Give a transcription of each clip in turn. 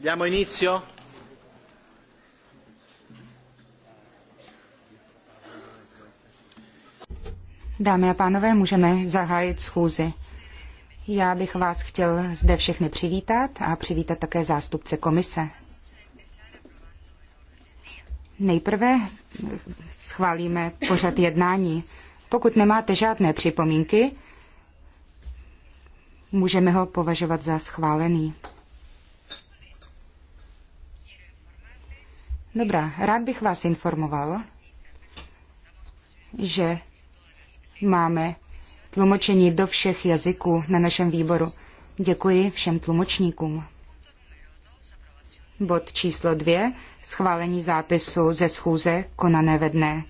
Diamo inizio? Dámy a pánové, můžeme zahájit schůzi. Já bych vás chtěl zde všechny přivítat a přivítat také zástupce komise. Nejprve schválíme pořad jednání. Pokud nemáte žádné připomínky, můžeme ho považovat za schválený. Dobrá, rád bych vás informoval, že máme tlumočení do všech jazyků na našem výboru. Děkuji všem tlumočníkům. Bod číslo dvě. Schválení zápisu ze schůze konané ve dne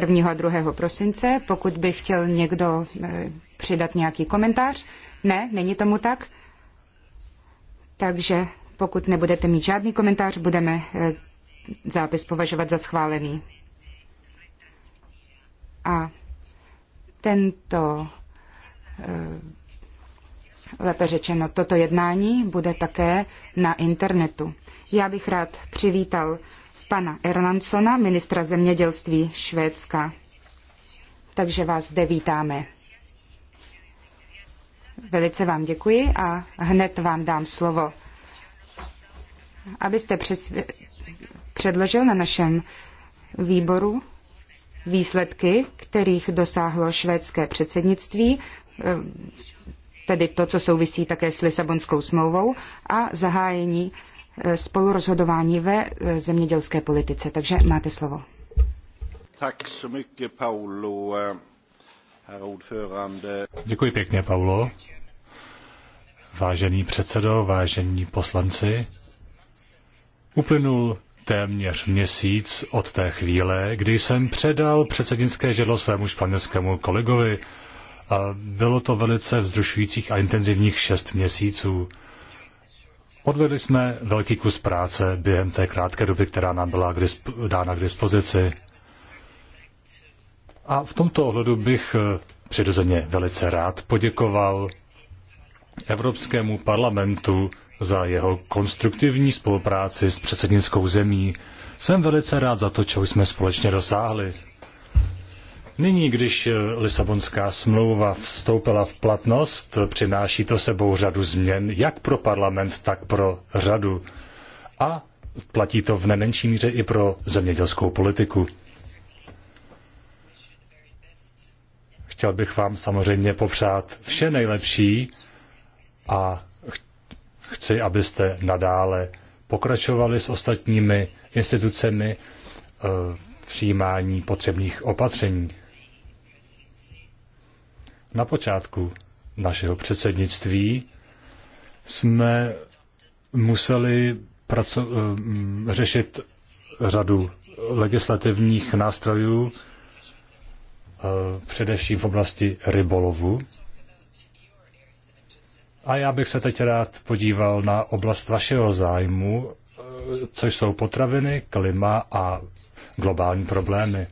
1. a 2. prosince. Pokud by chtěl někdo eh, přidat nějaký komentář. Ne, není tomu tak. Takže pokud nebudete mít žádný komentář, budeme e, zápis považovat za schválený. A tento, e, lépe řečeno, toto jednání bude také na internetu. Já bych rád přivítal pana Erlandsona, ministra zemědělství Švédska. Takže vás zde vítáme. Velice vám děkuji a hned vám dám slovo abyste přesvě- předložil na našem výboru výsledky, kterých dosáhlo švédské předsednictví, eh, tedy to, co souvisí také s Lisabonskou smlouvou a zahájení eh, spolurozhodování ve eh, zemědělské politice. Takže máte slovo. Děkuji pěkně, Paulo. Vážený předsedo, vážení poslanci, Uplynul téměř měsíc od té chvíle, kdy jsem předal předsednické židlo svému španělskému kolegovi. A bylo to velice vzrušujících a intenzivních šest měsíců. Odvedli jsme velký kus práce během té krátké doby, která nám byla dána k dispozici. A v tomto ohledu bych eh, přirozeně velice rád poděkoval Evropskému parlamentu za jeho konstruktivní spolupráci s předsednickou zemí. Jsem velice rád za to, čeho jsme společně dosáhli. Nyní, když Lisabonská smlouva vstoupila v platnost, přináší to sebou řadu změn, jak pro parlament, tak pro řadu. A platí to v nemenší míře i pro zemědělskou politiku. Chtěl bych vám samozřejmě popřát vše nejlepší a Chci, abyste nadále pokračovali s ostatními institucemi eh, v přijímání potřebných opatření. Na počátku našeho předsednictví jsme museli eh, řešit řadu legislativních nástrojů, eh, především v oblasti rybolovu. A já bych se teď rád podíval na oblast vašeho zájmu, což jsou potraviny, klima a globální problémy.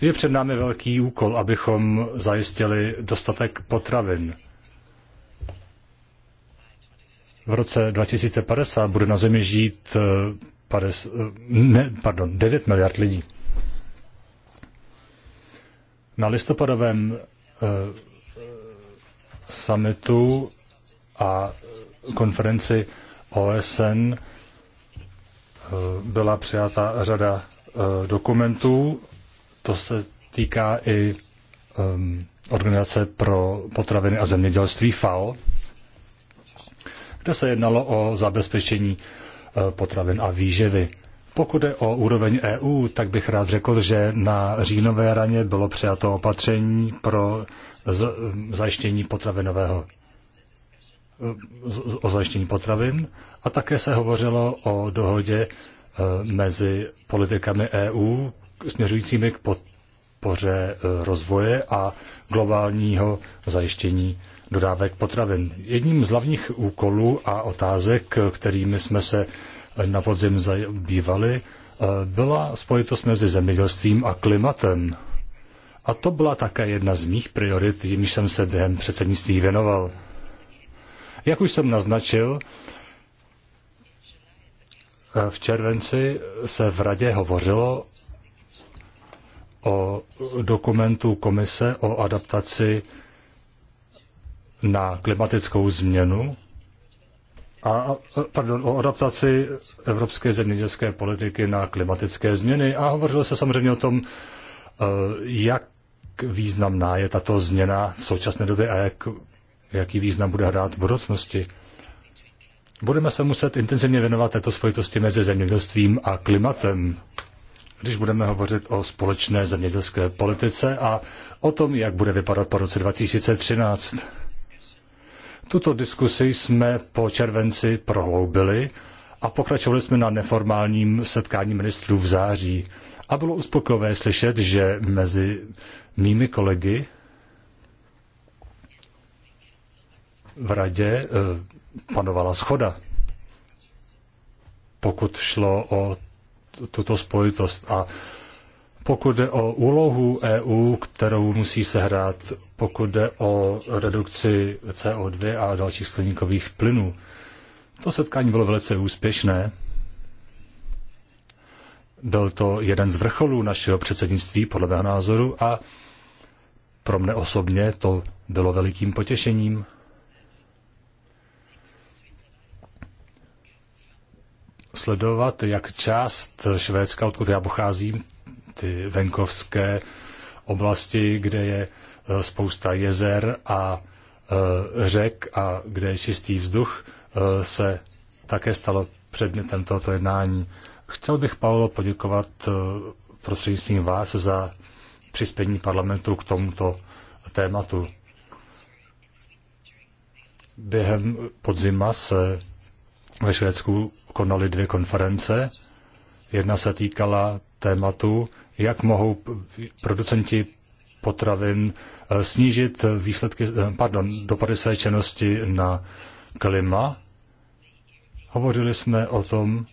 Je před námi velký úkol, abychom zajistili dostatek potravin. V roce 2050 bude na Zemi žít 50, eh, eh, ne, pardon, 9 miliard lidí. Na listopadovém eh, summitu a konferenci OSN eh, byla přijata řada eh, dokumentů. To se týká i ehm, Organizace pro potraviny a zemědělství FAO, kde se jednalo o zabezpečení potravin a výživy. Pokud je o úroveň EU, tak bych rád řekl, že na říjnové raně bylo přijato opatření pro zajištění potravinového o zajištění potravin a také se hovořilo o dohodě e, mezi politikami EU směřujícími k podpoře e, rozvoje a globálního zajištění dodávek potravin. Jedním z hlavních úkolů a otázek, kterými jsme se na podzim zabývali, eh, byla spojitost mezi zemědělstvím a klimatem. A to byla také jedna z mých priorit, jimž jsem se během předsednictví věnoval. Jak už jsem naznačil, eh, v červenci se v Radě hovořilo o dokumentu Komise o adaptaci na klimatickou změnu a, pardon, o adaptaci evropské zemědělské politiky na klimatické změny a hovořilo se samozřejmě o tom, eh, jak významná je tato změna v současné době a jak, jaký význam bude hrát v budoucnosti. Budeme se muset intenzivně věnovat této spojitosti mezi zemědělstvím a klimatem, když budeme hovořit o společné zemědělské politice a o tom, jak bude vypadat po roce 2013. Tuto diskusi jsme po červenci prohloubili a pokračovali jsme na neformálním setkání ministrů v září. A bylo uspokojivé slyšet, že mezi mými kolegy v radě eh, panovala schoda, pokud šlo o tuto spojitost. A pokud jde o úlohu EU, kterou musí sehrát, pokud jde o redukci CO2 a dalších skleníkových plynů. To setkání bylo velice úspěšné. Byl to jeden z vrcholů našeho předsednictví, podle mého názoru, a pro mne osobně to bylo velikým potěšením. Sledovat, jak část Švédska, odkud já pocházím, ty venkovské oblasti, kde je eh, spousta jezer a eh, řek a kde je čistý vzduch, eh, se také stalo předmětem tohoto jednání. Chtěl bych, Paolo, poděkovat prostřednictvím vás za přispění parlamentu k tomuto tématu. Během podzima se ve Švédsku konaly dvě konference. Jedna se týkala tématu jak mohou producenti potravin eh, snížit výsledky, eh, pardon, dopady své činnosti na klima. Hovořili jsme o tom,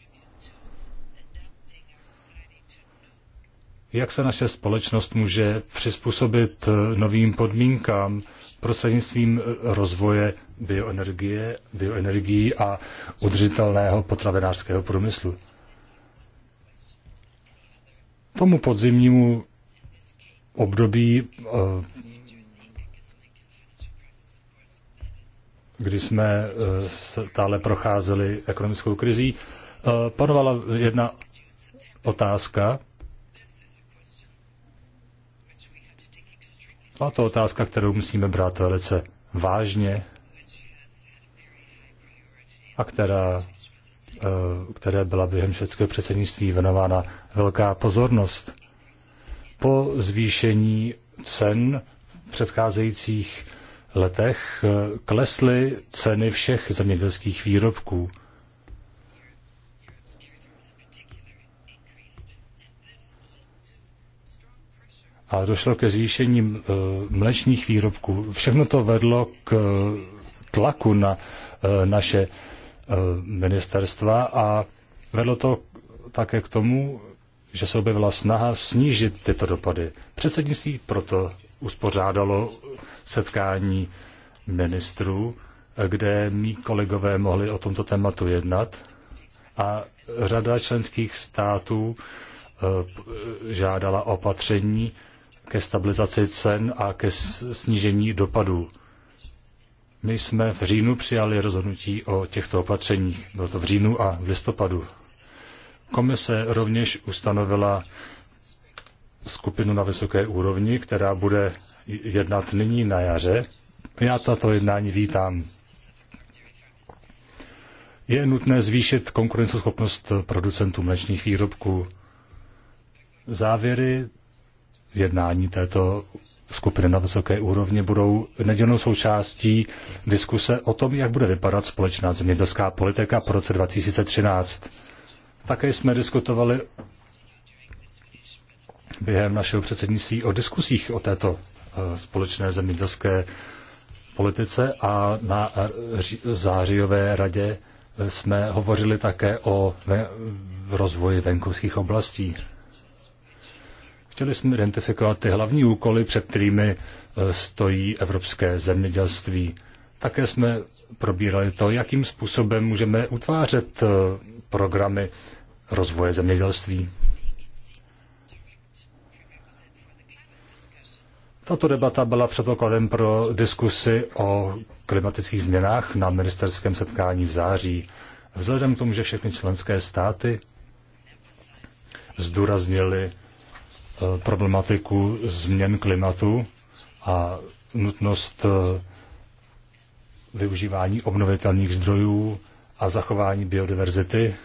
jak se naše společnost může přizpůsobit eh, novým podmínkám prostřednictvím rozvoje bioenergie, bioenergií a udržitelného potravinářského průmyslu tomu podzimnímu období, eh, kdy jsme eh, stále procházeli ekonomickou krizí, eh, panovala jedna otázka. a to otázka, kterou musíme brát velice vážně a která Eh, které byla během švédského předsednictví věnována velká pozornost. Po zvýšení cen v předcházejících letech eh, klesly ceny všech zemědělských výrobků. A došlo ke zvýšení eh, mlečních výrobků. Všechno to vedlo k tlaku na naše Eh, ministerstva a vedlo to také k tomu, že se objevila snaha snížit tyto dopady. Předsednictví proto uspořádalo setkání ministrů, kde mý kolegové mohli o tomto tématu jednat a řada členských států eh, žádala opatření ke stabilizaci cen a ke snížení dopadů. My jsme v říjnu přijali rozhodnutí o těchto opatřeních. Bylo to v říjnu a v listopadu. Komise rovněž ustanovila skupinu na vysoké úrovni, která bude jednat nyní na jaře. Já tato jednání vítám. Je nutné zvýšit konkurenceschopnost producentů mlečných výrobků. Závěry jednání této skupiny na vysoké úrovni budou nedělnou součástí diskuse o tom, jak bude vypadat společná zemědělská politika po roce 2013. Také jsme diskutovali během našeho předsednictví o diskusích o této eh, společné zemědělské politice a na eh, zářijové radě eh, jsme hovořili také o rozvoji venkovských oblastí. Chtěli jsme identifikovat ty hlavní úkoly, před kterými e, stojí evropské zemědělství. Také jsme probírali to, jakým způsobem můžeme utvářet e, programy rozvoje zemědělství. Tato debata byla předpokladem pro diskusy o klimatických změnách na ministerském setkání v září. Vzhledem k tomu, že všechny členské státy zdůraznili Eh, problematiku změn klimatu a nutnost eh, využívání obnovitelných zdrojů a zachování biodiverzity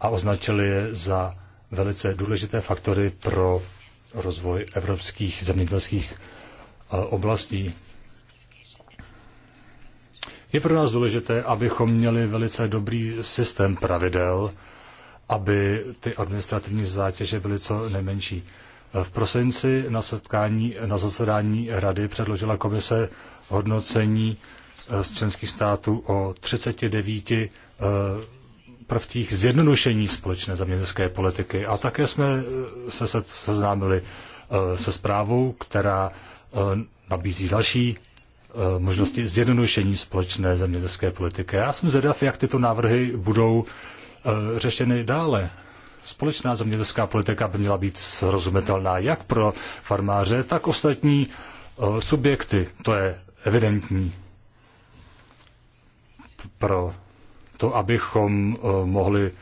a označili je za velice důležité faktory pro rozvoj evropských zemědělských eh, oblastí. Je pro nás důležité, abychom měli velice dobrý systém pravidel, aby ty administrativní zátěže byly co nejmenší. V prosinci na, setkání, na zasedání rady předložila komise hodnocení eh, z členských států o 39 eh, prvcích zjednodušení společné zaměstnické politiky. A také jsme eh, se seznámili se zprávou, která nabízí další možnosti zjednodušení společné zemědělské politiky. Já jsem zvědav, jak tyto návrhy budou Eh, řešeny dále. Společná zemědělská politika by měla být srozumitelná jak pro farmáře, tak ostatní eh, subjekty. To je evidentní pro to, abychom eh, mohli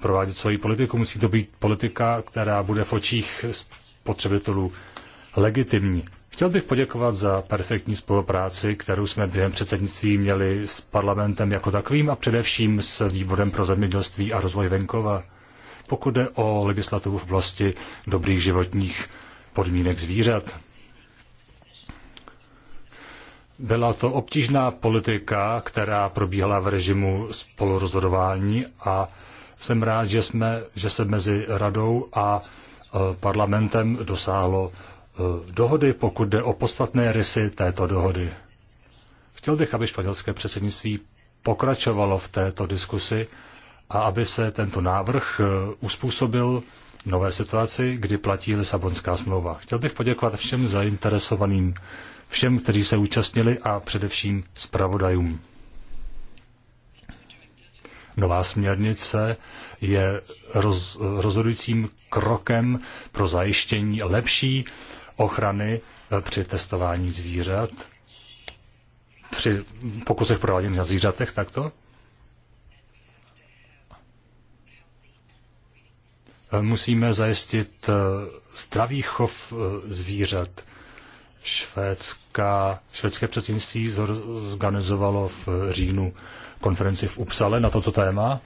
provádět svoji politiku. Musí to být politika, která bude v očích spotřebitelů legitimní. Chtěl bych poděkovat za perfektní spolupráci, kterou jsme během předsednictví měli s parlamentem jako takovým a především s výborem pro zemědělství a rozvoj venkova, pokud jde o legislativu v oblasti dobrých životních podmínek zvířat. Byla to obtížná politika, která probíhala v režimu spolurozhodování a jsem rád, že, jsme, že se mezi radou a e, parlamentem dosáhlo Eh, dohody, pokud jde o podstatné rysy této dohody. Chtěl bych, aby španělské předsednictví pokračovalo v této diskusi a aby se tento návrh eh, uspůsobil nové situaci, kdy platí Lisabonská smlouva. Chtěl bych poděkovat všem zainteresovaným, všem, kteří se účastnili a především zpravodajům. Nová směrnice je roz, rozhodujícím krokem pro zajištění lepší ochrany eh, při testování zvířat, při pokusech prováděných na zvířatech takto? Eh, musíme zajistit eh, zdravý chov zvířat. Švédská, švédské předsednictví zorganizovalo v říjnu konferenci v Upsale na toto téma.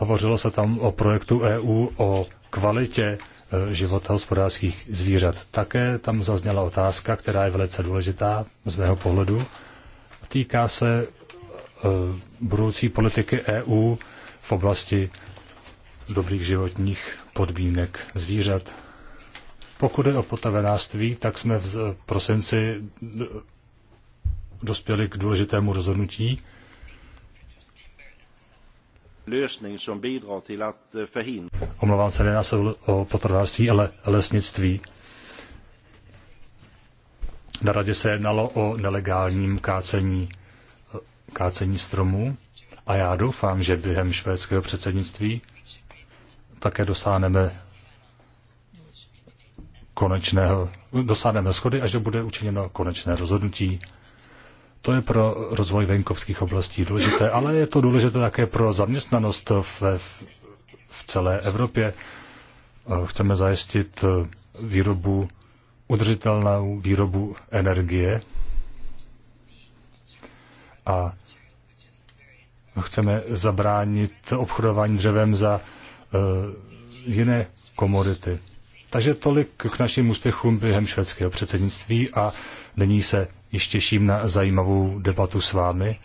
Hovořilo se tam o projektu EU o kvalitě e, života hospodářských zvířat. Také tam zazněla otázka, která je velice důležitá z mého pohledu. Týká se e, budoucí politiky EU v oblasti dobrých životních podmínek zvířat. Pokud je o potavenáctví, tak jsme v prosinci e, dospěli k důležitému rozhodnutí lösning som bidrar till att eh, förhindra... Omlouvám se, nejedná se o potravinářství, ale lesnictví. Na radě se jednalo o nelegálním kácení, eh, kácení stromů a já doufám, že během švédského předsednictví také dosáhneme konečného, dosáhneme schody a že bude učiněno konečné rozhodnutí. To je pro rozvoj venkovských oblastí důležité, ale je to důležité také pro zaměstnanost v, v celé Evropě. Chceme zajistit výrobu, udržitelnou výrobu energie a chceme zabránit obchodování dřevem za uh, jiné komodity. Takže tolik k našim úspěchům během švédského předsednictví a nyní se již těším na zajímavou debatu s vámi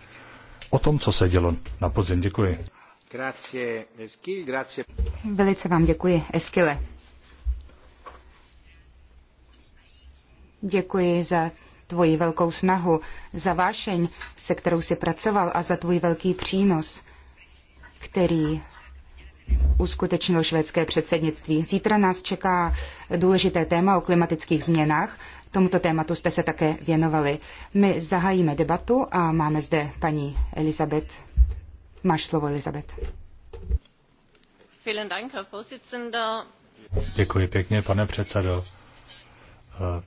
o tom, co se dělo na podzim. Děkuji. Grazie, Eskil, grazie. Velice vám děkuji, Eskile. Děkuji za tvoji velkou snahu, za vášeň, se kterou jsi pracoval a za tvůj velký přínos, který uskutečnilo švédské předsednictví. Zítra nás čeká důležité téma o klimatických změnách Tomuto tématu jste se také věnovali. My zahájíme debatu a máme zde paní Elizabeth. Máš slovo, Elizabeth. Děkuji pěkně, pane předsedo. Eh,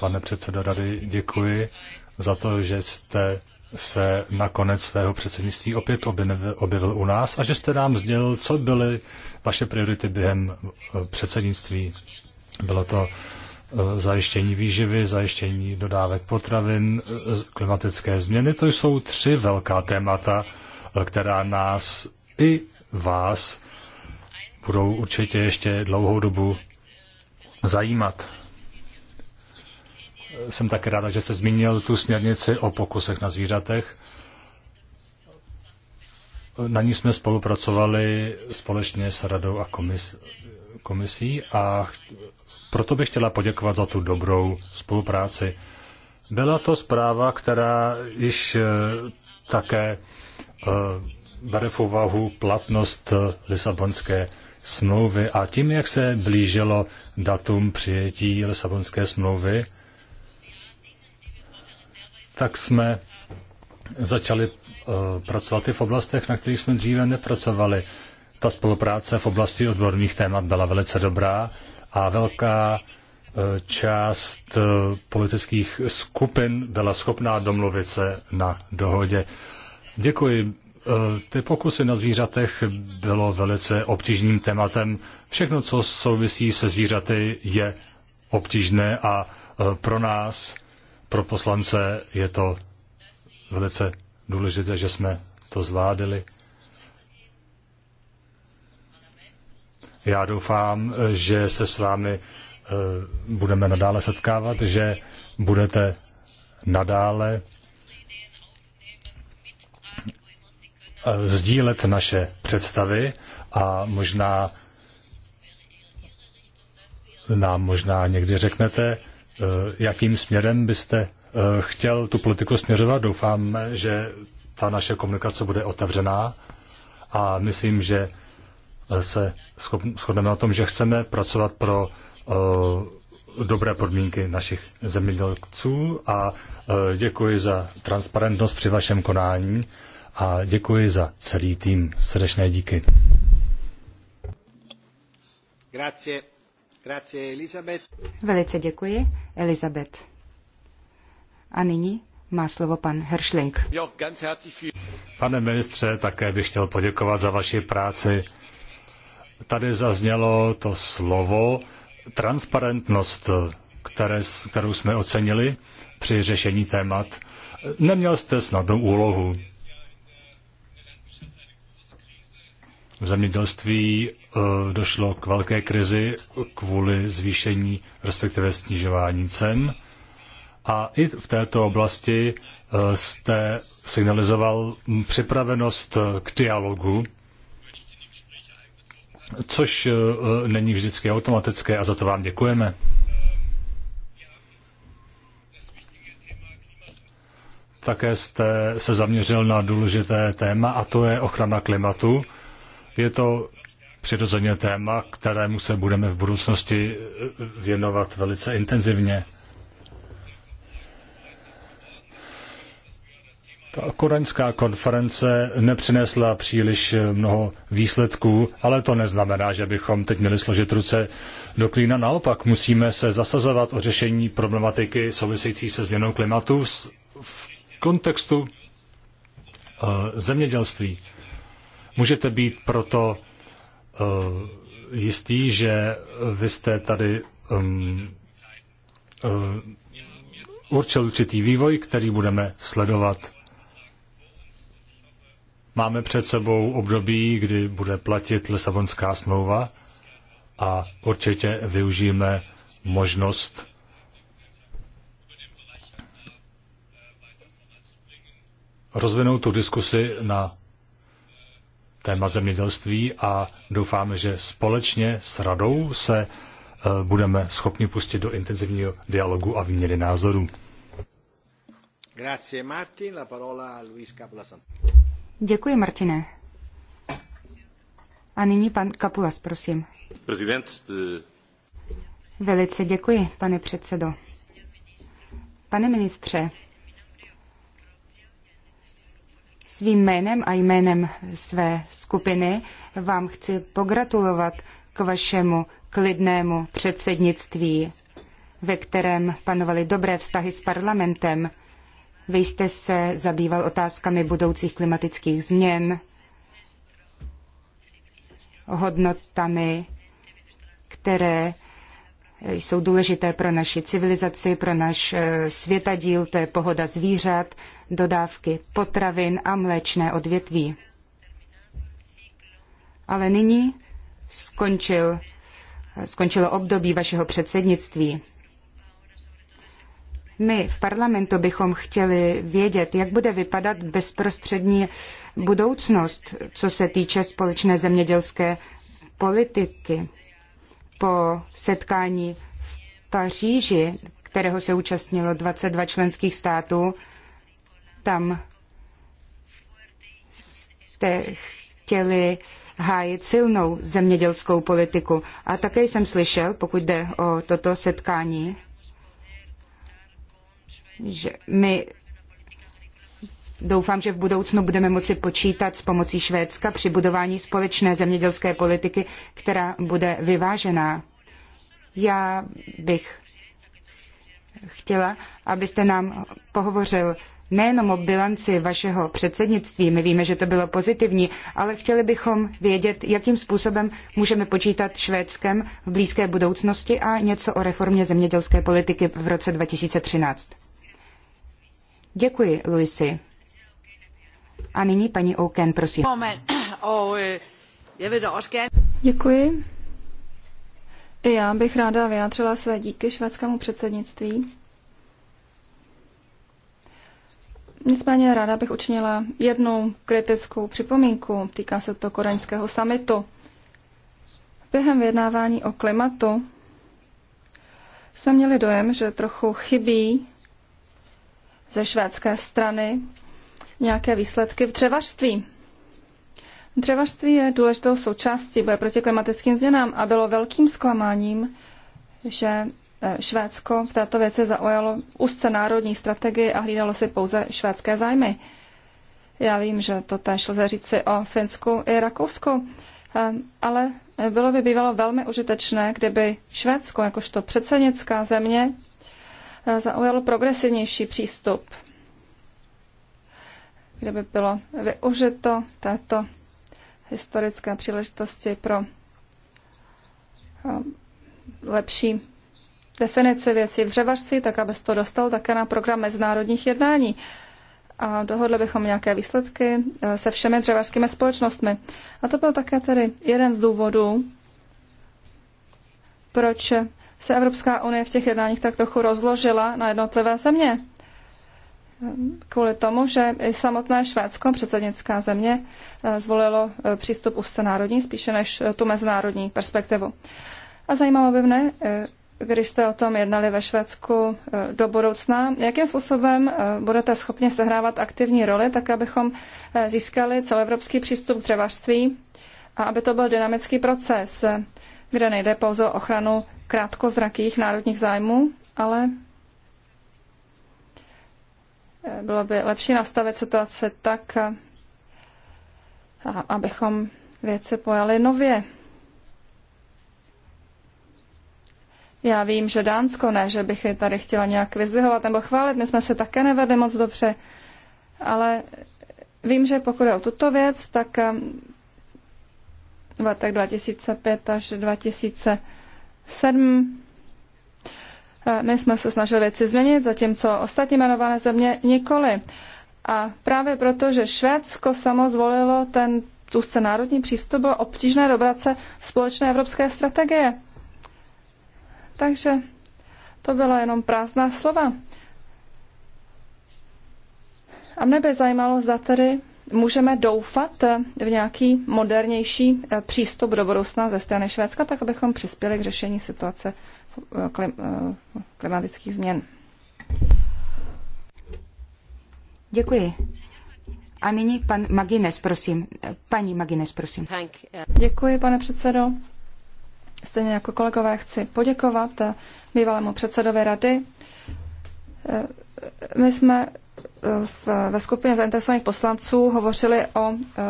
pane předsedo rady, děkuji za to, že jste se na konec svého předsednictví opět objevil u nás a že jste nám sdělil, co byly vaše priority během eh, předsednictví. Bylo to Eh, zajištění výživy, zajištění dodávek potravin, eh, klimatické změny. To jsou tři velká témata, eh, která nás i vás budou určitě ještě dlouhou dobu zajímat. Jsem také ráda, že jste zmínil tu směrnici o pokusech na zvířatech. Na ní jsme spolupracovali společně s radou a komis, komisí a proto bych chtěla poděkovat za tu dobrou spolupráci. Byla to zpráva, která již eh, také eh, bere v úvahu platnost eh, Lisabonské smlouvy a tím, jak se blížilo datum přijetí Lisabonské smlouvy, tak jsme začali pracovat i v oblastech, na kterých jsme dříve nepracovali ta spolupráce v oblasti odborných témat byla velice dobrá a velká eh, část eh, politických skupin byla schopná domluvit se na dohodě. Děkuji. Eh, ty pokusy na zvířatech bylo velice obtížným tématem. Všechno, co souvisí se zvířaty, je obtížné a pro nás, pro poslance, je to velice důležité, že jsme to zvládli. Já doufám, že se s vámi eh, budeme nadále setkávat, že budete nadále eh, sdílet naše představy a možná nám možná někdy řeknete, eh, jakým směrem byste chtěl tu politiku směřovat. Doufám, že ta naše komunikace bude otevřená a myslím, že se shodneme na tom, že chceme pracovat pro eh, dobré podmínky našich zemědělců a eh, děkuji za transparentnost při vašem konání a děkuji za celý tým. Srdečné díky. Grazie. Grazie, Elizabeth. Velice děkuji, Elizabeth. A nyní má slovo pan Herschling. Pane ministře, také bych chtěl poděkovat za vaši práci. Tady zaznělo to slovo transparentnost, které, kterou jsme ocenili při řešení témat. Neměl jste snadnou úlohu. V zemědělství eh, došlo k velké krizi kvůli zvýšení, respektive snižování cen. A i v této oblasti eh, jste signalizoval připravenost eh, k dialogu což eh, eh, není vždycky automatické a za to vám děkujeme. Také jste se zaměřil na důležité téma a to je ochrana klimatu. Je to přirozeně téma, kterému se budeme v budoucnosti eh, věnovat velice intenzivně. Ta konference nepřinesla příliš eh, mnoho výsledků, ale to neznamená, že bychom teď měli složit ruce do klína. Naopak musíme se zasazovat o řešení problematiky související se změnou klimatu v kontextu eh, zemědělství. Můžete být proto eh, jistý, že vy jste tady um, určil určitý vývoj, který budeme sledovat. Máme před sebou období, kdy bude platit Lisabonská smlouva a určitě využijeme možnost rozvinout tu diskusi na téma zemědělství a doufáme, že společně s radou se eh, budeme schopni pustit do intenzivního dialogu a výměny názorů. Grazie Martin, la parola a Luis Capulasanti. Děkuji, Martine. A nyní pan Kapulas, prosím. Prezident. Eh, Velice děkuji, pane předsedo. Pane ministře, svým jménem a jménem své skupiny vám chci pogratulovat k vašemu klidnému předsednictví, ve kterém panovaly dobré vztahy s parlamentem vy jste se zabýval otázkami budoucích klimatických změn, hodnotami, které jsou důležité pro naši civilizaci, pro náš eh, světadíl, to je pohoda zvířat, dodávky potravin a mléčné odvětví. Ale nyní skončil, skončilo období vašeho předsednictví. My v parlamentu bychom chtěli vědět, jak bude vypadat bezprostřední budoucnost, co se týče společné zemědělské politiky. Po setkání v Paříži, kterého se účastnilo 22 členských států, tam jste chtěli hájit silnou zemědělskou politiku. A také jsem slyšel, pokud jde o toto setkání, že my Doufám, že v budoucnu budeme moci počítat s pomocí Švédska při budování společné zemědělské politiky, která bude vyvážená. Já bych chtěla, abyste nám pohovořil nejenom o bilanci vašeho předsednictví, my víme, že to bylo pozitivní, ale chtěli bychom vědět, jakým způsobem můžeme počítat Švédskem v blízké budoucnosti a něco o reformě zemědělské politiky v roce 2013. Děkuji, Luisi. A nyní paní Oken, prosím. Øh, Děkuji. I já bych ráda vyjádřila své díky švédskému předsednictví. Nicméně ráda bych učinila jednu kritickou připomínku, týká se to koreňského samitu. Během vyjednávání o klimatu jsme měli dojem, že trochu chybí ze švédské strany nějaké výsledky v dřevařství. Dřevařství je důležitou součástí boje proti klimatickým změnám a bylo velkým zklamáním, že eh, Švédsko v této věci zaujalo úzce národní strategii a hlídalo si pouze švédské zájmy. Já vím, že to též lze říci o Finsku i Rakousku, eh, ale bylo by bývalo velmi užitečné, kdyby Švédsko jakožto předsednická země zaujalo progresivnější přístup, kde by bylo využito této historické příležitosti pro eh, lepší definice věcí v dřevařství, tak aby se to dostal také na program mezinárodních jednání. A dohodli bychom nějaké výsledky eh, se všemi dřevařskými společnostmi. A to byl také tedy jeden z důvodů, proč se Evropská unie v těch jednáních tak trochu rozložila na jednotlivé země. Kvůli tomu, že i samotné Švédsko, předsednická země, eh, zvolilo eh, přístup úzce národní, spíše než eh, tu mezinárodní perspektivu. A zajímalo by mne, když jste o tom jednali ve Švédsku do budoucna, jakým způsobem budete schopni sehrávat aktivní roli, tak abychom získali celoevropský přístup k dřevařství a aby to byl dynamický proces, kde nejde pouze o ochranu krátkozrakých národních zájmů, ale eh, bylo by lepší nastavit situace tak, eh, abychom věci pojali nově. Já vím, že Dánsko ne, že bych je tady chtěla nějak vyzdvihovat nebo chválit. My jsme se také nevedli moc dobře, ale vím, že pokud je o tuto věc, tak eh, v letech 2005 až 2000 7. Eh, my jsme se snažili věci změnit, zatímco ostatní jmenované země nikoli. A právě proto, že Švédsko samo zvolilo ten tu národní přístup, bylo obtížné dobrat se společné evropské strategie. Takže to byla jenom prázdná slova. A mne by zajímalo, zda tedy můžeme doufat v nějaký modernější eh, přístup do budoucna ze strany Švédska, tak abychom přispěli k řešení situace eh, eh, klimatických změn. Děkuji. A nyní pan Magines, prosím. Paní Magines, prosím. Děkuji, pane předsedo. Stejně jako kolegové chci poděkovat bývalému předsedovi rady. My jsme v, ve skupině zainteresovaných poslanců hovořili o eh,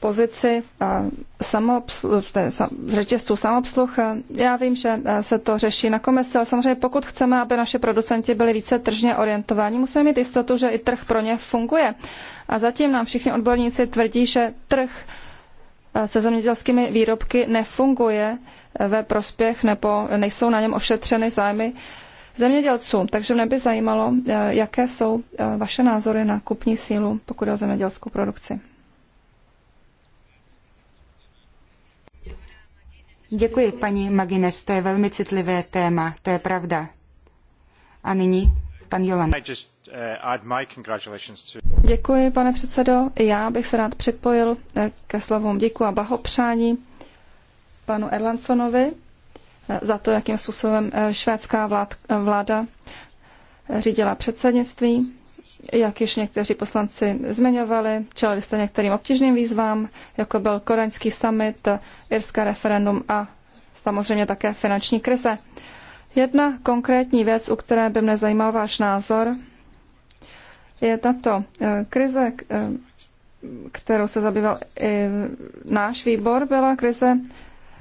pozici z eh, řetězců samobsluh. Já vím, že eh, se to řeší na komisi, ale samozřejmě pokud chceme, aby naše producenti byli více tržně orientováni, musíme mít jistotu, že i trh pro ně funguje. A zatím nám všichni odborníci tvrdí, že trh se zemědělskými výrobky nefunguje ve prospěch nebo nejsou na něm ošetřeny zájmy uh, zemědělcům. Takže mě by zajímalo, eh, jaké jsou eh, vaše názory na kupní sílu, pokud je o zemědělskou produkci. Děkuji, paní Magines, to je velmi citlivé téma, to je pravda. A nyní pan Jolan. Uh, Děkuji, pane předsedo. Já bych se rád připojil eh, ke slovům děku a blahopřání panu Erlansonovi za to, jakým způsobem eh, švédská eh, vláda řídila předsednictví. Jak již někteří poslanci zmiňovali, čelili jste některým obtížným výzvám, jako byl koreňský summit, irské referendum a samozřejmě také finanční krize. Jedna konkrétní věc, u které by mě zajímal váš názor, je tato eh, krize, kterou se zabýval i náš výbor, byla krize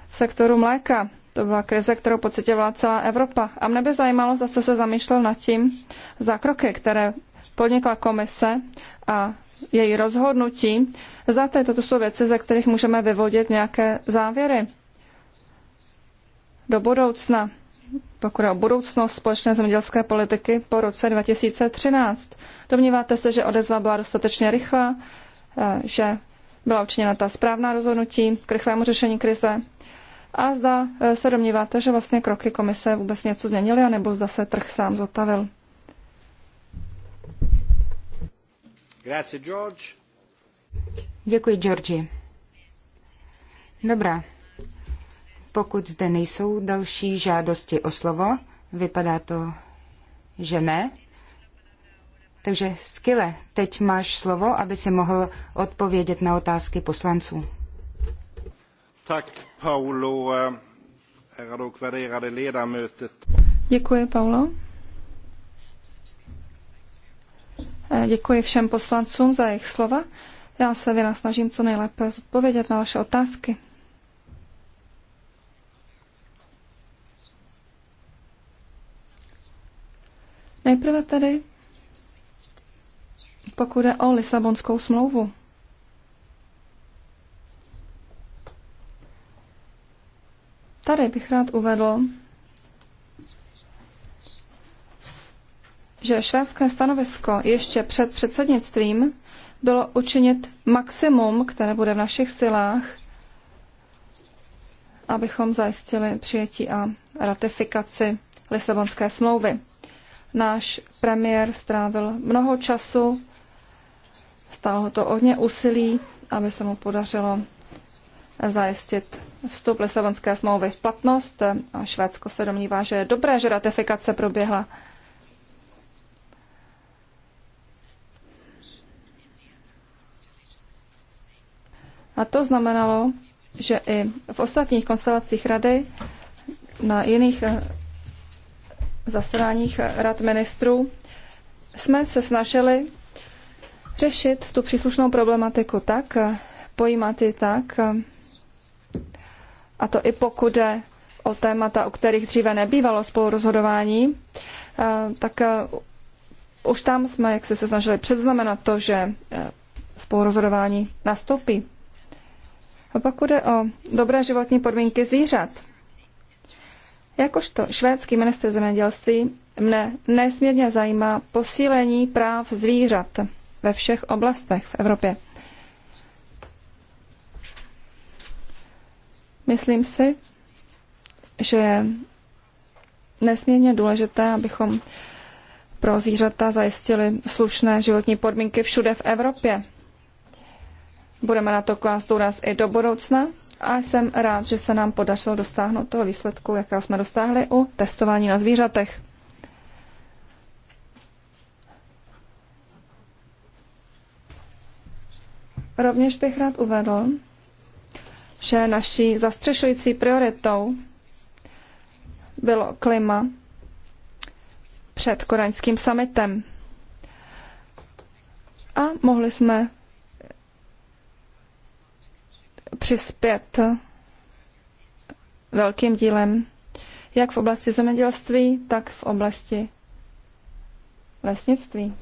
v sektoru mléka. To byla krize, kterou pocitovala celá Evropa. A mne by zajímalo, zase se zamýšlel nad tím, za kroky, které podnikla komise a její rozhodnutí. Za této to jsou věci, ze kterých můžeme vyvodit nějaké závěry do budoucna, pokud je o budoucnost společné zemědělské politiky po roce 2013. Domníváte se, že odezva byla dostatečně rychlá, eh, že byla učiněna ta správná rozhodnutí k rychlému řešení krize? a zda eh, se domníváte, že vlastně kroky komise vůbec něco změnily, anebo zda se trh sám zotavil. Grazie, George. Děkuji, Georgi. Dobrá. Pokud zde nejsou další žádosti o slovo, vypadá to, že ne. Takže Skile, teď máš slovo, aby si mohl odpovědět na otázky poslanců. Děkuji, Paulo. Eh, děkuji všem poslancům za jejich slova. Já se vynasnažím co nejlépe zodpovědět na vaše otázky. Nejprve tedy, pokud jde o Lisabonskou smlouvu. Tady bych rád uvedl, že švédské stanovisko ještě před předsednictvím bylo učinit maximum, které bude v našich silách, abychom zajistili přijetí a ratifikaci Lisabonské smlouvy. Náš premiér strávil mnoho času, stálo ho to hodně úsilí, aby se mu podařilo zajistit vstup Lisabonské smlouvy v platnost. A Švédsko se domnívá, že je dobré, že ratifikace proběhla. A to znamenalo, že i v ostatních konstelacích rady na jiných eh, zasedáních rad ministrů jsme se snažili řešit tu příslušnou problematiku tak, eh, pojímat ji tak, eh, a to i pokud jde o témata, o kterých dříve nebývalo spolurozhodování, eh, tak eh, už tam jsme, jak se snažili předznamenat to, že eh, spolurozhodování nastoupí. A pokud jde o dobré životní podmínky zvířat, jakožto švédský minister zemědělství mne nesmírně zajímá posílení práv zvířat ve všech oblastech v Evropě. Myslím si, že je nesmírně důležité, abychom pro zvířata zajistili slušné životní podmínky všude v Evropě. Budeme na to klást důraz i do budoucna a jsem rád, že se nám podařilo dosáhnout toho výsledku, jakého jsme dosáhli u testování na zvířatech. Rovněž bych rád uvedl, že naší zastřešující prioritou bylo klima před kodaňským summitem. A mohli jsme přispět velkým dílem jak v oblasti zemědělství, tak v oblasti lesnictví.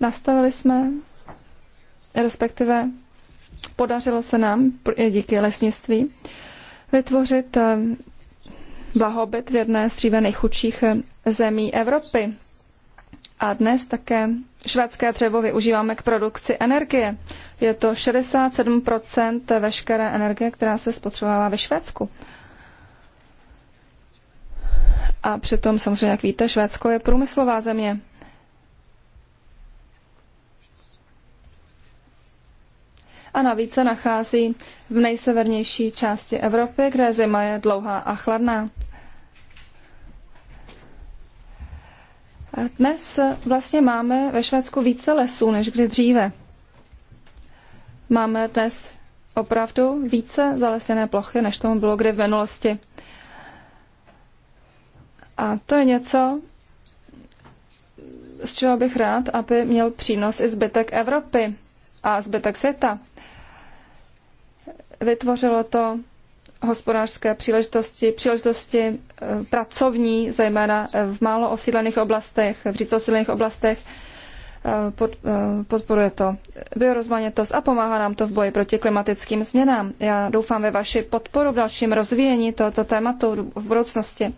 nastavili jsme, respektive podařilo se nám díky lesnictví vytvořit eh, blahobyt v jedné z dříve nejchudších eh, zemí Evropy. A dnes také švédské dřevo využíváme k produkci energie. Je to 67 veškeré energie, která se spotřebovává ve Švédsku. A přitom samozřejmě, jak víte, Švédsko je průmyslová země. A navíc se nachází v nejsevernější části Evropy, kde zima je dlouhá a chladná. Dnes vlastně máme ve Švédsku více lesů než kdy dříve. Máme dnes opravdu více zalesněné plochy, než tomu bylo kdy v minulosti. A to je něco, z čeho bych rád, aby měl přínos i zbytek Evropy a zbytek světa. Vytvořilo to hospodářské příležitosti, příležitosti eh, pracovní, zejména eh, v málo osídlených oblastech, v říce osídlených oblastech. Eh, pod, podporuje to biorozmanitost a pomáhá nám to v boji proti klimatickým změnám. Já doufám ve vaši podporu v dalším rozvíjení tohoto tématu v budoucnosti.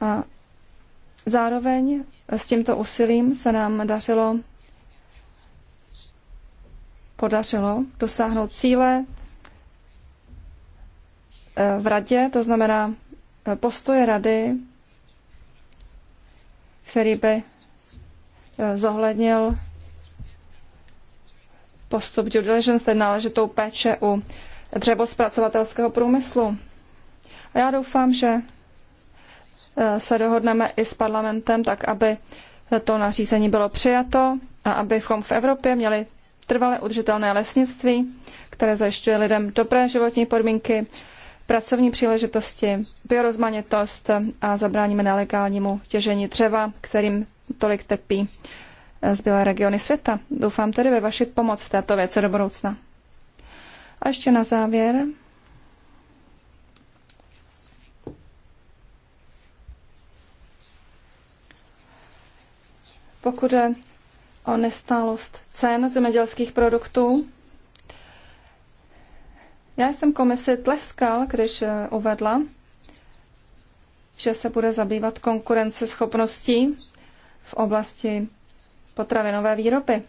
A zároveň s tímto úsilím se nám dařilo podařilo dosáhnout cíle e, v radě, to znamená e, postoje rady, který by e, zohlednil postup due diligence, tedy náležitou péče u dřevospracovatelského průmyslu. A já doufám, že Eh, se dohodneme i s parlamentem, tak aby to nařízení bylo přijato a abychom v Evropě měli trvale udržitelné lesnictví, které zajišťuje lidem dobré životní podmínky, pracovní příležitosti, biorozmanitost a zabráníme nelegálnímu těžení dřeva, kterým tolik trpí eh, zbylé regiony světa. Doufám tedy ve vaši pomoc v této věci do budoucna. A ještě na závěr Pokud je o nestálost cen zemědělských produktů, já jsem komisi tleskal, když eh, uvedla, že se bude zabývat konkurenceschopností v oblasti potravinové výroby.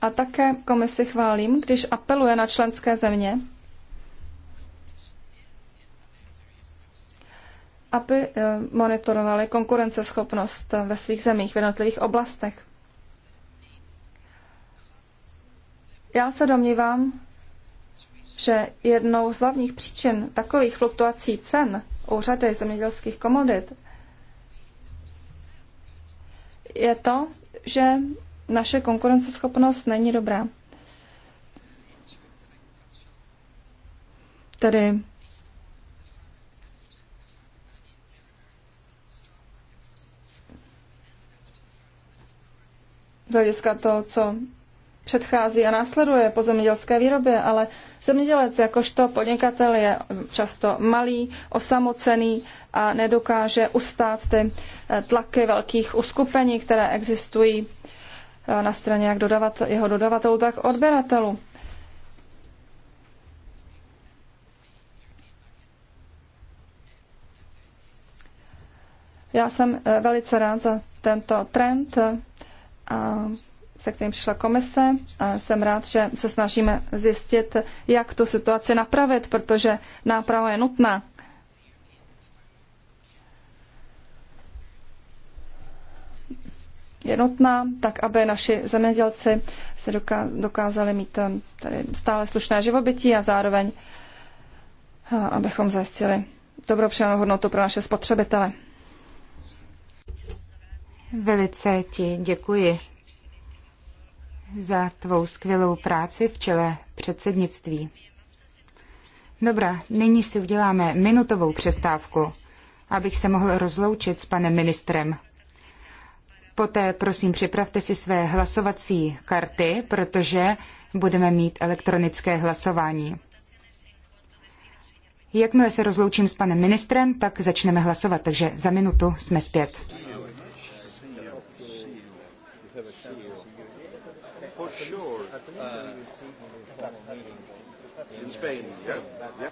A také komisi chválím, když apeluje na členské země, aby eh, monitorovali konkurenceschopnost eh, ve svých zemích, v jednotlivých oblastech. Já se domnívám, že jednou z hlavních příčin takových fluktuací cen u řady zemědělských komodit je to, že naše konkurenceschopnost není dobrá. Tedy z hlediska toho, co předchází a následuje po zemědělské výrobě, ale zemědělec jakožto podnikatel je často malý, osamocený a nedokáže ustát ty eh, tlaky velkých uskupení, které existují eh, na straně jak dodavat, jeho dodavatelů, tak odběratelů. Já jsem eh, velice rád za tento trend, se kterým přišla komise. Jsem rád, že se snažíme zjistit, jak tu situaci napravit, protože náprava je nutná. Je nutná, tak aby naši zemědělci se dokázali mít um, tady stále slušné živobytí a zároveň uh, abychom zajistili dobrou přidanou hodnotu pro naše spotřebitele. Velice ti děkuji za tvou skvělou práci v čele předsednictví. Dobrá, nyní si uděláme minutovou přestávku, abych se mohl rozloučit s panem ministrem. Poté prosím připravte si své hlasovací karty, protože budeme mít elektronické hlasování. Jakmile se rozloučím s panem ministrem, tak začneme hlasovat, takže za minutu jsme zpět. for sure. uh, in Spain. Yeah. yeah.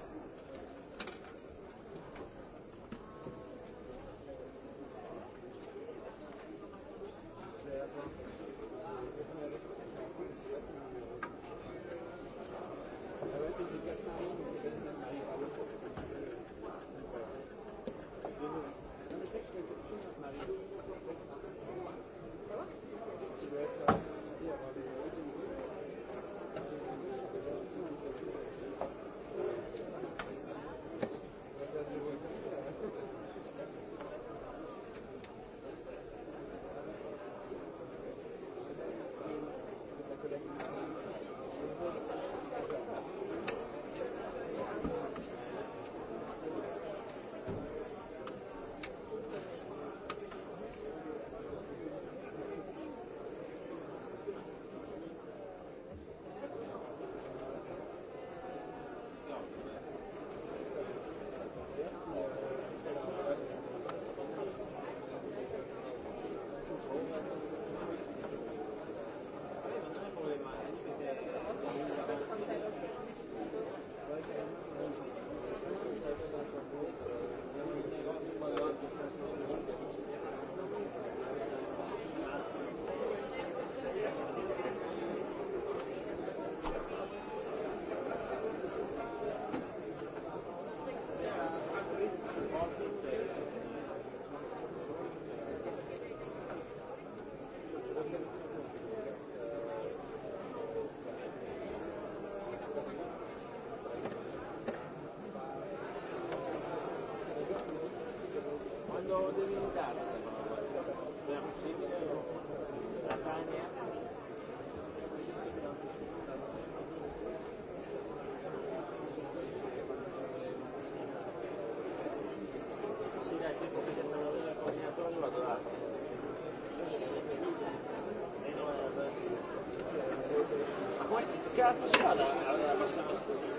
cazzo si va ad abbassare la stazione?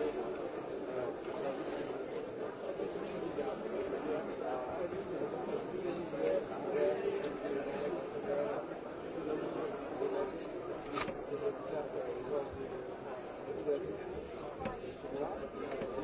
Thank you.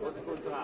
What goes on?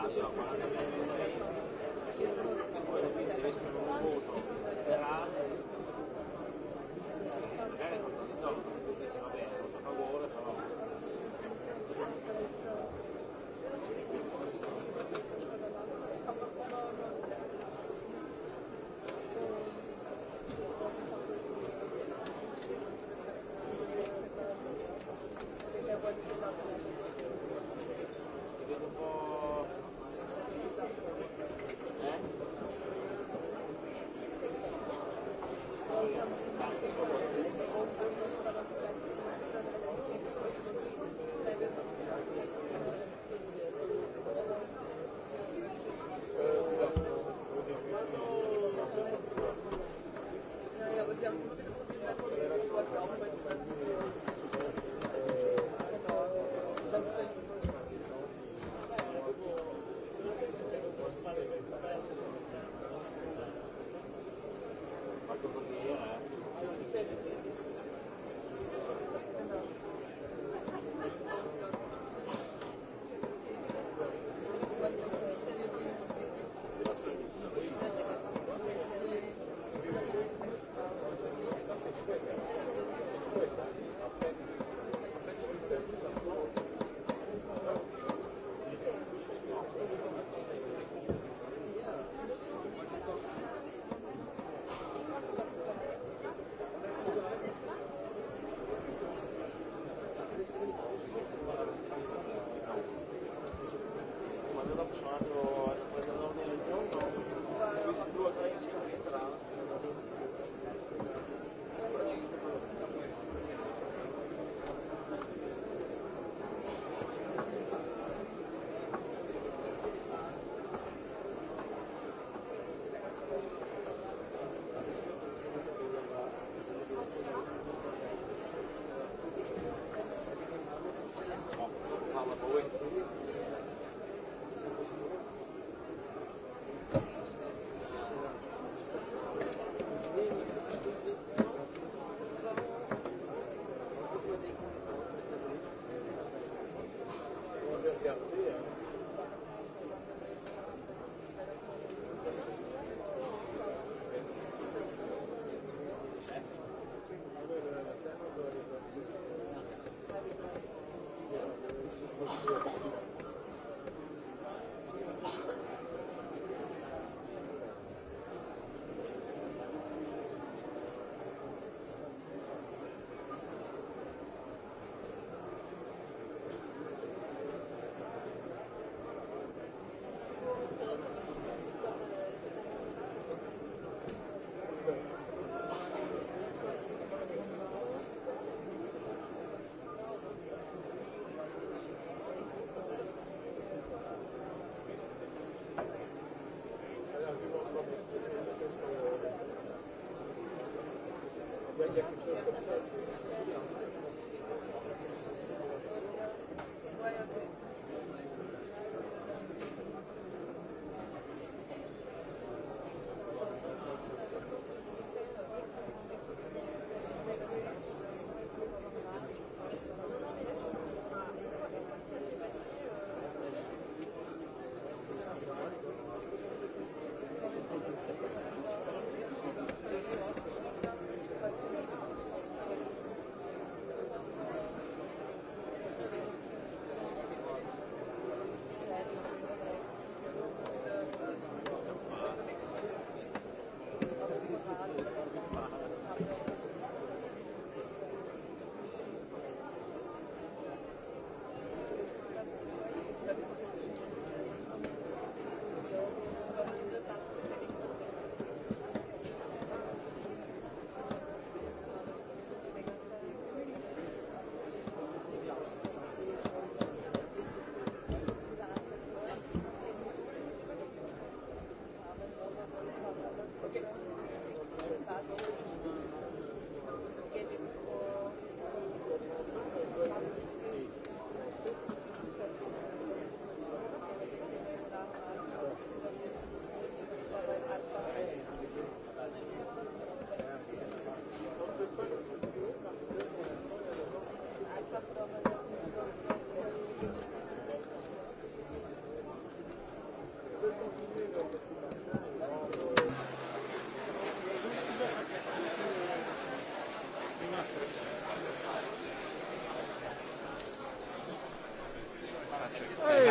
jak, jak to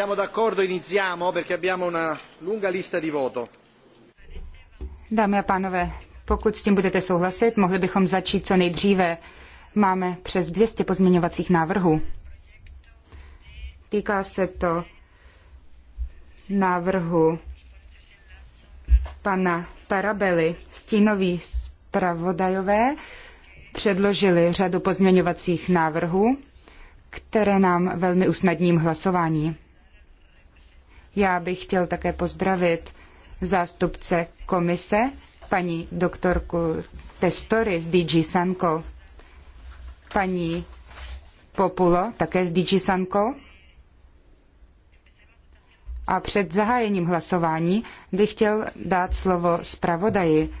Siamo d'accordo, iniziamo perché abbiamo una lunga lista di voto. Dámy a pánové, pokud s tím budete souhlasit, mohli bychom začít co nejdříve. Máme přes 200 pozměňovacích návrhů. Týká se to návrhu pana Tarabely. Stínoví zpravodajové předložili řadu pozměňovacích návrhů, které nám velmi usnadním hlasování. Já bych chtěl také pozdravit zástupce komise, paní doktorku Testory z DG Sanko, paní Populo, také z DG Sanko. A před zahájením hlasování bych chtěl dát slovo zpravodaji,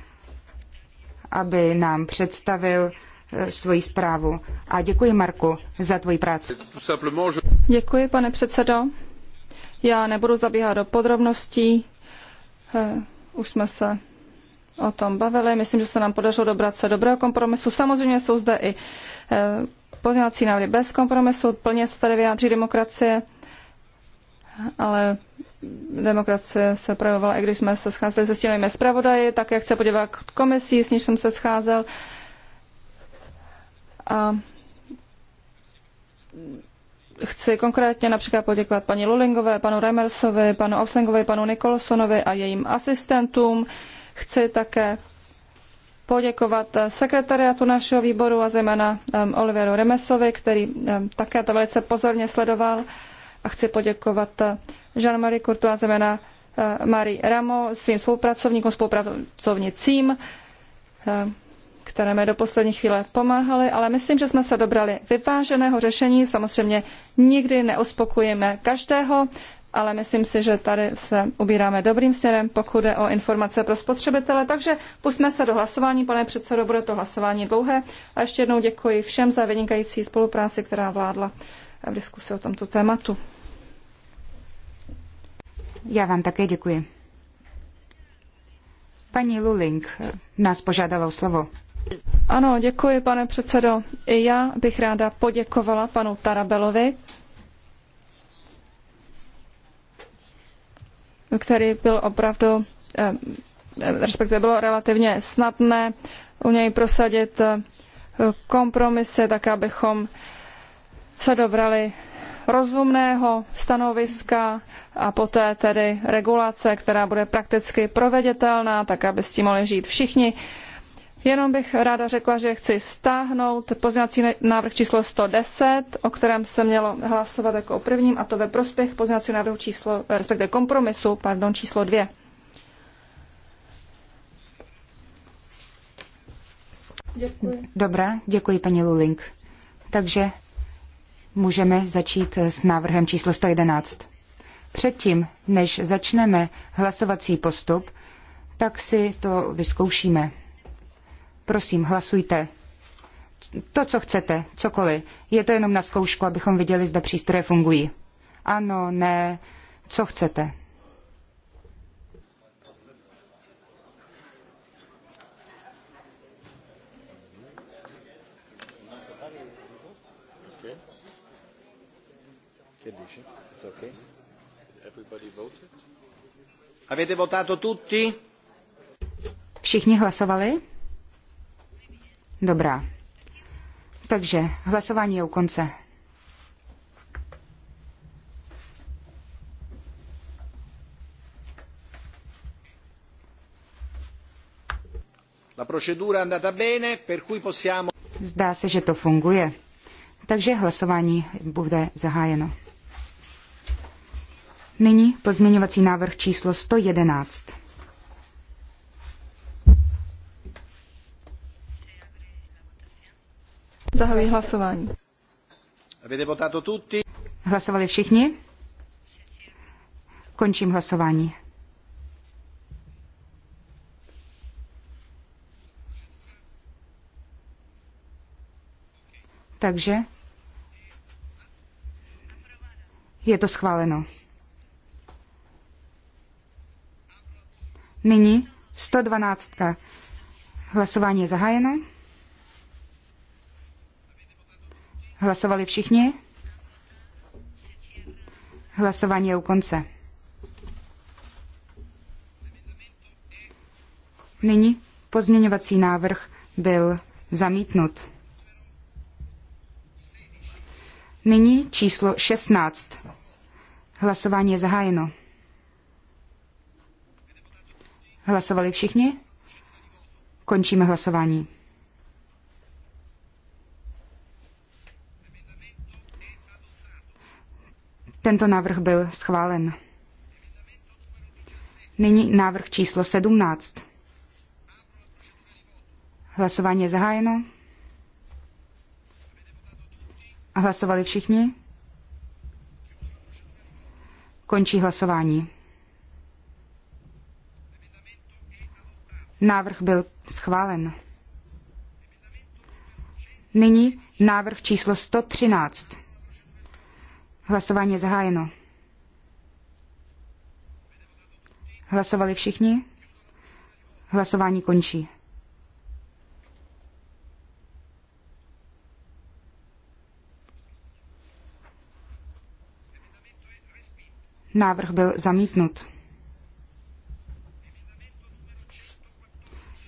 aby nám představil eh, svoji zprávu. A děkuji, Marku, za tvoji práci. Děkuji, pane předsedo. Já nebudu zabíhat do podrobností, eh, už jsme se o tom bavili. Myslím, že se nám podařilo dobrat se dobrého kompromisu. Samozřejmě jsou zde i eh, pozměňovací návrhy bez kompromisu, plně se tady vyjádří demokracie, ale demokracie se projevovala, i když jsme se scházeli se stěnovými zpravodaji, tak jak se podívat k komisí, s níž jsem se scházel. A Chci konkrétně například poděkovat paní Lulingové, panu Remersovi, panu Oslingovi, panu Nikolsonovi a jejím asistentům. Chci také poděkovat eh, sekretariátu našeho výboru a zejména um, Oliveru Remesovi, který um, také to velice pozorně sledoval. A chci poděkovat eh, Jean-Marie Kurtu a zejména uh, Marie Ramo, svým spolupracovníkům, spolupracovnicím. Um, které mi do poslední chvíle pomáhaly, ale myslím, že jsme se dobrali vyváženého řešení. Samozřejmě nikdy neuspokojíme každého, ale myslím si, že tady se ubíráme dobrým směrem, pokud je o informace pro spotřebitele. Takže pusme se do hlasování, pane předsedo, bude to hlasování dlouhé. A ještě jednou děkuji všem za vynikající spolupráci, která vládla v diskusi o tomto tématu. Já vám také děkuji. Paní Luling nás požádala o slovo. Ano, děkuji, pane předsedo. I já bych ráda poděkovala panu Tarabelovi, který byl opravdu, eh, respektive bylo relativně snadné u něj prosadit eh, kompromisy, tak abychom se dobrali rozumného stanoviska a poté tedy regulace, která bude prakticky proveditelná, tak aby s tím mohli žít všichni Jenom bych ráda řekla, že chci stáhnout pozměňovací návrh číslo 110, o kterém se mělo hlasovat jako o prvním, a to ve prospěch pozměňovacího návrhu číslo, eh, respektive kompromisu, pardon, číslo 2. Děkuji. Dobrá, děkuji paní Lulink. Takže můžeme začít eh, s návrhem číslo 111. Předtím, než začneme hlasovací postup, tak si to vyzkoušíme. Prosím, hlasujte. To, co chcete, cokoliv. Je to jenom na zkoušku, abychom viděli, zda přístroje fungují. Ano, ne, co chcete. Avete votato tutti? Všichni hlasovali? Dobrá. Takže hlasování je u konce. La procedura è andata bene, per cui possiamo... Zdá se, že to funguje. Takže hlasování bude zahájeno. Nyní pozměňovací návrh číslo 111. Zahajuji hlasování. Hlasovali všichni? Končím hlasování. Takže je to schváleno. Nyní 112. Hlasování je zahájeno. Hlasovali všichni? Hlasování je u konce. Nyní pozměňovací návrh byl zamítnut. Nyní číslo 16. Hlasování je zahájeno. Hlasovali všichni? Končíme hlasování. Tento návrh byl schválen. Nyní návrh číslo 17. Hlasování je zahájeno. Hlasovali všichni? Končí hlasování. Návrh byl schválen. Nyní návrh číslo 113. Hlasování je zahájeno. Hlasovali všichni? Hlasování končí. Návrh byl zamítnut.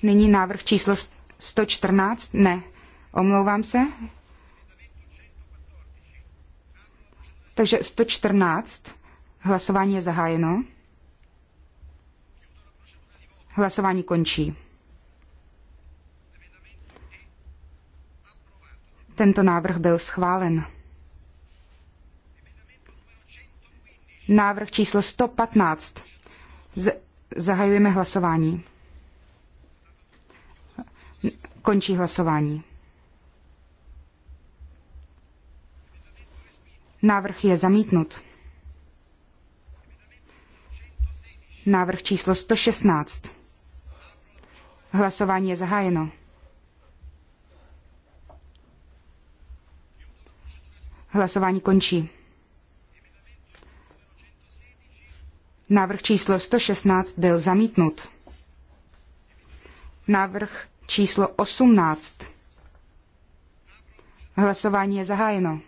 Nyní návrh číslo 114? Ne. Omlouvám se. Takže 114. Hlasování je zahájeno. Hlasování končí. Tento návrh byl schválen. Návrh číslo 115. Z- zahajujeme hlasování. Končí hlasování. Návrh je zamítnut. Návrh číslo 116. Hlasování je zahájeno. Hlasování končí. Návrh číslo 116 byl zamítnut. Návrh číslo 18. Hlasování je zahájeno.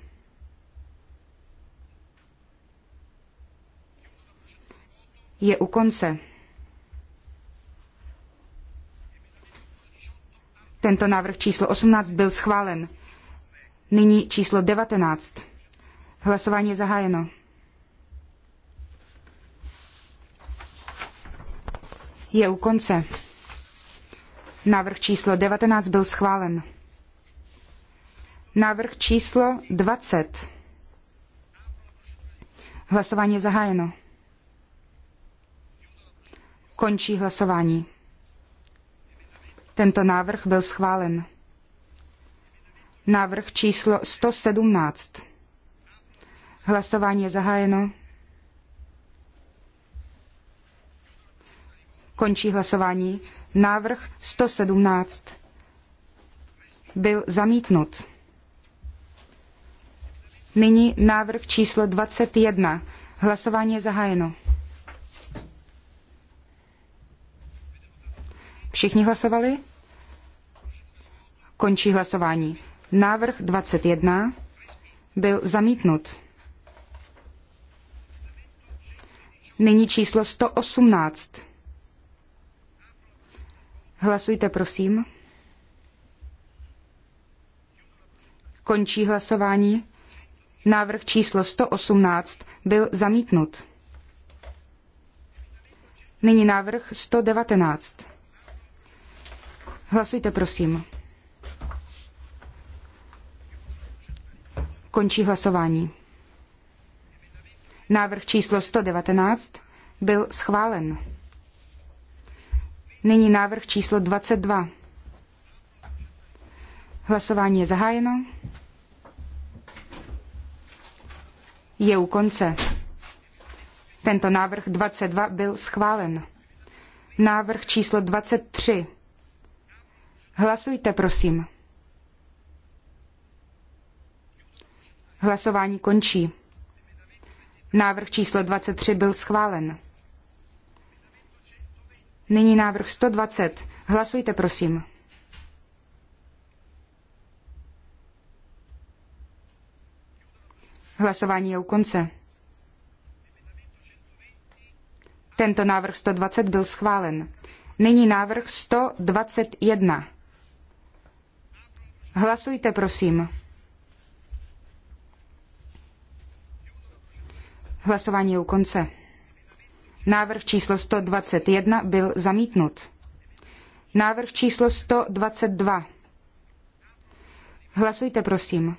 je u konce. Tento návrh číslo 18 byl schválen. Nyní číslo 19. Hlasování je zahájeno. Je u konce. Návrh číslo 19 byl schválen. Návrh číslo 20. Hlasování je zahájeno. Končí hlasování. Tento návrh byl schválen. Návrh číslo 117. Hlasování je zahájeno. Končí hlasování. Návrh 117 byl zamítnut. Nyní návrh číslo 21. Hlasování je zahájeno. Všichni hlasovali? Končí hlasování. Návrh 21 byl zamítnut. Nyní číslo 118. Hlasujte, prosím. Končí hlasování. Návrh číslo 118 byl zamítnut. Nyní návrh 119. Hlasujte, prosím. Končí hlasování. Návrh číslo 119 byl schválen. Nyní návrh číslo 22. Hlasování je zahájeno. Je u konce. Tento návrh 22 byl schválen. Návrh číslo 23. Hlasujte, prosím. Hlasování končí. Návrh číslo 23 byl schválen. Nyní návrh 120. Hlasujte, prosím. Hlasování je u konce. Tento návrh 120 byl schválen. Nyní návrh 121. Hlasujte, prosím. Hlasování je u konce. Návrh číslo 121 byl zamítnut. Návrh číslo 122. Hlasujte, prosím.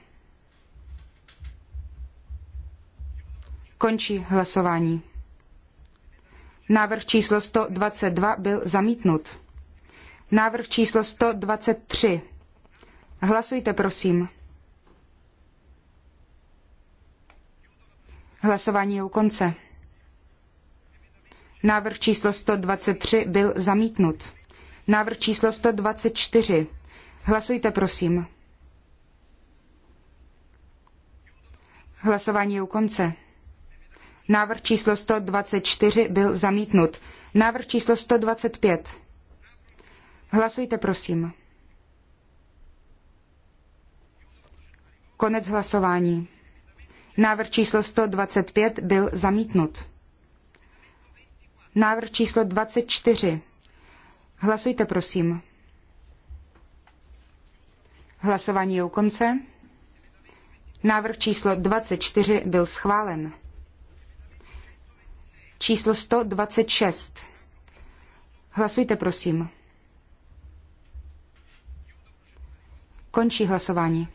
Končí hlasování. Návrh číslo 122 byl zamítnut. Návrh číslo 123. Hlasujte, prosím. Hlasování je u konce. Návrh číslo 123 byl zamítnut. Návrh číslo 124. Hlasujte, prosím. Hlasování je u konce. Návrh číslo 124 byl zamítnut. Návrh číslo 125. Hlasujte, prosím. Konec hlasování. Návrh číslo 125 byl zamítnut. Návrh číslo 24. Hlasujte, prosím. Hlasování je u konce. Návrh číslo 24 byl schválen. Číslo 126. Hlasujte, prosím. Končí hlasování.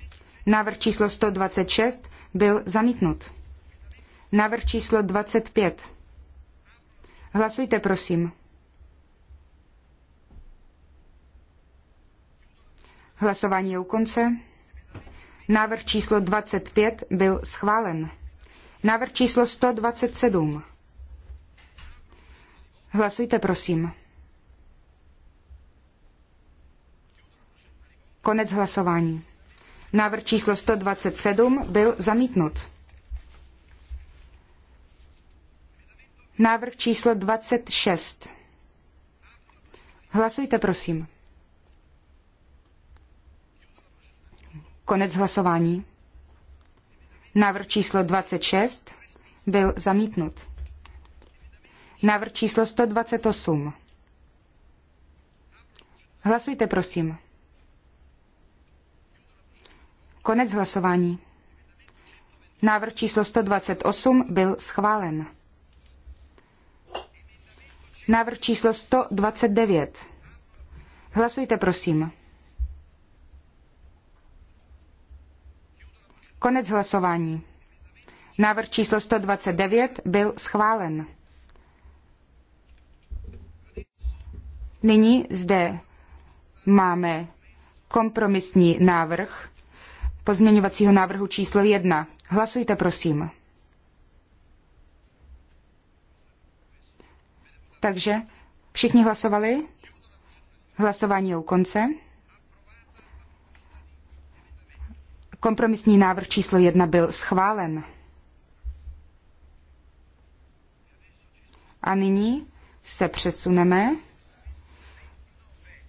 Návrh číslo 126 byl zamítnut. Návrh číslo 25. Hlasujte, prosím. Hlasování je u konce. Návrh číslo 25 byl schválen. Návrh číslo 127. Hlasujte, prosím. Konec hlasování. Návrh číslo 127 byl zamítnut. Návrh číslo 26. Hlasujte, prosím. Konec hlasování. Návrh číslo 26 byl zamítnut. Návrh číslo 128. Hlasujte, prosím. Konec hlasování. Návrh číslo 128 byl schválen. Návrh číslo 129. Hlasujte, prosím. Konec hlasování. Návrh číslo 129 byl schválen. Nyní zde máme kompromisní návrh pozměňovacího návrhu číslo 1. Hlasujte, prosím. Takže všichni hlasovali? Hlasování je u konce. Kompromisní návrh číslo 1 byl schválen. A nyní se přesuneme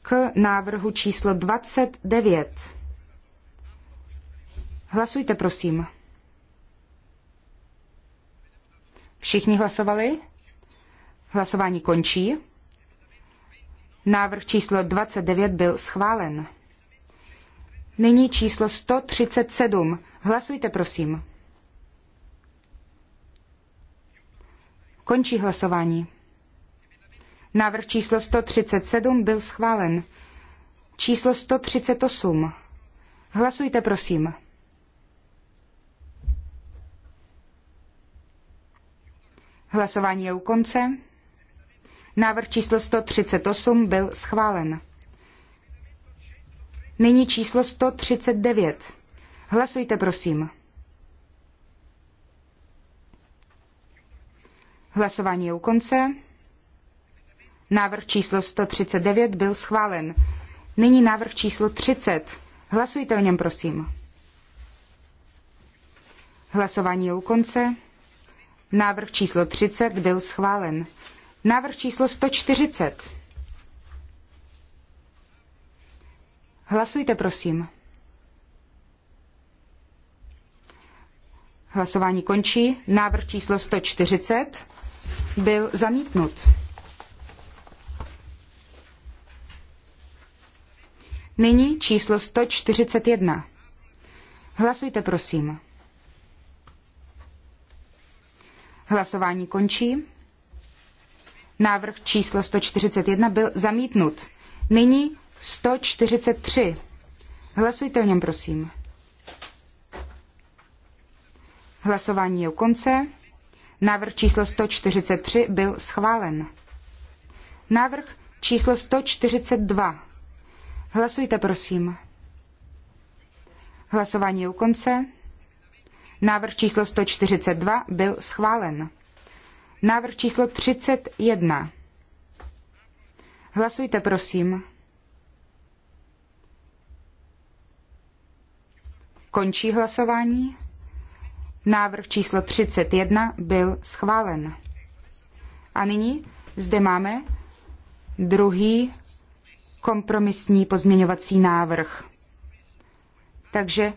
k návrhu číslo 29. Hlasujte, prosím. Všichni hlasovali? Hlasování končí. Návrh číslo 29 byl schválen. Nyní číslo 137. Hlasujte, prosím. Končí hlasování. Návrh číslo 137 byl schválen. Číslo 138. Hlasujte, prosím. Hlasování je u konce. Návrh číslo 138 byl schválen. Nyní číslo 139. Hlasujte, prosím. Hlasování je u konce. Návrh číslo 139 byl schválen. Nyní návrh číslo 30. Hlasujte o něm, prosím. Hlasování je u konce. Návrh číslo 30 byl schválen. Návrh číslo 140. Hlasujte, prosím. Hlasování končí. Návrh číslo 140 byl zamítnut. Nyní číslo 141. Hlasujte, prosím. Hlasování končí. Návrh číslo 141 byl zamítnut. Nyní 143. Hlasujte o něm, prosím. Hlasování je u konce. Návrh číslo 143 byl schválen. Návrh číslo 142. Hlasujte, prosím. Hlasování je u konce. Návrh číslo 142 byl schválen. Návrh číslo 31. Hlasujte, prosím. Končí hlasování. Návrh číslo 31 byl schválen. A nyní zde máme druhý kompromisní pozměňovací návrh. Takže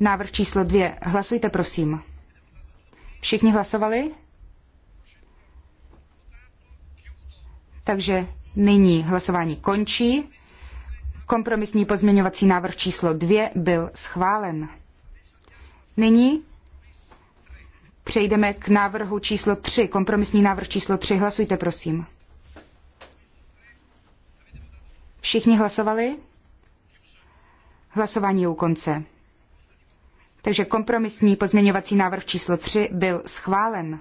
Návrh číslo dvě. Hlasujte, prosím. Všichni hlasovali? Takže nyní hlasování končí. Kompromisní pozměňovací návrh číslo dvě byl schválen. Nyní přejdeme k návrhu číslo tři. Kompromisní návrh číslo tři, Hlasujte, prosím. Všichni hlasovali? Hlasování je u konce. Takže kompromisní pozměňovací návrh číslo 3 byl schválen.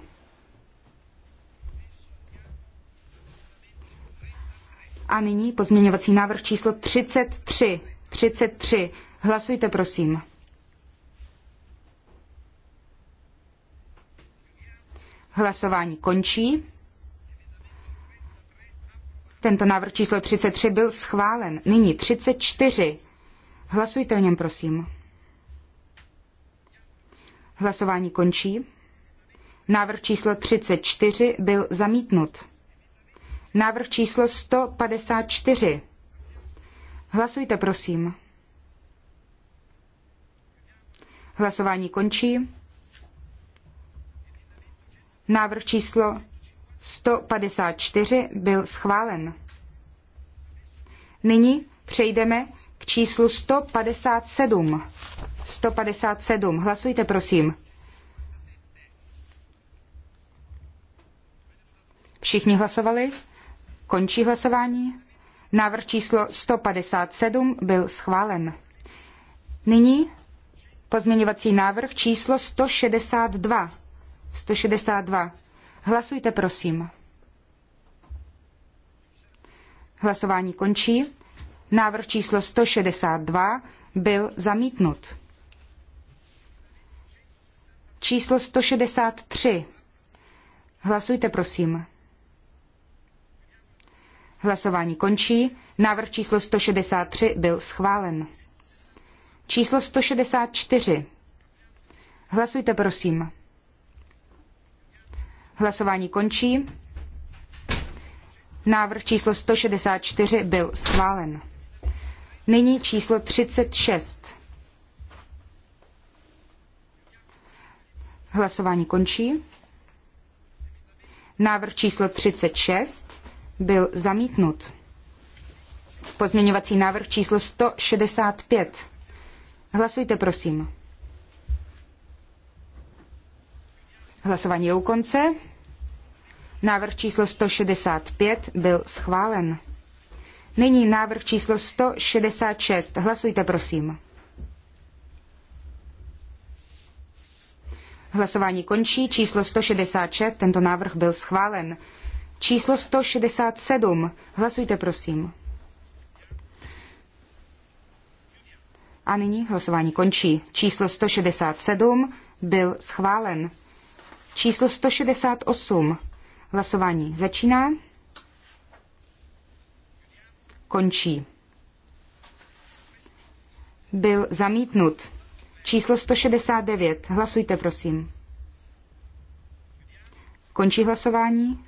A nyní pozměňovací návrh číslo 33. 33. Hlasujte, prosím. Hlasování končí. Tento návrh číslo 33 byl schválen. Nyní 34. Hlasujte o něm, prosím. Hlasování končí. Návrh číslo 34 byl zamítnut. Návrh číslo 154. Hlasujte, prosím. Hlasování končí. Návrh číslo 154 byl schválen. Nyní přejdeme k číslu 157. 157. Hlasujte, prosím. Všichni hlasovali? Končí hlasování? Návrh číslo 157 byl schválen. Nyní pozměňovací návrh číslo 162. 162. Hlasujte, prosím. Hlasování končí. Návrh číslo 162 byl zamítnut. Číslo 163. Hlasujte, prosím. Hlasování končí. Návrh číslo 163 byl schválen. Číslo 164. Hlasujte, prosím. Hlasování končí. Návrh číslo 164 byl schválen. Nyní číslo 36. Hlasování končí. Návrh číslo 36 byl zamítnut. Pozměňovací návrh číslo 165. Hlasujte, prosím. Hlasování je u konce. Návrh číslo 165 byl schválen. Nyní návrh číslo 166. Hlasujte, prosím. Hlasování končí. Číslo 166. Tento návrh byl schválen. Číslo 167. Hlasujte, prosím. A nyní hlasování končí. Číslo 167 byl schválen. Číslo 168. Hlasování začíná končí. Byl zamítnut. Číslo 169. Hlasujte, prosím. Končí hlasování.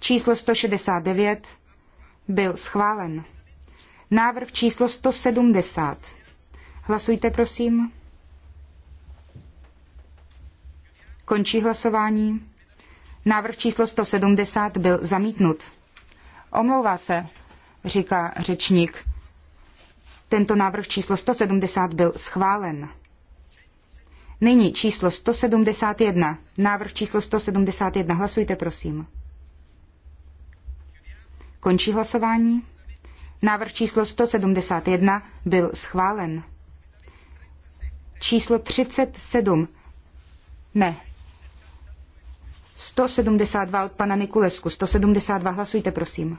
Číslo 169 byl schválen. Návrh číslo 170. Hlasujte, prosím. Končí hlasování. Návrh číslo 170 byl zamítnut. Omlouvá se říká řečník. Tento návrh číslo 170 byl schválen. Nyní číslo 171. Návrh číslo 171. Hlasujte, prosím. Končí hlasování. Návrh číslo 171 byl schválen. Číslo 37. Ne. 172 od pana Nikulesku. 172. Hlasujte, prosím.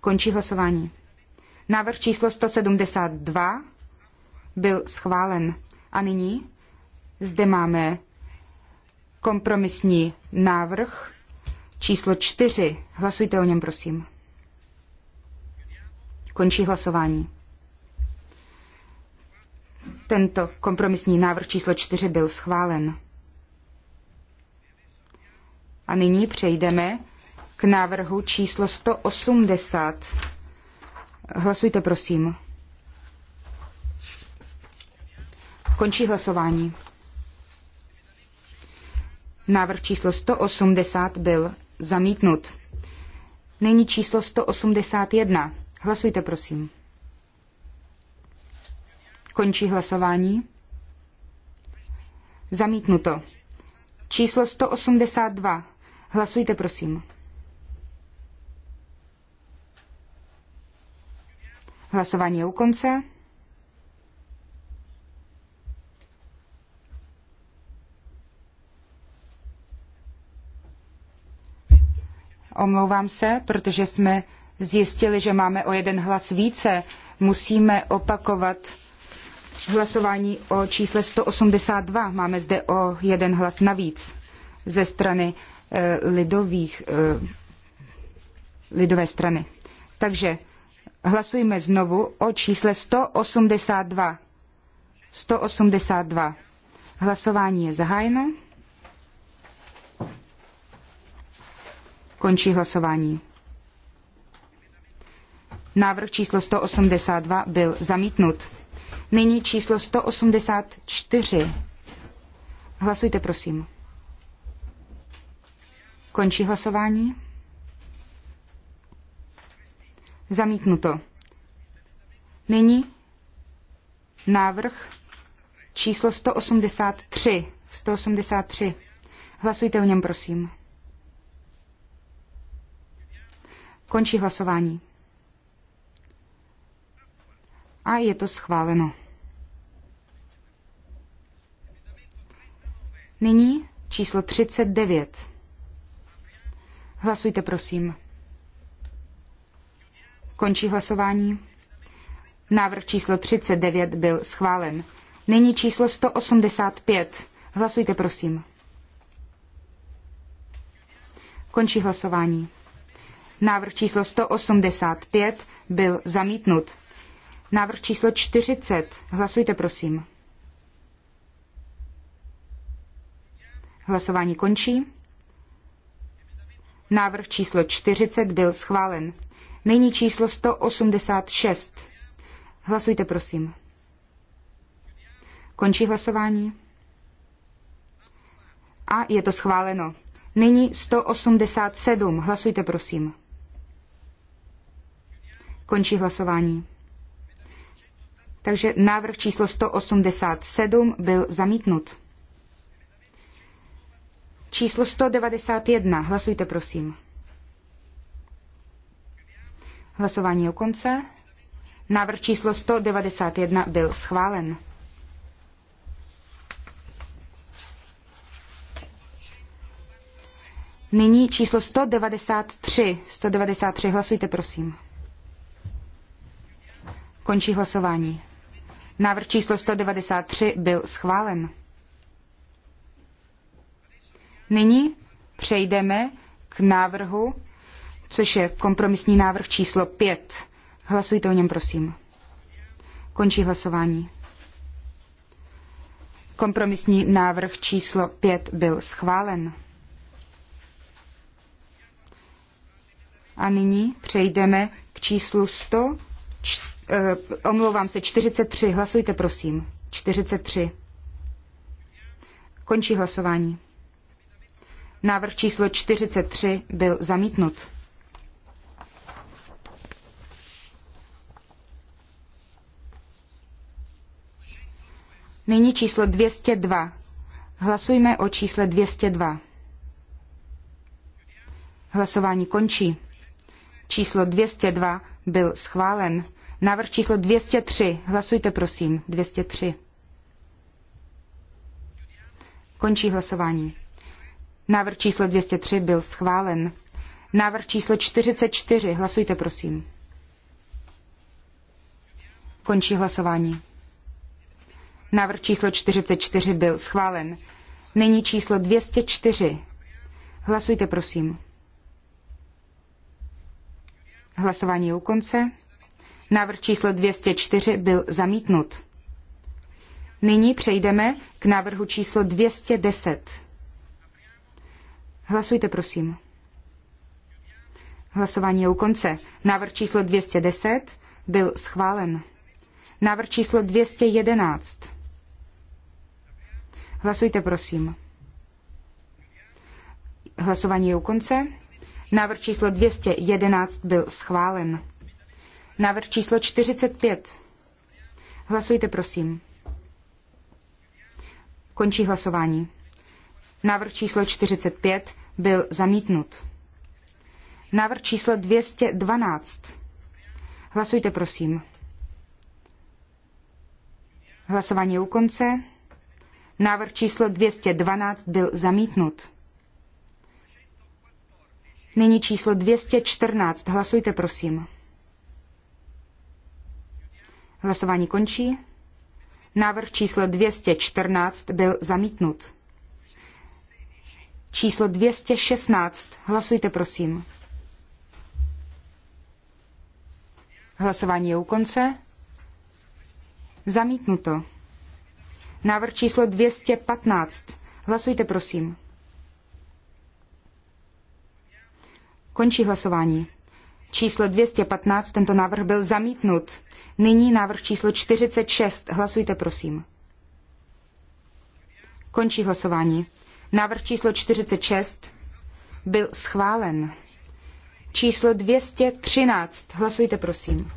Končí hlasování. Návrh číslo 172 byl schválen. A nyní zde máme kompromisní návrh číslo 4. Hlasujte o něm, prosím. Končí hlasování. Tento kompromisní návrh číslo 4 byl schválen. A nyní přejdeme k návrhu číslo 180. Hlasujte, prosím. Končí hlasování. Návrh číslo 180 byl zamítnut. Nyní číslo 181. Hlasujte, prosím. Končí hlasování. Zamítnuto. Číslo 182. Hlasujte, prosím. Hlasování je u konce. Omlouvám se, protože jsme zjistili, že máme o jeden hlas více. Musíme opakovat hlasování o čísle 182. Máme zde o jeden hlas navíc ze strany e, lidových, e, lidové strany. Takže Hlasujeme znovu o čísle 182. 182. Hlasování je zahájeno. Končí hlasování. Návrh číslo 182 byl zamítnut. Nyní číslo 184. Hlasujte, prosím. Končí hlasování. Zamítnuto. Nyní návrh číslo 183. 183. Hlasujte o něm, prosím. Končí hlasování. A je to schváleno. Nyní číslo 39. Hlasujte, prosím. Končí hlasování. Návrh číslo 39 byl schválen. Nyní číslo 185. Hlasujte, prosím. Končí hlasování. Návrh číslo 185 byl zamítnut. Návrh číslo 40. Hlasujte, prosím. Hlasování končí. Návrh číslo 40 byl schválen. Nyní číslo 186. Hlasujte, prosím. Končí hlasování. A je to schváleno. Nyní 187. Hlasujte, prosím. Končí hlasování. Takže návrh číslo 187 byl zamítnut. Číslo 191. Hlasujte, prosím. Hlasování u konce. Návrh číslo 191 byl schválen. Nyní číslo 193. 193. Hlasujte, prosím. Končí hlasování. Návrh číslo 193 byl schválen. Nyní přejdeme k návrhu což je kompromisní návrh číslo 5. Hlasujte o něm, prosím. Končí hlasování. Kompromisní návrh číslo 5 byl schválen. A nyní přejdeme k číslu 100. Č, eh, omlouvám se, 43. Hlasujte, prosím. 43. Končí hlasování. Návrh číslo 43 byl zamítnut. Nyní číslo 202. Hlasujme o čísle 202. Hlasování končí. Číslo 202 byl schválen. Návrh číslo 203. Hlasujte prosím. 203. Končí hlasování. Návrh číslo 203 byl schválen. Návrh číslo 44. Hlasujte prosím. Končí hlasování. Návrh číslo 44 byl schválen. Nyní číslo 204. Hlasujte, prosím. Hlasování je u konce. Návrh číslo 204 byl zamítnut. Nyní přejdeme k návrhu číslo 210. Hlasujte, prosím. Hlasování je u konce. Návrh číslo 210 byl schválen. Návrh číslo 211. Hlasujte, prosím. Hlasování je u konce. Návrh číslo 211 byl schválen. Návrh číslo 45. Hlasujte, prosím. Končí hlasování. Návrh číslo 45 byl zamítnut. Návrh číslo 212. Hlasujte, prosím. Hlasování je u konce. Návrh číslo 212 byl zamítnut. Nyní číslo 214. Hlasujte, prosím. Hlasování končí. Návrh číslo 214 byl zamítnut. Číslo 216. Hlasujte, prosím. Hlasování je u konce. Zamítnuto. Návrh číslo 215. Hlasujte, prosím. Končí hlasování. Číslo 215, tento návrh byl zamítnut. Nyní návrh číslo 46. Hlasujte, prosím. Končí hlasování. Návrh číslo 46 byl schválen. Číslo 213. Hlasujte, prosím.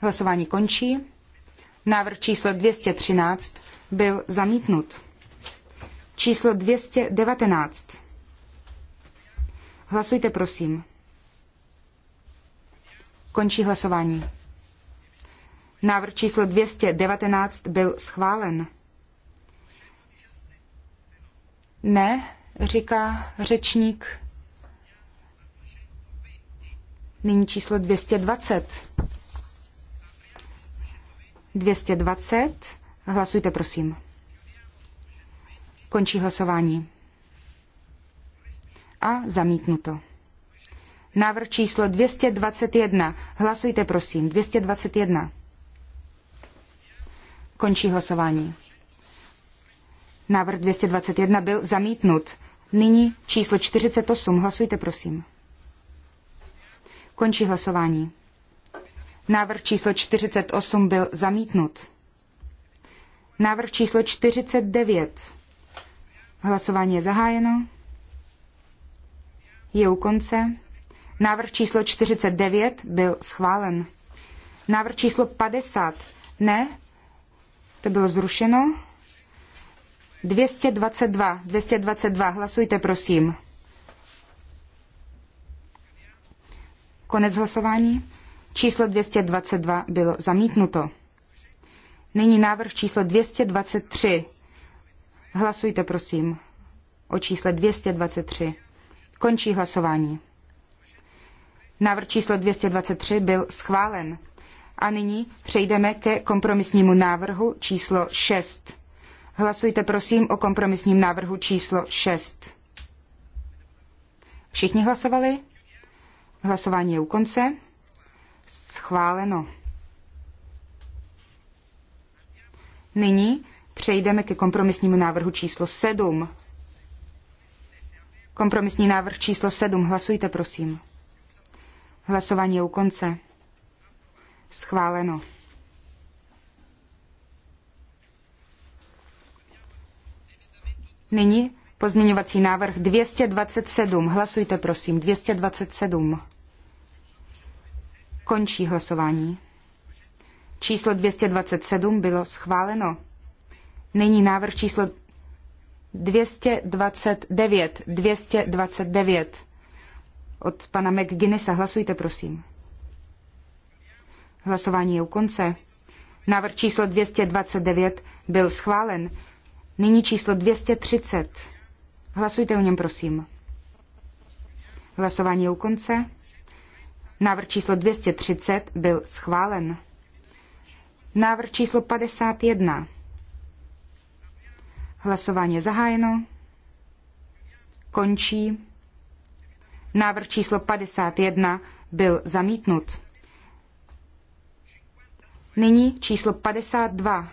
Hlasování končí. Návrh číslo 213 byl zamítnut. Číslo 219. Hlasujte, prosím. Končí hlasování. Návrh číslo 219 byl schválen. Ne, říká řečník. Nyní číslo 220. 220. Hlasujte, prosím. Končí hlasování. A zamítnuto. Návrh číslo 221. Hlasujte, prosím. 221. Končí hlasování. Návrh 221 byl zamítnut. Nyní číslo 48. Hlasujte, prosím. Končí hlasování. Návrh číslo 48 byl zamítnut. Návrh číslo 49. Hlasování je zahájeno. Je u konce. Návrh číslo 49 byl schválen. Návrh číslo 50. Ne, to bylo zrušeno. 222. 222. Hlasujte, prosím. Konec hlasování. Číslo 222 bylo zamítnuto. Nyní návrh číslo 223. Hlasujte, prosím, o čísle 223. Končí hlasování. Návrh číslo 223 byl schválen. A nyní přejdeme ke kompromisnímu návrhu číslo 6. Hlasujte prosím o kompromisním návrhu číslo 6. Všichni hlasovali? Hlasování je u konce. Schváleno. Nyní přejdeme ke kompromisnímu návrhu číslo 7. Kompromisní návrh číslo 7. Hlasujte, prosím. Hlasování je u konce. Schváleno. Nyní pozměňovací návrh 227. Hlasujte, prosím. 227. Končí hlasování. Číslo 227 bylo schváleno. Nyní návrh číslo 229. 229. Od pana McGinnisa. Hlasujte, prosím. Hlasování je u konce. Návrh číslo 229 byl schválen. Nyní číslo 230. Hlasujte o něm, prosím. Hlasování je u konce. Návrh číslo 230 byl schválen. Návrh číslo 51. Hlasování zahájeno. Končí. Návrh číslo 51 byl zamítnut. Nyní číslo 52.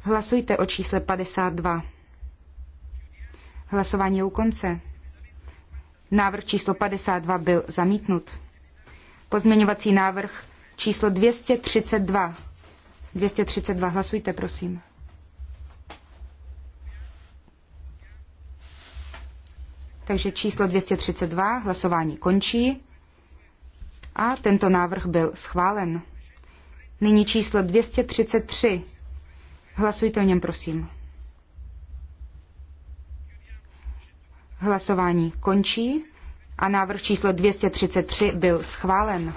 Hlasujte o čísle 52. Hlasování je u konce. Návrh číslo 52 byl zamítnut. Pozměňovací návrh číslo 232. 232. Hlasujte, prosím. Takže číslo 232, hlasování končí a tento návrh byl schválen. Nyní číslo 233. Hlasujte o něm, prosím. Hlasování končí a návrh číslo 233 byl schválen.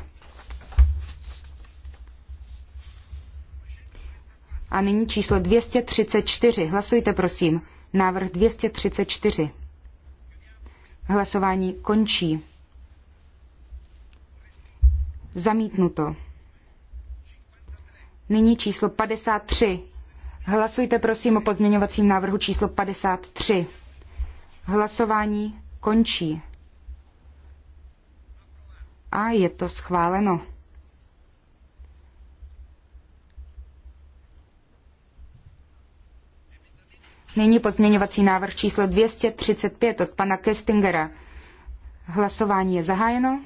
A nyní číslo 234. Hlasujte, prosím. Návrh 234. Hlasování končí. Zamítnuto. Nyní číslo 53. Hlasujte prosím o pozměňovacím návrhu číslo 53. Hlasování končí a je to schváleno. Nyní pozměňovací návrh číslo 235 od pana Kestingera. Hlasování je zahájeno.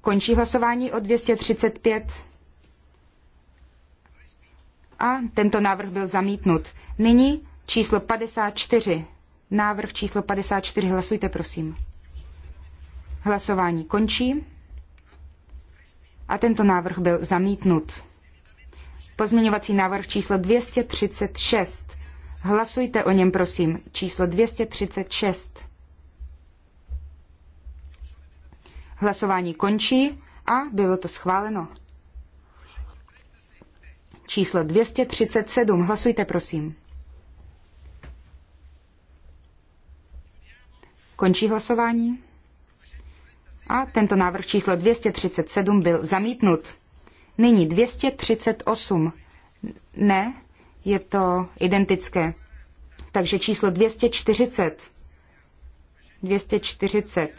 Končí hlasování o 235 a tento návrh byl zamítnut. Nyní číslo 54. Návrh číslo 54. Hlasujte, prosím. Hlasování končí. A tento návrh byl zamítnut. Pozměňovací návrh číslo 236. Hlasujte o něm, prosím. Číslo 236. Hlasování končí a bylo to schváleno. Číslo 237. Hlasujte, prosím. Končí hlasování. A tento návrh číslo 237 byl zamítnut. Nyní 238. Ne, je to identické. Takže číslo 240. 240.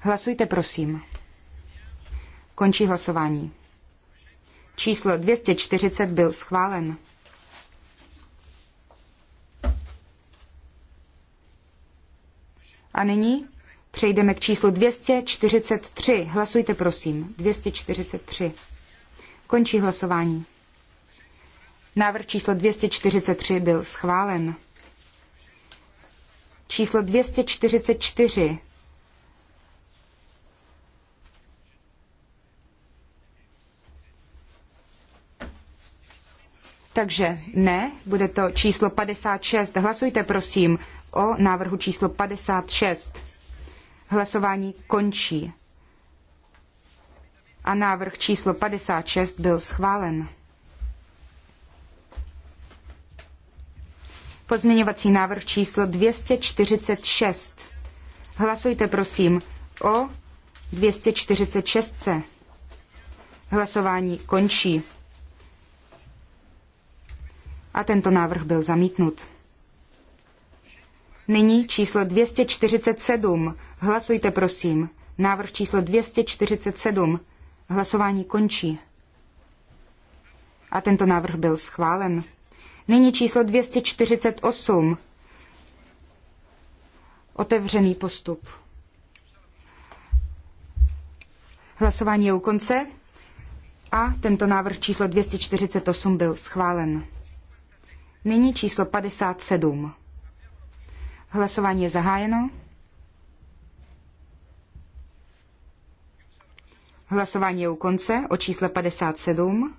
Hlasujte, prosím. Končí hlasování. Číslo 240 byl schválen. A nyní přejdeme k číslu 243. Hlasujte prosím. 243. Končí hlasování. Návrh číslo 243 byl schválen. Číslo 244. Takže ne, bude to číslo 56. Hlasujte prosím o návrhu číslo 56. Hlasování končí. A návrh číslo 56 byl schválen. Pozměňovací návrh číslo 246. Hlasujte prosím o 246. Hlasování končí. A tento návrh byl zamítnut. Nyní číslo 247. Hlasujte, prosím. Návrh číslo 247. Hlasování končí. A tento návrh byl schválen. Nyní číslo 248. Otevřený postup. Hlasování je u konce a tento návrh číslo 248 byl schválen. Nyní číslo 57. Hlasování je zahájeno. Hlasování je u konce o čísle 57.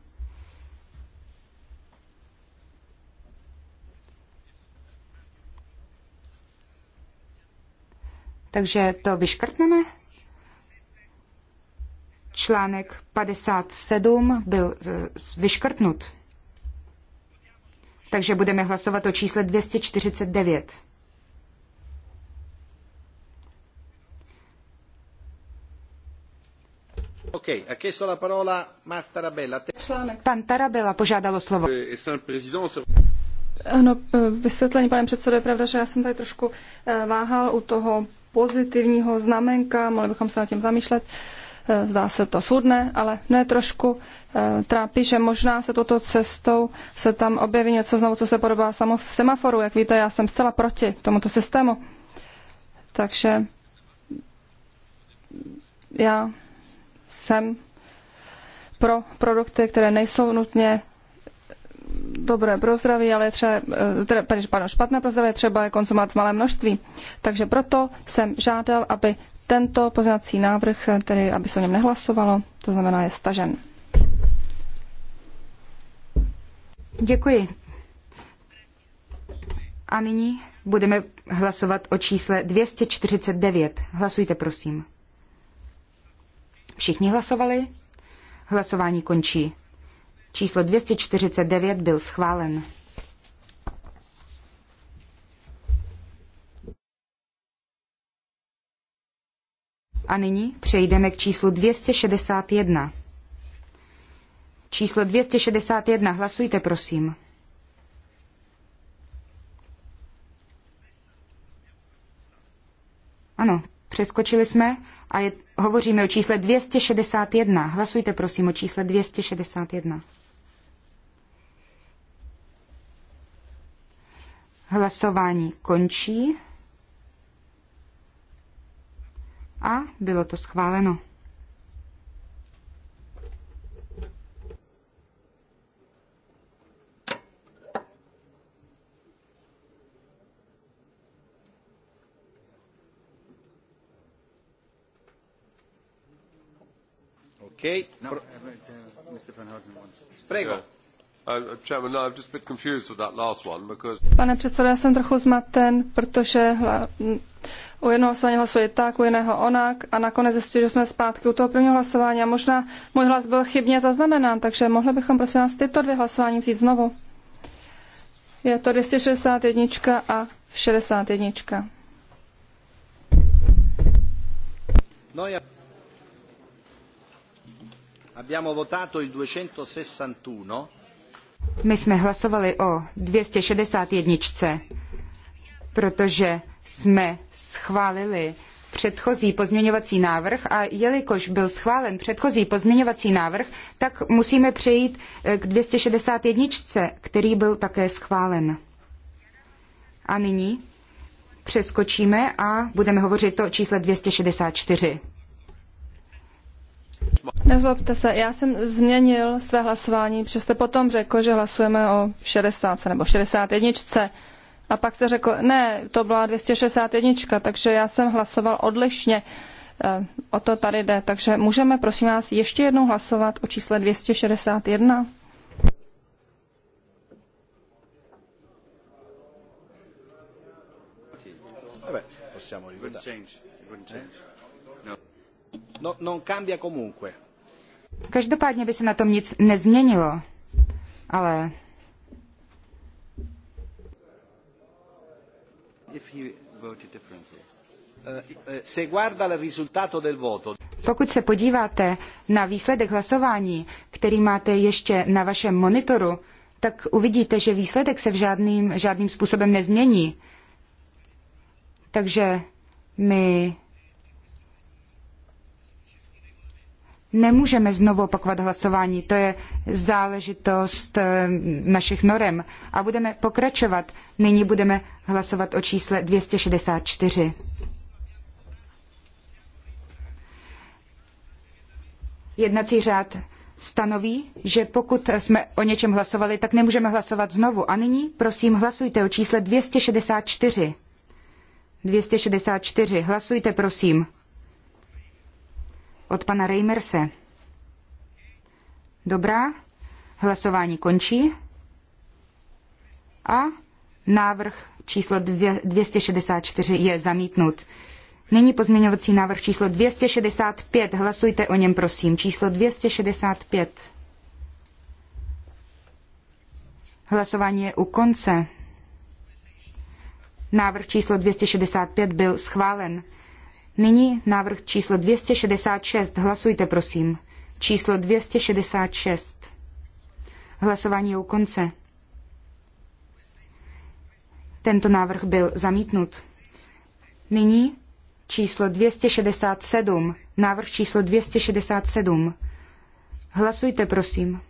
Takže to vyškrtneme. Článek 57 byl e, vyškrtnut. Takže budeme hlasovat o čísle 249. Okay, Tarabella. Pan Tarabella požádalo slovo. Eh, ano, eh, vysvětlení, pane předsedo, je pravda, že já jsem tady trošku eh, váhal u toho pozitivního znamenka, mohli bychom se nad tím zamýšlet. Zdá se to soudné, ale mne trošku trápí, že možná se touto cestou se tam objeví něco znovu, co se podobá semaforu. Jak víte, já jsem zcela proti tomuto systému. Takže já jsem pro produkty, které nejsou nutně dobré pro zdraví, ale třeba, eh, teda, pardon, špatné pro zdraví, třeba je konzumovat v malém množství. Takže proto jsem žádal, aby tento poznací návrh, eh, tedy aby se o něm nehlasovalo, to znamená je stažen. Děkuji. A nyní budeme hlasovat o čísle 249. Hlasujte, prosím. Všichni hlasovali? Hlasování končí. Číslo 249 byl schválen. A nyní přejdeme k číslu 261. Číslo 261, hlasujte prosím. Ano, přeskočili jsme a je, hovoříme o čísle 261. Hlasujte prosím o čísle 261. Hlasování končí. A bylo to schváleno. Pane předsedo, já jsem trochu zmaten, protože u jednoho hlasování hlasuji tak, u jiného onak a nakonec zjistuji, že jsme zpátky u toho prvního hlasování a možná můj hlas byl chybně zaznamenán, takže mohli bychom prosím vás tyto dvě hlasování vzít znovu. Je to 261 a 61. My jsme hlasovali o 261, protože jsme schválili předchozí pozměňovací návrh a jelikož byl schválen předchozí pozměňovací návrh, tak musíme přejít eh, k 261, který byl také schválen. A nyní přeskočíme a budeme hovořit o čísle 264. Nezlobte se, já jsem změnil své hlasování, přesto potom řekl, že hlasujeme o 60 nebo 61. A pak se řekl, ne, to byla 261, takže já jsem hlasoval odlišně. Eh, o to tady jde. Takže můžeme, prosím vás, ještě jednou hlasovat o čísle 261? No, non cambia comunque. Každopádně by se na tom nic nezměnilo, ale... Uh, uh, pokud se podíváte na výsledek hlasování, který máte ještě na vašem monitoru, tak uvidíte, že výsledek se v žádným, žádným způsobem nezmění. Takže my nemůžeme znovu opakovat hlasování. To je záležitost eh, našich norem. A budeme pokračovat. Nyní budeme hlasovat o čísle 264. Jednací řád stanoví, že pokud jsme o něčem hlasovali, tak nemůžeme hlasovat znovu. A nyní, prosím, hlasujte o čísle 264. 264. Hlasujte, prosím od pana Reimerse. Dobrá, hlasování končí. A návrh číslo 264 je zamítnut. Nyní pozměňovací návrh číslo 265. Hlasujte o něm, prosím. Číslo 265. Hlasování je u konce. Návrh číslo 265 byl schválen. Nyní návrh číslo 266. Hlasujte, prosím. Číslo 266. Hlasování je u konce. Tento návrh byl zamítnut. Nyní číslo 267. Návrh číslo 267. Hlasujte, prosím.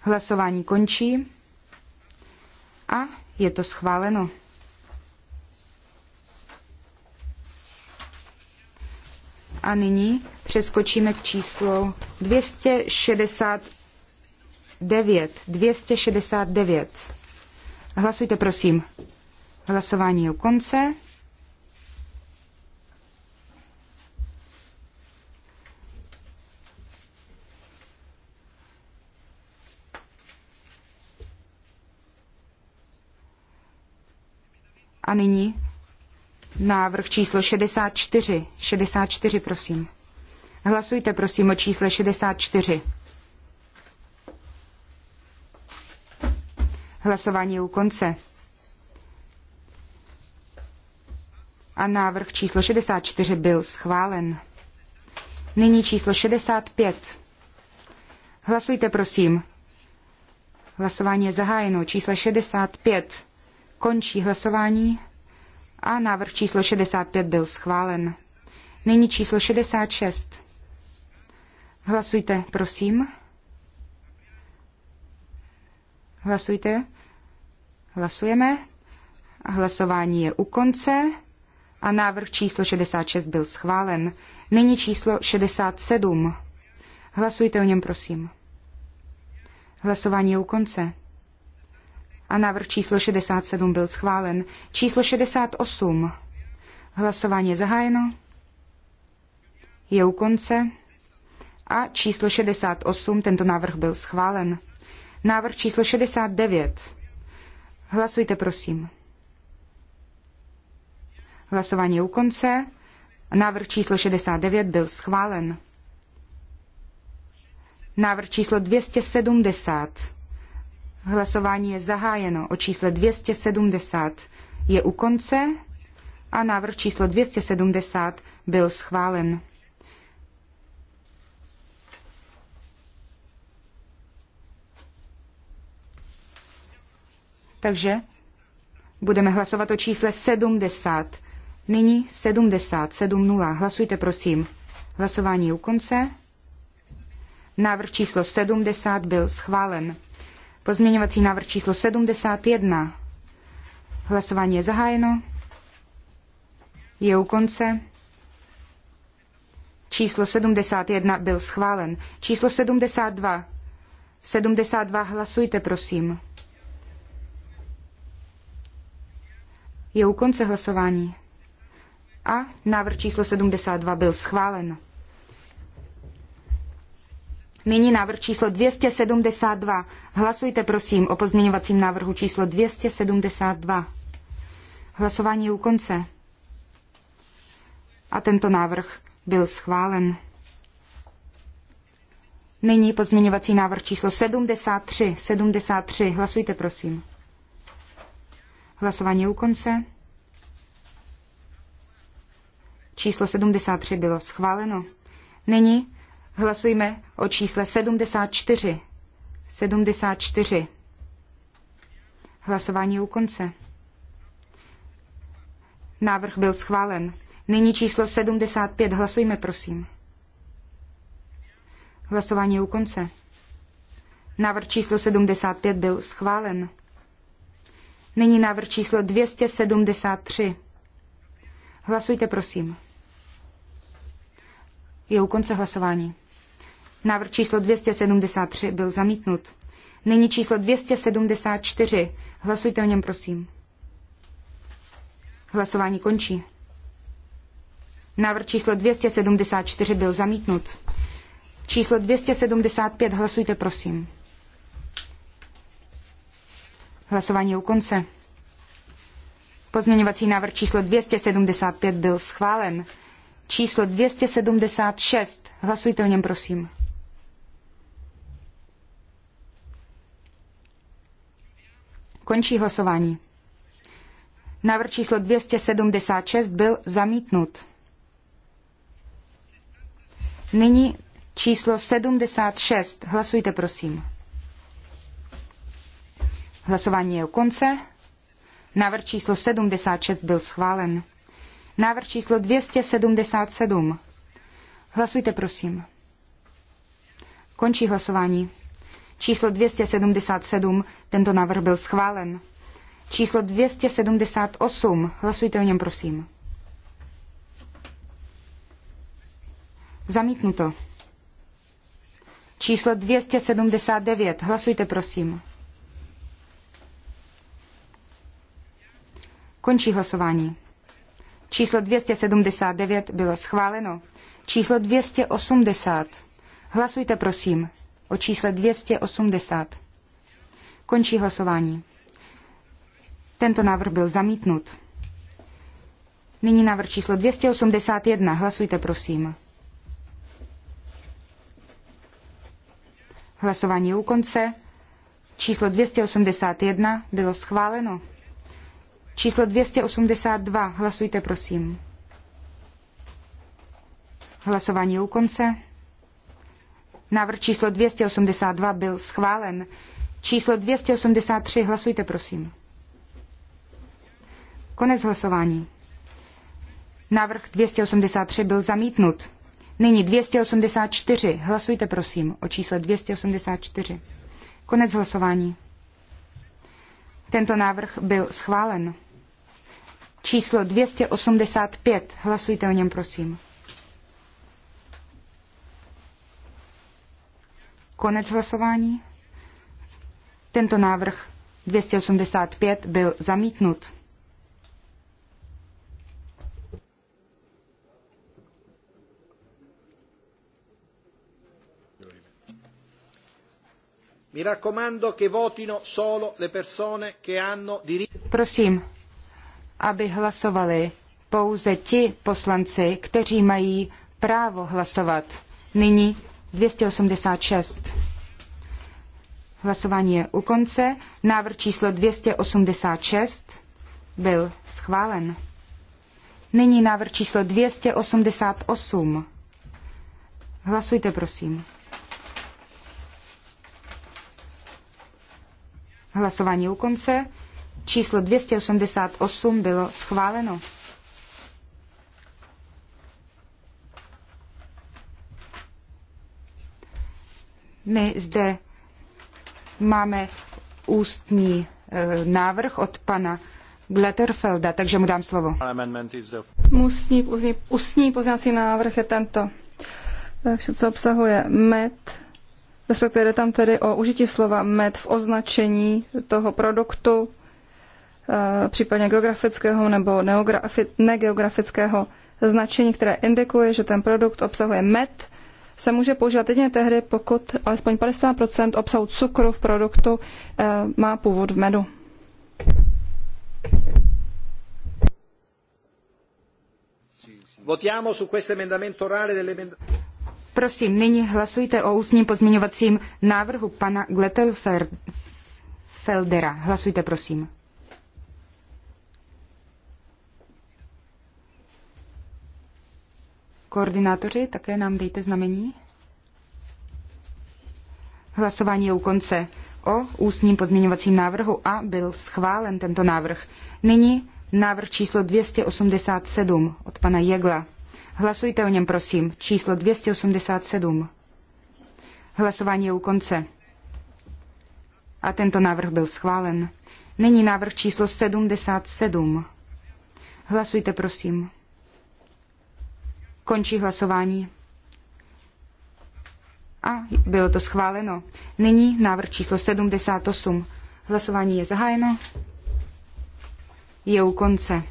Hlasování končí a je to schváleno. A nyní přeskočíme k číslu 269. 269. Hlasujte, prosím. Hlasování je u konce. A nyní Návrh číslo 64. 64, prosím. Hlasujte, prosím, o čísle 64. Hlasování je u konce. A návrh číslo 64 byl schválen. Nyní číslo 65. Hlasujte, prosím. Hlasování je zahájeno. Číslo 65. Končí hlasování a návrh číslo 65 byl schválen. Nyní číslo 66. Hlasujte, prosím. Hlasujte. Hlasujeme. Hlasování je u konce a návrh číslo 66 byl schválen. Nyní číslo 67. Hlasujte o něm, prosím. Hlasování je u konce a návrh číslo 67 byl schválen. Číslo 68. Hlasování je zahájeno. Je u konce. A číslo 68, tento návrh byl schválen. Návrh číslo 69. Hlasujte, prosím. Hlasování je u konce. Návrh číslo 69 byl schválen. Návrh číslo 270. Hlasování je zahájeno. O čísle 270 je u konce a návrh číslo 270 byl schválen. Takže budeme hlasovat o čísle 70. Nyní 70, 7 0. Hlasujte, prosím. Hlasování je u konce. Návrh číslo 70 byl schválen. Pozměňovací návrh číslo 71. Hlasování je zahájeno. Je u konce. Číslo 71 byl schválen. Číslo 72. 72 hlasujte, prosím. Je u konce hlasování. A návrh číslo 72 byl schválen. Nyní návrh číslo 272. Hlasujte prosím o pozměňovacím návrhu číslo 272. Hlasování je u konce. A tento návrh byl schválen. Nyní pozměňovací návrh číslo 73. 73. Hlasujte prosím. Hlasování je u konce. Číslo 73 bylo schváleno. Nyní Hlasujeme o čísle 74. 74. Hlasování u konce. Návrh byl schválen. Nyní číslo 75. Hlasujme, prosím. Hlasování je u konce. Návrh číslo 75 byl schválen. Nyní návrh číslo 273. Hlasujte, prosím. Je u konce hlasování. Návrh číslo 273 byl zamítnut. Nyní číslo 274. Hlasujte o něm, prosím. Hlasování končí. Návrh číslo 274 byl zamítnut. Číslo 275. Hlasujte, prosím. Hlasování je u konce. Pozměňovací návrh číslo 275 byl schválen. Číslo 276. Hlasujte o něm, prosím. Končí hlasování. Návrh číslo 276 byl zamítnut. Nyní číslo 76. Hlasujte, prosím. Hlasování je u konce. Návrh číslo 76 byl schválen. Návrh číslo 277. Hlasujte, prosím. Končí hlasování. Číslo 277, tento návrh byl schválen. Číslo 278, hlasujte o něm, prosím. Zamítnuto. Číslo 279, hlasujte, prosím. Končí hlasování. Číslo 279 bylo schváleno. Číslo 280. Hlasujte, prosím o čísle 280. Končí hlasování. Tento návrh byl zamítnut. Nyní návrh číslo 281. Hlasujte, prosím. Hlasování u konce. Číslo 281 bylo schváleno. Číslo 282. Hlasujte, prosím. Hlasování u konce. Návrh číslo 282 byl schválen. Číslo 283, hlasujte prosím. Konec hlasování. Návrh 283 byl zamítnut. Nyní 284. Hlasujte prosím o čísle 284. Konec hlasování. Tento návrh byl schválen. Číslo 285. Hlasujte o něm prosím. Konec hlasování. Tento návrh 285 byl zamítnut. Mi raccomando che votino solo le persone che hanno diritto. Prosím, aby hlasovali pouze ti poslanci, kteří mají právo hlasovat. Nyní 286. Hlasování je u konce. Návrh číslo 286 byl schválen. Nyní návrh číslo 288. Hlasujte, prosím. Hlasování u konce. Číslo 288 bylo schváleno. My zde máme ústní e, návrh od pana Gletterfelda, takže mu dám slovo. Ústní, ústní poznací návrh je tento. E, Vše, co obsahuje med, respektive jde tam tedy o užití slova med v označení toho produktu, e, případně geografického nebo negeografického značení, které indikuje, že ten produkt obsahuje med se může používat jedině tehdy, pokud alespoň 50 obsahu cukru v produktu eh, má původ v medu. Prosím, nyní hlasujte o ústním pozměňovacím návrhu pana Gletelfeldera. Hlasujte, prosím. Koordinátoři, také nám dejte znamení. Hlasování je u konce o ústním pozměňovacím návrhu a byl schválen tento návrh. Nyní návrh číslo 287 od pana Jegla. Hlasujte o něm, prosím. Číslo 287. Hlasování je u konce. A tento návrh byl schválen. Nyní návrh číslo 77. Hlasujte, prosím. Končí hlasování. A bylo to schváleno. Nyní návrh číslo 78. Hlasování je zahájeno. Je u konce.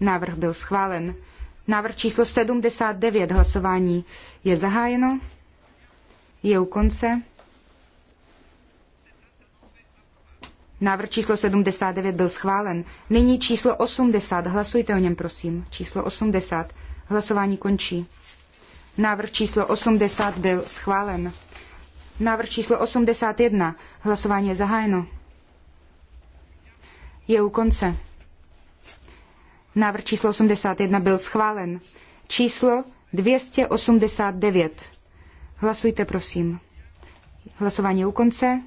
Návrh byl schválen. Návrh číslo 79 hlasování je zahájeno. Je u konce. Návrh číslo 79 byl schválen. Nyní číslo 80. Hlasujte o něm, prosím. Číslo 80. Hlasování končí. Návrh číslo 80 byl schválen. Návrh číslo 81. Hlasování je zahájeno. Je u konce. Návrh číslo 81 byl schválen. Číslo 289. Hlasujte, prosím. Hlasování je u konce.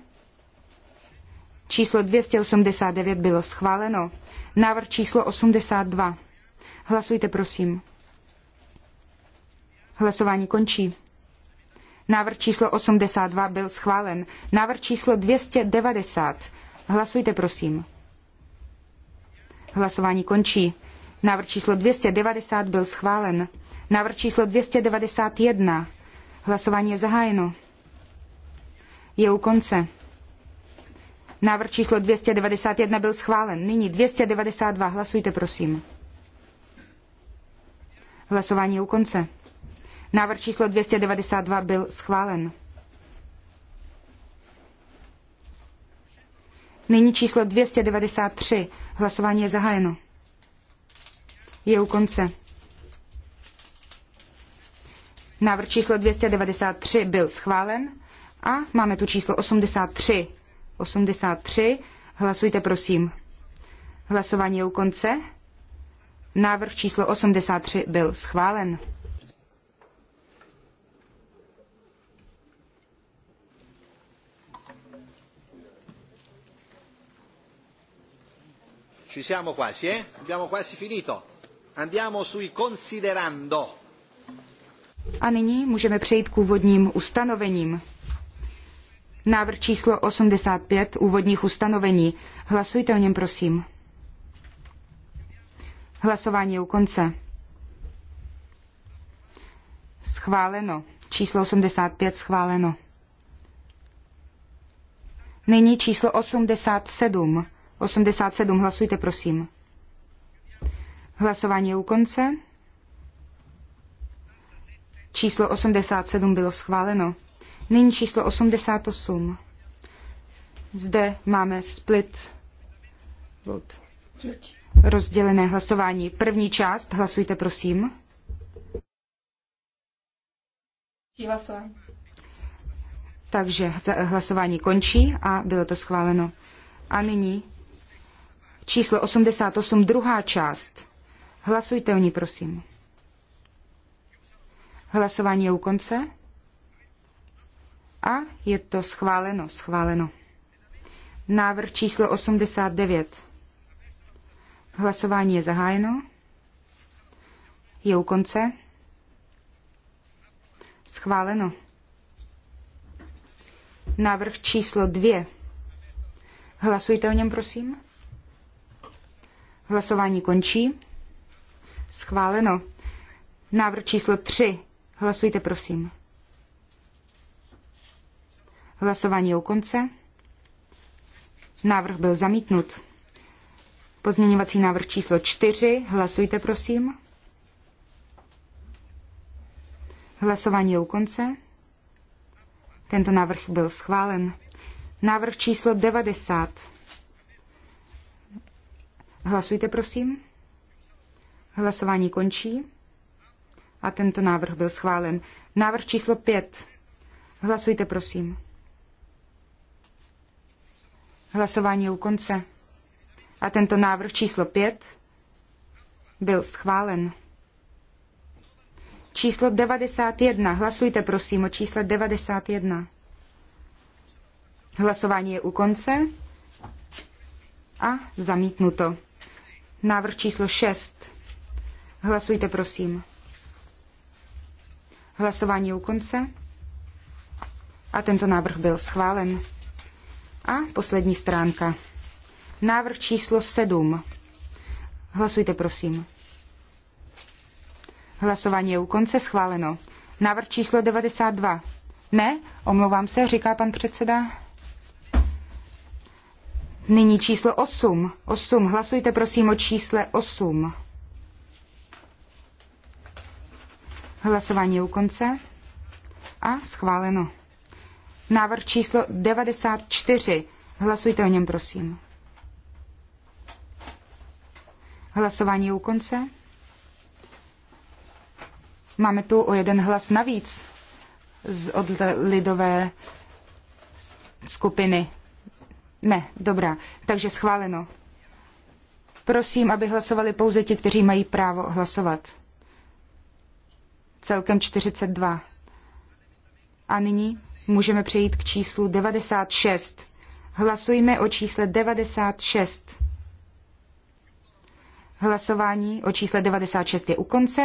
Číslo 289 bylo schváleno. Návrh číslo 82. Hlasujte, prosím. Hlasování končí. Návrh číslo 82 byl schválen. Návrh číslo 290. Hlasujte, prosím. Hlasování končí. Návrh číslo 290 byl schválen. Návrh číslo 291. Hlasování je zahájeno. Je u konce. Návrh číslo 291 byl schválen. Nyní 292. Hlasujte, prosím. Hlasování je u konce. Návrh číslo 292 byl schválen. Nyní číslo 293. Hlasování je zahájeno. Je u konce. Návrh číslo 293 byl schválen a máme tu číslo 83. 83. Hlasujte prosím. Hlasování je u konce. Návrh číslo 83 byl schválen. Ci siamo quasi, eh? Abbiamo quasi finito. Andiamo sui considerando. A nyní můžeme přejít k úvodním ustanovením. Návrh číslo 85 úvodních ustanovení. Hlasujte o něm, prosím. Hlasování je u konce. Schváleno. Číslo 85 schváleno. Nyní číslo 87. 87. Hlasujte, prosím. Hlasování je u konce. Číslo 87 bylo schváleno. Nyní číslo 88. Zde máme split vod. Rozdělené hlasování. První část, hlasujte prosím. Takže hlasování končí a bylo to schváleno. A nyní číslo 88, druhá část. Hlasujte o ní, prosím. Hlasování je u konce. A je to schváleno, schváleno. Návrh číslo 89. Hlasování je zahájeno. Je u konce. Schváleno. Návrh číslo 2. Hlasujte o něm, prosím. Hlasování končí. Schváleno. Návrh číslo 3. Hlasujte, prosím. Hlasování je u konce. Návrh byl zamítnut. Pozměňovací návrh číslo 4. Hlasujte, prosím. Hlasování je u konce. Tento návrh byl schválen. Návrh číslo 90. Hlasujte, prosím. Hlasování končí. A tento návrh byl schválen. Návrh číslo 5. Hlasujte, prosím. Hlasování je u konce. A tento návrh číslo 5 byl schválen. Číslo 91. Hlasujte prosím o čísle 91. Hlasování je u konce a zamítnuto. Návrh číslo 6. Hlasujte, prosím. Hlasování je u konce. A tento návrh byl schválen. A poslední stránka. Návrh číslo 7. Hlasujte, prosím. Hlasování je u konce schváleno. Návrh číslo 92. Ne, omlouvám se, říká pan předseda. Nyní číslo 8. 8. Hlasujte prosím o čísle 8. Hlasování je u konce. A schváleno. Návrh číslo 94. Hlasujte o něm, prosím. Hlasování je u konce. Máme tu o jeden hlas navíc z od lidové skupiny. Ne, dobrá, takže schváleno. Prosím, aby hlasovali pouze ti, kteří mají právo hlasovat. Celkem 42. A nyní můžeme přejít k číslu 96. Hlasujme o čísle 96. Hlasování o čísle 96 je u konce.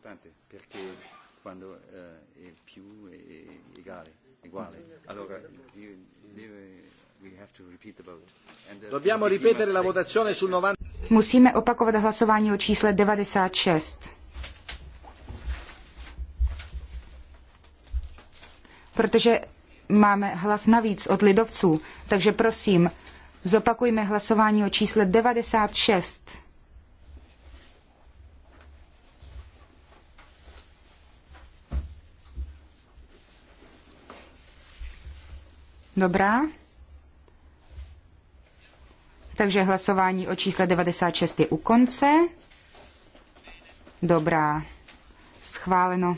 importante perché quando uh, è più è egale, uguale. Allora, di, di, Dobbiamo ripetere la votazione sul 90. Musíme opakovat hlasování o čísle 96. Protože máme hlas navíc od lidovců, takže prosím, zopakujme hlasování o čísle 96. Dobrá. Takže hlasování o čísle 96 je u konce. Dobrá. Schváleno.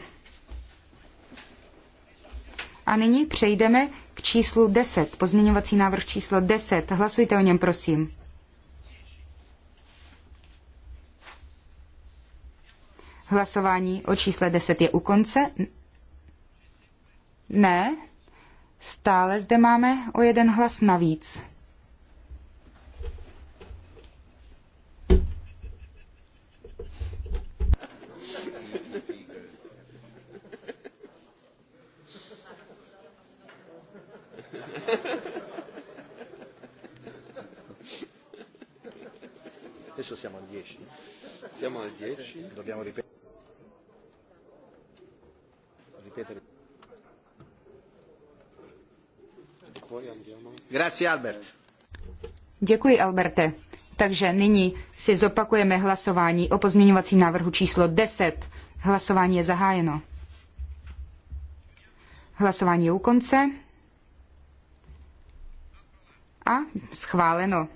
A nyní přejdeme k číslu 10. Pozměňovací návrh číslo 10. Hlasujte o něm, prosím. Hlasování o čísle 10 je u konce. Ne. Stále zde máme o jeden hlas navíc. Siamo al 10. Dobbiamo ripetere. ripetere. Děkuji, Alberte. Takže nyní si zopakujeme hlasování o pozměňovacím návrhu číslo 10. Hlasování je zahájeno. Hlasování je u konce. A schváleno.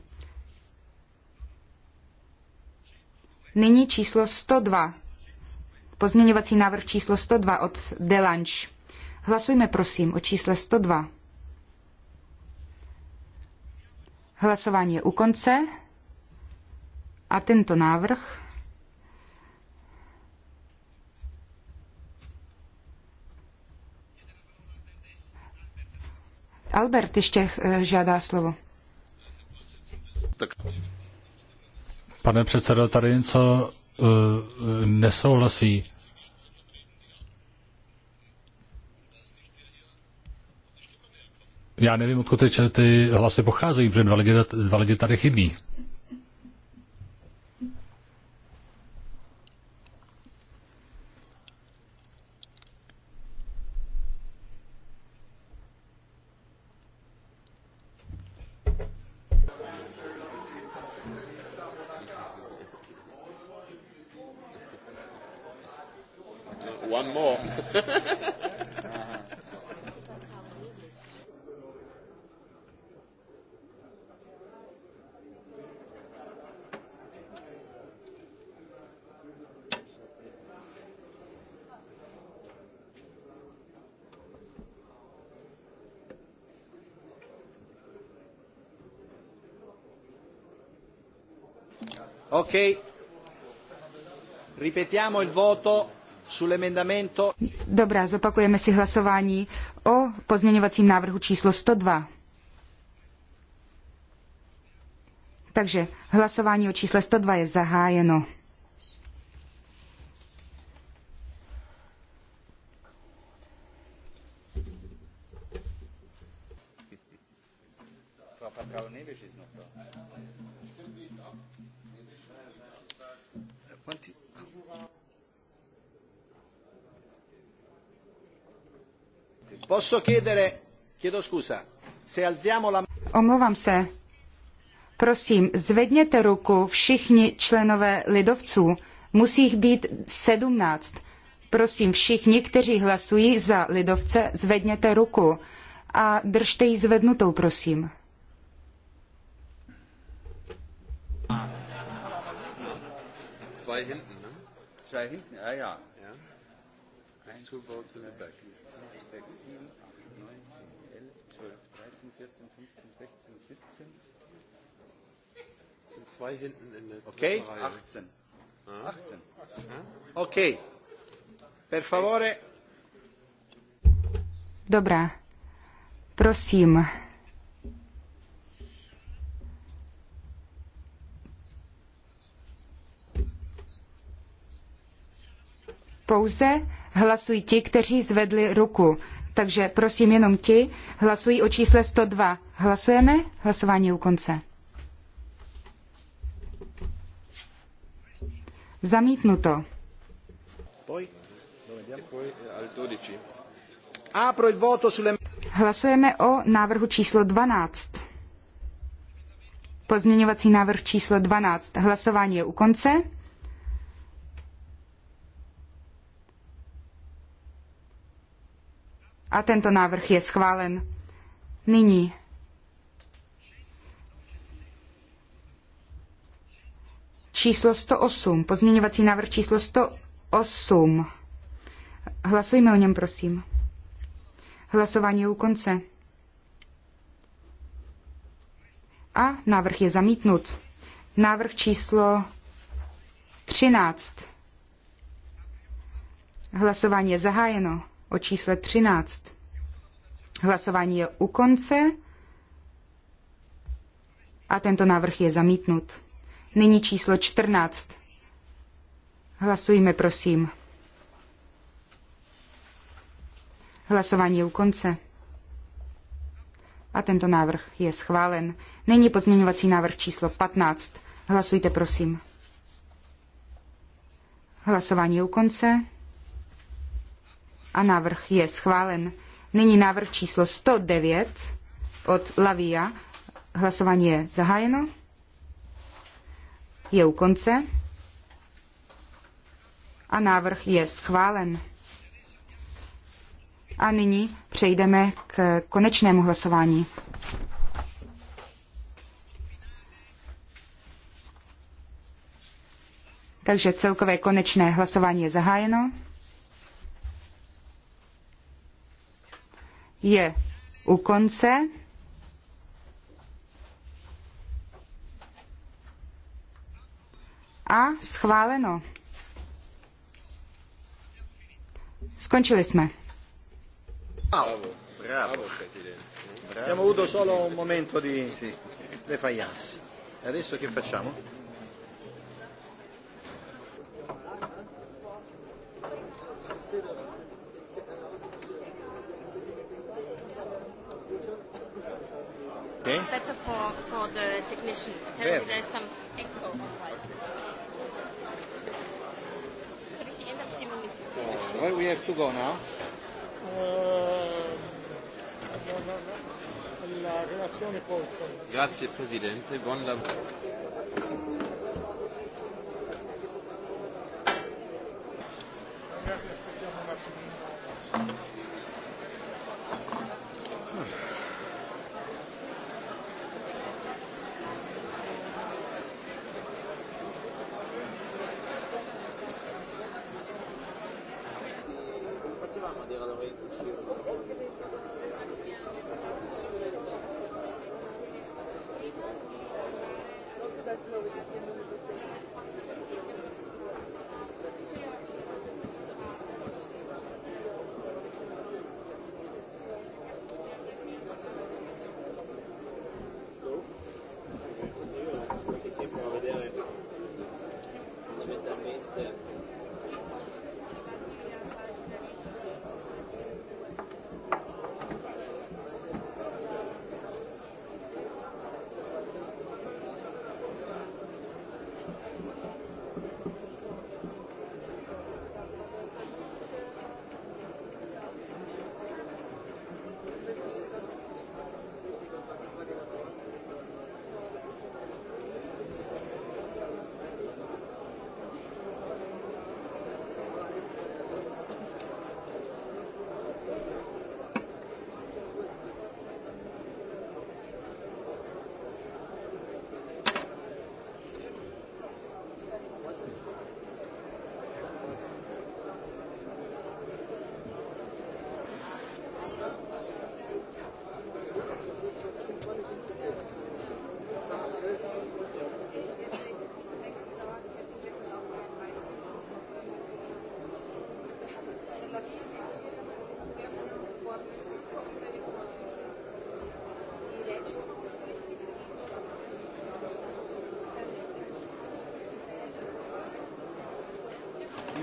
Nyní číslo 102. Pozměňovací návrh číslo 102 od Delanč. Hlasujme prosím o čísle 102. Hlasování je u konce a tento návrh Albert ještě eh, žádá slovo. Pane předsedo, tady něco uh, nesouhlasí. Já nevím, odkud ty hlasy pocházejí, protože dva lidi, dva lidi tady chybí. ripetiamo il voto sull'emendamento. Dobrá, zopakujeme si hlasování o pozměňovacím návrhu číslo 102. Takže hlasování o čísle 102 je zahájeno. Posso chiedere, chiedo scusa, se alziamo la... Omlouvám se. Prosím, zvedněte ruku všichni členové lidovců. Musí jich být sedmnáct. Prosím, všichni, kteří hlasují za lidovce, zvedněte ruku a držte ji zvednutou, prosím. Zwei hinten, ne? Zwei hinten, ja, ja. ja. Two votes in the back sechs, sieben, acht, neun, zehn, elf, zwölf, dreizehn, vierzehn, fünfzehn, sechzehn, siebzehn. Sind zwei hinten in der Okay, 18. Ah. 18. Ah. Okay. Per favore. Dobrá. Prosím. Pouze hlasují ti, kteří zvedli ruku. Takže prosím jenom ti, hlasují o čísle 102. Hlasujeme? Hlasování u konce. Zamítnuto. Hlasujeme o návrhu číslo 12. Pozměňovací návrh číslo 12. Hlasování je u konce. a tento návrh je schválen. Nyní číslo 108, pozměňovací návrh číslo 108. Hlasujme o něm, prosím. Hlasování je u konce. A návrh je zamítnut. Návrh číslo 13. Hlasování je zahájeno o čísle 13. Hlasování je u konce a tento návrh je zamítnut. Nyní číslo 14. Hlasujme, prosím. Hlasování je u konce. A tento návrh je schválen. Nyní pozměňovací návrh číslo 15. Hlasujte, prosím. Hlasování je u konce a návrh je schválen. Nyní návrh číslo 109 od Lavia. Hlasování je zahájeno. Je u konce. A návrh je schválen. A nyní přejdeme k konečnému hlasování. Takže celkové konečné hlasování je zahájeno. je u konce. A schváleno. Skončili jsme. Bravo, bravo, bravo. Abbiamo avuto solo un momento di, sì. di e Adesso che facciamo? Okay. It's better for, for the technician. Apparently yeah. there's some echo. So habe ich oh, we have to go now? Grazie Presidente, buon lavoro. Yeah.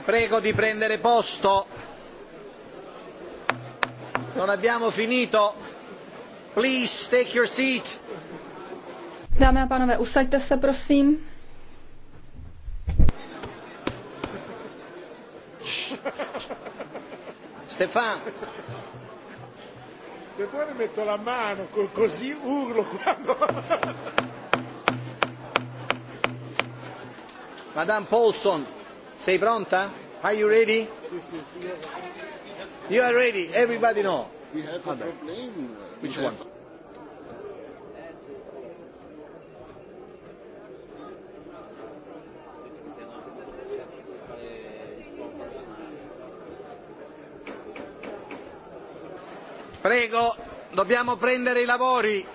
Prego di prendere posto. Non abbiamo finito. Please take your seat. Dámy a pánové, usaďte se, prosím. Stefan. Se vuole metto la mano, così urlo quando... Madame Paulson. Sei pronta? Are you ready? You are ready, everybody know. We have a problem. Which one? Prego, dobbiamo prendere i lavori.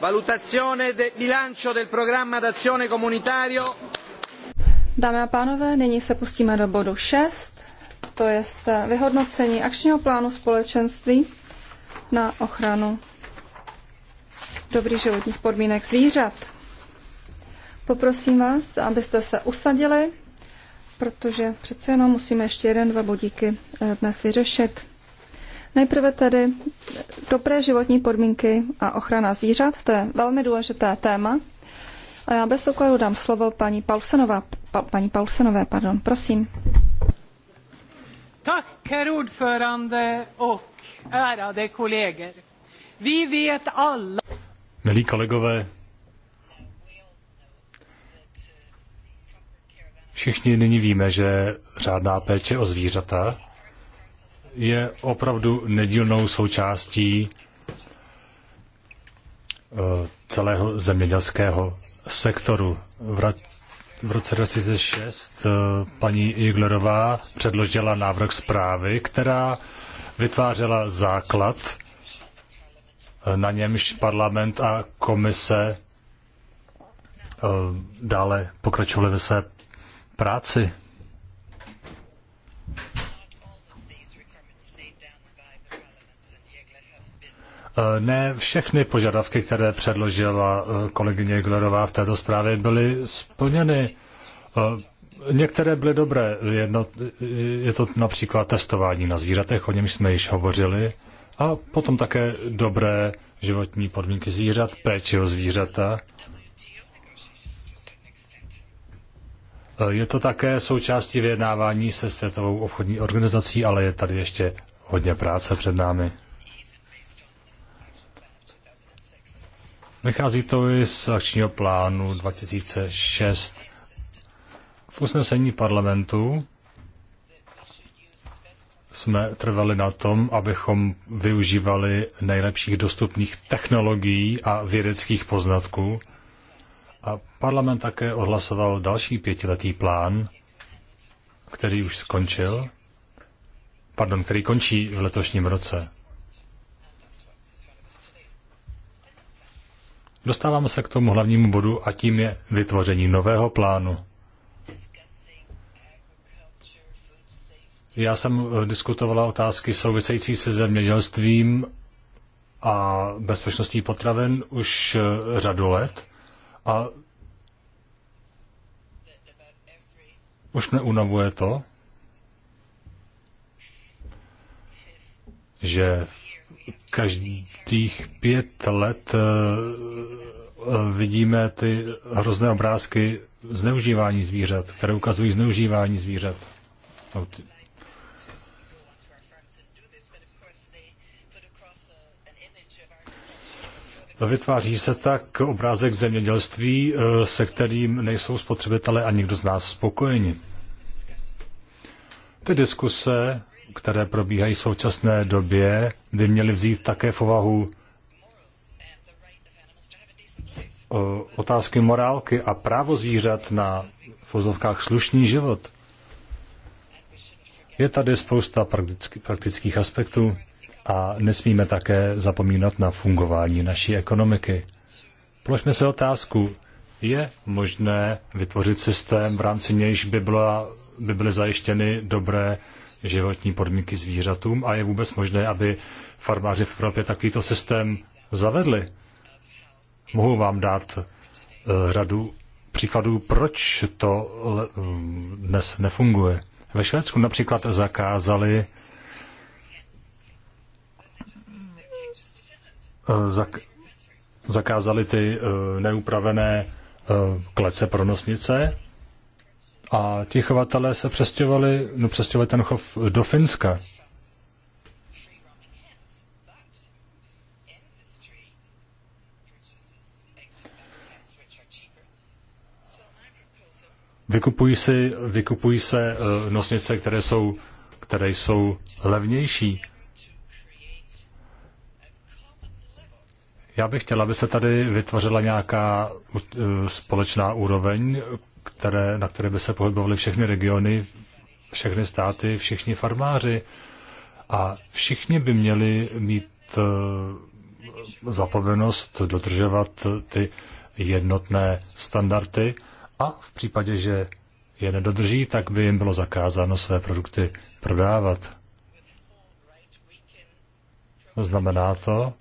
Valutazione del bilancio del programma d'azione comunitario. Dámy a pánové, nyní se pustíme do bodu 6, to je eh, vyhodnocení akčního plánu společenství na ochranu dobrých životních podmínek zvířat. Poprosím vás, abyste se usadili, protože přece jenom musíme ještě jeden, dva bodíky eh, dnes vyřešit. Nejprve tedy dobré životní podmínky a ochrana zvířat, to je velmi důležité téma. A já bez okladu dám slovo paní, Paulsenová, pa, paní Paulsenové. Pardon. Prosím. Tak, ordförande och ärade kolleger. Vi vet alla... Milí kolegové, všichni nyní víme, že řádná péče o zvířata je opravdu nedílnou součástí eh, celého zemědělského sektoru. V roce 2006 eh, paní Iglerová předložila návrh zprávy, která vytvářela základ, eh, na němž parlament a komise dále pokračovaly ve své práci. Eh, ne všechny požadavky, které předložila eh, kolegyně Glerová v této zprávě, byly splněny. Eh, některé byly dobré. Jedno, je to například testování na zvířatech, o něm jsme již hovořili. A potom také dobré životní podmínky zvířat, péči o zvířata. Je to také součástí vyjednávání se Světovou obchodní organizací, ale je tady ještě hodně práce před námi. Vychází to i z akčního plánu 2006. V usnesení parlamentu jsme trvali na tom, abychom využívali nejlepších dostupných technologií a vědeckých poznatků. A parlament také odhlasoval další pětiletý plán, který už skončil, pardon, který končí v letošním roce. Dostáváme se k tomu hlavnímu bodu a tím je vytvoření nového plánu. Já jsem eh, diskutovala otázky související se zemědělstvím a bezpečností potravin už eh, řadu let a už mě unavuje to, že v každých pět let eh, eh, vidíme ty hrozné obrázky zneužívání zvířat, které ukazují zneužívání zvířat. No, Vytváří se tak obrázek zemědělství, eh, se kterým nejsou spotřebitelé a nikdo z nás spokojeni. Ty diskuse které probíhají v současné době, by měly vzít také v ovahu eh, otázky morálky a právo zvířat na v vozovkách slušný život. Je tady spousta praktický, praktických aspektů a nesmíme také zapomínat na fungování naší ekonomiky. Položme se otázku, je možné vytvořit systém, v rámci nějž by, byla, by byly zajištěny dobré životní podmínky zvířatům a je vůbec možné, aby farmáři v Evropě takovýto systém zavedli. Mohu vám dát eh, řadu příkladů, proč to eh, dnes nefunguje. Ve Švédsku například zakázali eh, zak, zakázali ty neupravené klece pro nosnice a ti chovatelé se přestěhovali, no přestěhovali ten chov do Finska. Vykupují, si, vykupují se eh, nosnice, které jsou, které jsou levnější. Já bych chtěla, aby se tady vytvořila nějaká eh, společná úroveň, které, na které by se pohybovaly všechny regiony, všechny státy, všichni farmáři a všichni by měli mít eh, za dodržovat ty jednotné standardy a v případě, že je nedodrží, tak by jim bylo zakázáno své produkty prodávat. Znamená to,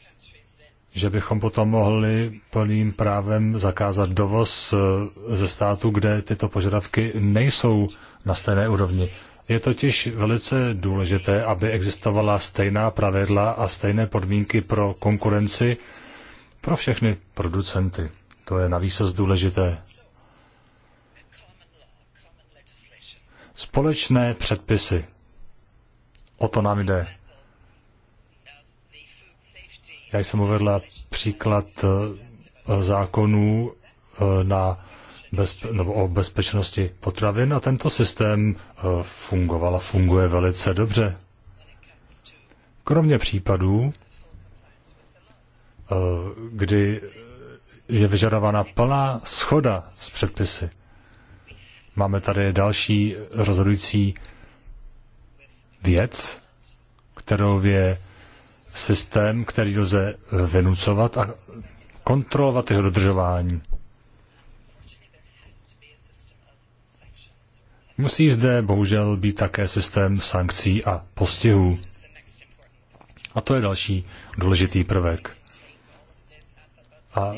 že bychom potom mohli plným právem zakázat dovoz eh, ze státu, kde tyto požadavky nejsou na stejné úrovni. Je totiž velice důležité, aby existovala stejná pravidla a stejné podmínky pro konkurenci pro všechny producenty. To je navíc důležité. Společné předpisy. O to nám jde. Já jsem uvedla příklad eh, zákonů eh, na bezpe- nebo o bezpečnosti potravin a tento systém eh, fungoval a funguje velice dobře. Kromě případů, kdy je vyžadována plná schoda s předpisy. Máme tady další rozhodující věc, kterou je systém, který lze eh, vynucovat a kontrolovat jeho dodržování. Musí zde bohužel být také systém sankcí a postihů. A to je další důležitý prvek. A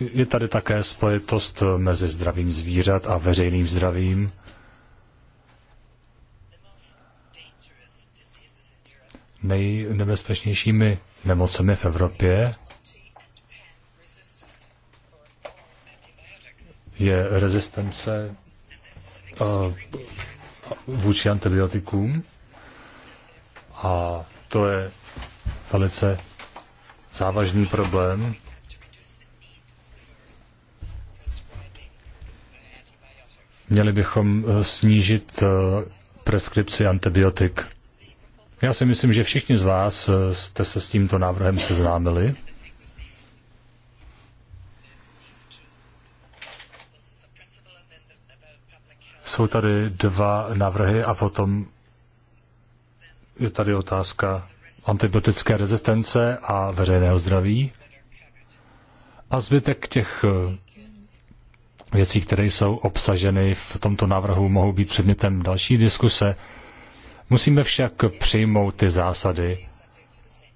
je tady také spojitost mezi zdravím zvířat a veřejným zdravím. nejnebezpečnějšími nemocemi v Evropě je rezistence vůči antibiotikům a to je velice závažný problém. Měli bychom eh, snížit eh, preskripci antibiotik. Já si myslím, že všichni z vás eh, jste se s tímto návrhem seznámili. Jsou tady dva návrhy a potom je tady otázka antibiotické rezistence a veřejného zdraví. A zbytek těch eh, věcí, které jsou obsaženy v tomto návrhu, mohou být předmětem další diskuse. Musíme však přijmout ty zásady,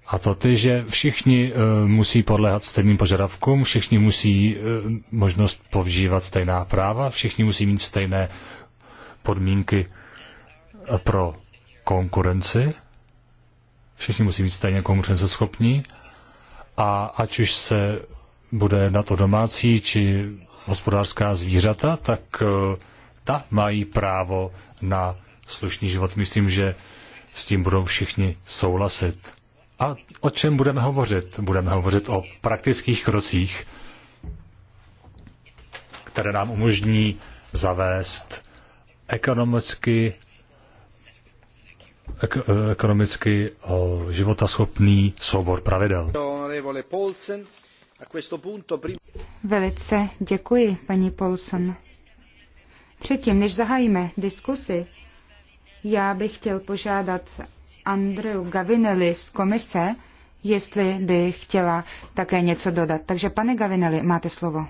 a to ty, že všichni uh, musí podléhat stejným požadavkům, všichni musí uh, možnost povžívat stejná práva, všichni musí mít stejné podmínky eh, pro konkurenci, všichni musí být stejně konkurenceschopní a ať už se bude na to domácí či hospodářská zvířata, tak uh, ta mají právo na slušný život. Myslím, že s tím budou všichni souhlasit. A o čem budeme hovořit? Budeme hovořit o praktických krocích, které nám umožní zavést ekonomicky, ek, ekonomicky eh, životaschopný soubor pravidel. Velice děkuji, paní Polson. Předtím, než zahájíme diskusi, já bych chtěl požádat Andreu Gavinelli z komise, jestli by chtěla také něco dodat. Takže pane Gavinelli, máte slovo.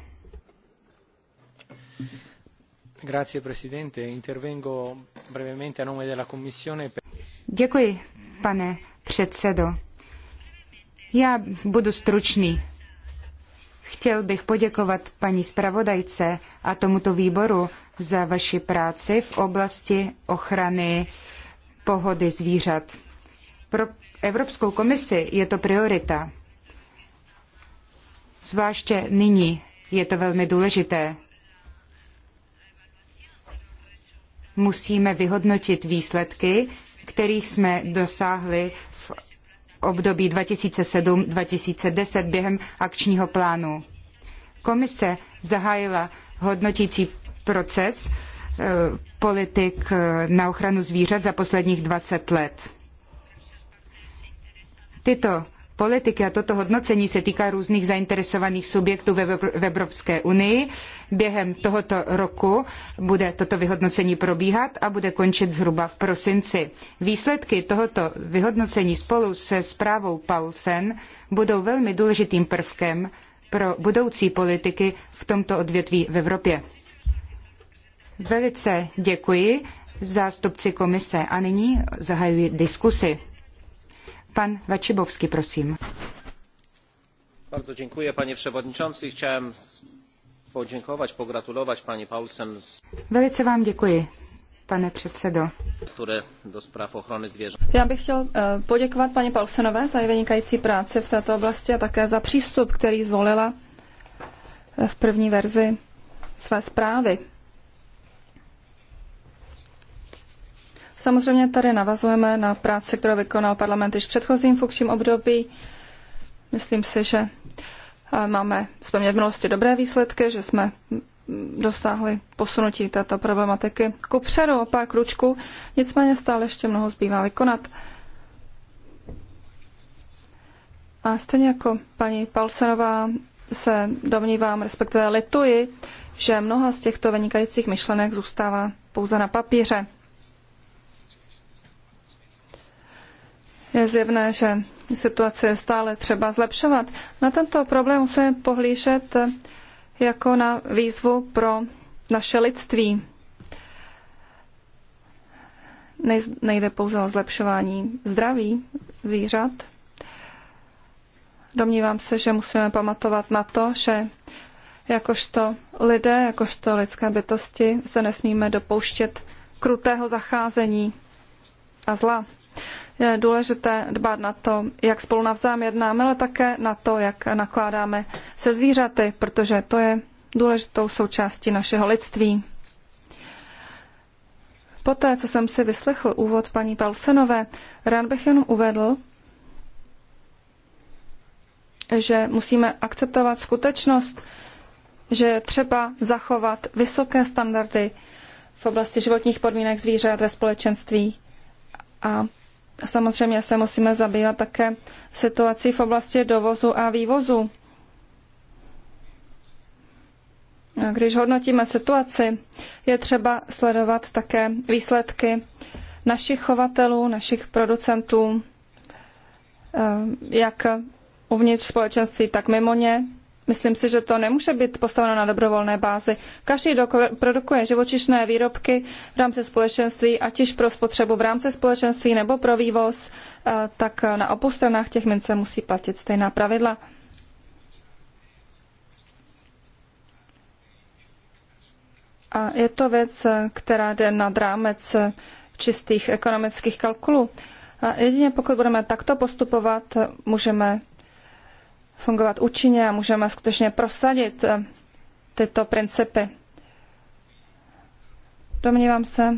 Grazie, presidente. Intervengo brevemente a nome della commissione. Děkuji, pane předsedo. Já budu stručný. Chtěl bych poděkovat paní zpravodajce a tomuto výboru za vaši práci v oblasti ochrany pohody zvířat. Pro Evropskou komisi je to priorita. Zvláště nyní je to velmi důležité. Musíme vyhodnotit výsledky, kterých jsme dosáhli období 2007-2010 během akčního plánu. Komise zahájila hodnotící proces eh, politik eh, na ochranu zvířat za posledních 20 let. Tyto politiky a toto hodnocení se týká různých zainteresovaných subjektů v Evropské unii. Během tohoto roku bude toto vyhodnocení probíhat a bude končit zhruba v prosinci. Výsledky tohoto vyhodnocení spolu se zprávou Paulsen budou velmi důležitým prvkem pro budoucí politiky v tomto odvětví v Evropě. Velice děkuji zástupci komise a nyní zahajuji diskusi. Pan Vačibovský, prosím. Bardzo dziękuję, panie przewodniczący. Chciałem Paulsen. Velice vám děkuji, pane předsedo. Do zpráv ochrany Já bych chtěl eh, poděkovat paní Paulsenové za její vynikající práci v této oblasti a také za přístup, který zvolila eh, v první verzi své zprávy. Samozřejmě tady navazujeme na práci, kterou vykonal parlament již v předchozím funkčním období. Myslím si, že eh, máme, zpomně v minulosti dobré výsledky, že jsme dosáhli posunutí této problematiky ku předu o pár kručků, nicméně stále ještě mnoho zbývá vykonat. A stejně jako paní Palsenová se domnívám, respektive lituji, že mnoha z těchto vynikajících myšlenek zůstává pouze na papíře. je zjevné, že situace je stále třeba zlepšovat. Na tento problém musíme pohlížet jako na výzvu pro naše lidství. Nejde pouze o zlepšování zdraví zvířat. Domnívám se, že musíme pamatovat na to, že jakožto lidé, jakožto lidské bytosti se nesmíme dopouštět krutého zacházení a zla je důležité dbát na to, jak spolu navzájem jednáme, ale také na to, jak nakládáme se zvířaty, protože to je důležitou součástí našeho lidství. Poté, co jsem si vyslechl úvod paní Paulsenové, rád bych jenom uvedl, že musíme akceptovat skutečnost, že je třeba zachovat vysoké standardy v oblasti životních podmínek zvířat ve společenství a Samozřejmě se musíme zabývat také situací v oblasti dovozu a vývozu. Když hodnotíme situaci, je třeba sledovat také výsledky našich chovatelů, našich producentů, eh, jak uvnitř společenství, tak mimo ně. Myslím si, že to nemůže být postaveno na dobrovolné bázi. Každý produkuje živočišné výrobky v rámci společenství, ať již pro spotřebu v rámci společenství nebo pro vývoz, eh, tak na obou stranách těch mince musí platit stejná pravidla. A je to věc, která jde nad rámec čistých ekonomických kalkulů. A jedině pokud budeme takto postupovat, můžeme fungovat účinně a můžeme skutečně prosadit eh, tyto principy. Domnívám se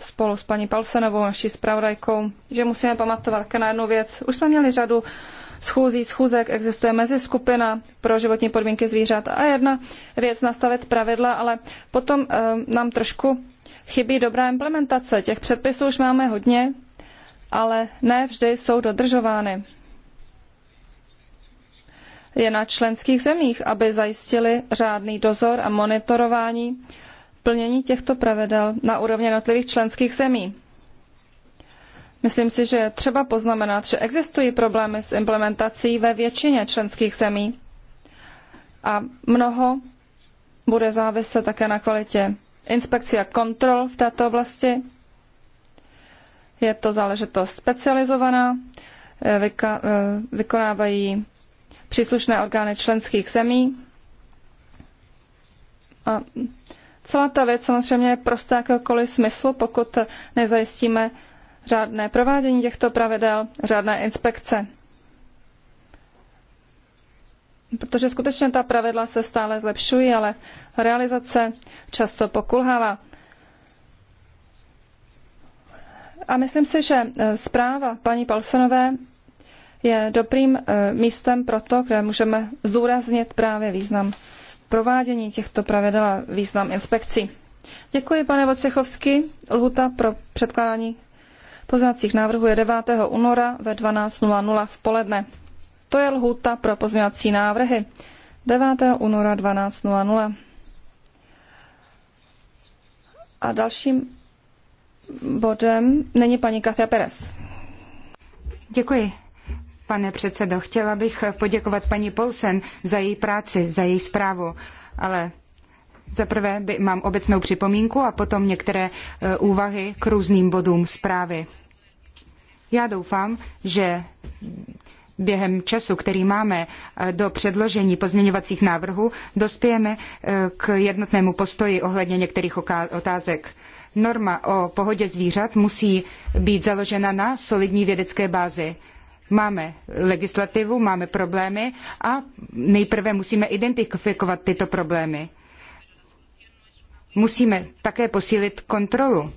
spolu s paní Palsenovou, naší zpravodajkou, že musíme pamatovat na jednu věc. Už jsme měli řadu schůzí, schůzek, existuje skupina pro životní podmínky zvířat a jedna věc nastavit pravidla, ale potom e, nám trošku chybí dobrá implementace. Těch předpisů už máme hodně, ale ne vždy jsou dodržovány je na členských zemích, aby zajistili řádný dozor a monitorování plnění těchto pravidel na úrovni jednotlivých členských zemí. Myslím si, že je třeba poznamenat, že existují problémy s implementací ve většině členských zemí a mnoho bude záviset také na kvalitě inspekcí a kontrol v této oblasti. Je to záležitost specializovaná, vykonávají příslušné orgány členských zemí. A celá ta věc samozřejmě je prostá jakéhokoliv smyslu, pokud nezajistíme řádné provádění těchto pravidel, řádné inspekce. Protože skutečně ta pravidla se stále zlepšují, ale realizace často pokulhává. A myslím si, že zpráva paní Palsonové je dobrým eh, místem pro to, kde můžeme zdůraznit právě význam provádění těchto pravidel a význam inspekcí. Děkuji, pane Vocechovský. Lhuta pro předkládání pozměňovacích návrhů je 9. února ve 12.00 v poledne. To je lhuta pro pozměňovací návrhy 9. února 12.00. A dalším bodem není paní Katia Perez. Děkuji. Pane předsedo, chtěla bych poděkovat paní Polsen za její práci, za její zprávu, ale za prvé mám obecnou připomínku a potom některé e, úvahy k různým bodům zprávy. Já doufám, že během času, který máme e, do předložení pozměňovacích návrhů, dospějeme e, k jednotnému postoji ohledně některých otázek. Norma o pohodě zvířat musí být založena na solidní vědecké bázi. Máme legislativu, máme problémy a nejprve musíme identifikovat tyto problémy. Musíme také posílit kontrolu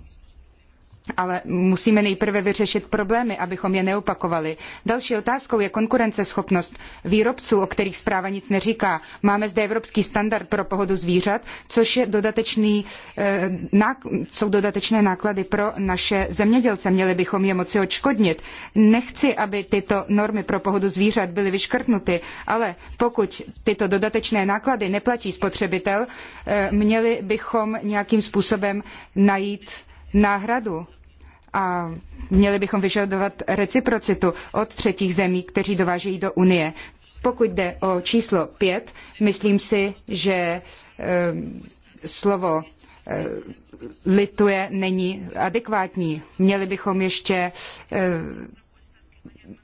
ale musíme nejprve vyřešit problémy, abychom je neopakovali. Další otázkou je konkurenceschopnost výrobců, o kterých zpráva nic neříká. Máme zde evropský standard pro pohodu zvířat, což je dodatečný, eh, jsou dodatečné náklady pro naše zemědělce. Měli bychom je moci odškodnit. Nechci, aby tyto normy pro pohodu zvířat byly vyškrtnuty, ale pokud tyto dodatečné náklady neplatí spotřebitel, eh, měli bychom nějakým způsobem najít náhradu a měli bychom vyžadovat reciprocitu od třetích zemí, kteří dovážejí do Unie. Pokud jde o číslo pět, myslím si, že e, slovo e, lituje není adekvátní. Měli bychom ještě e,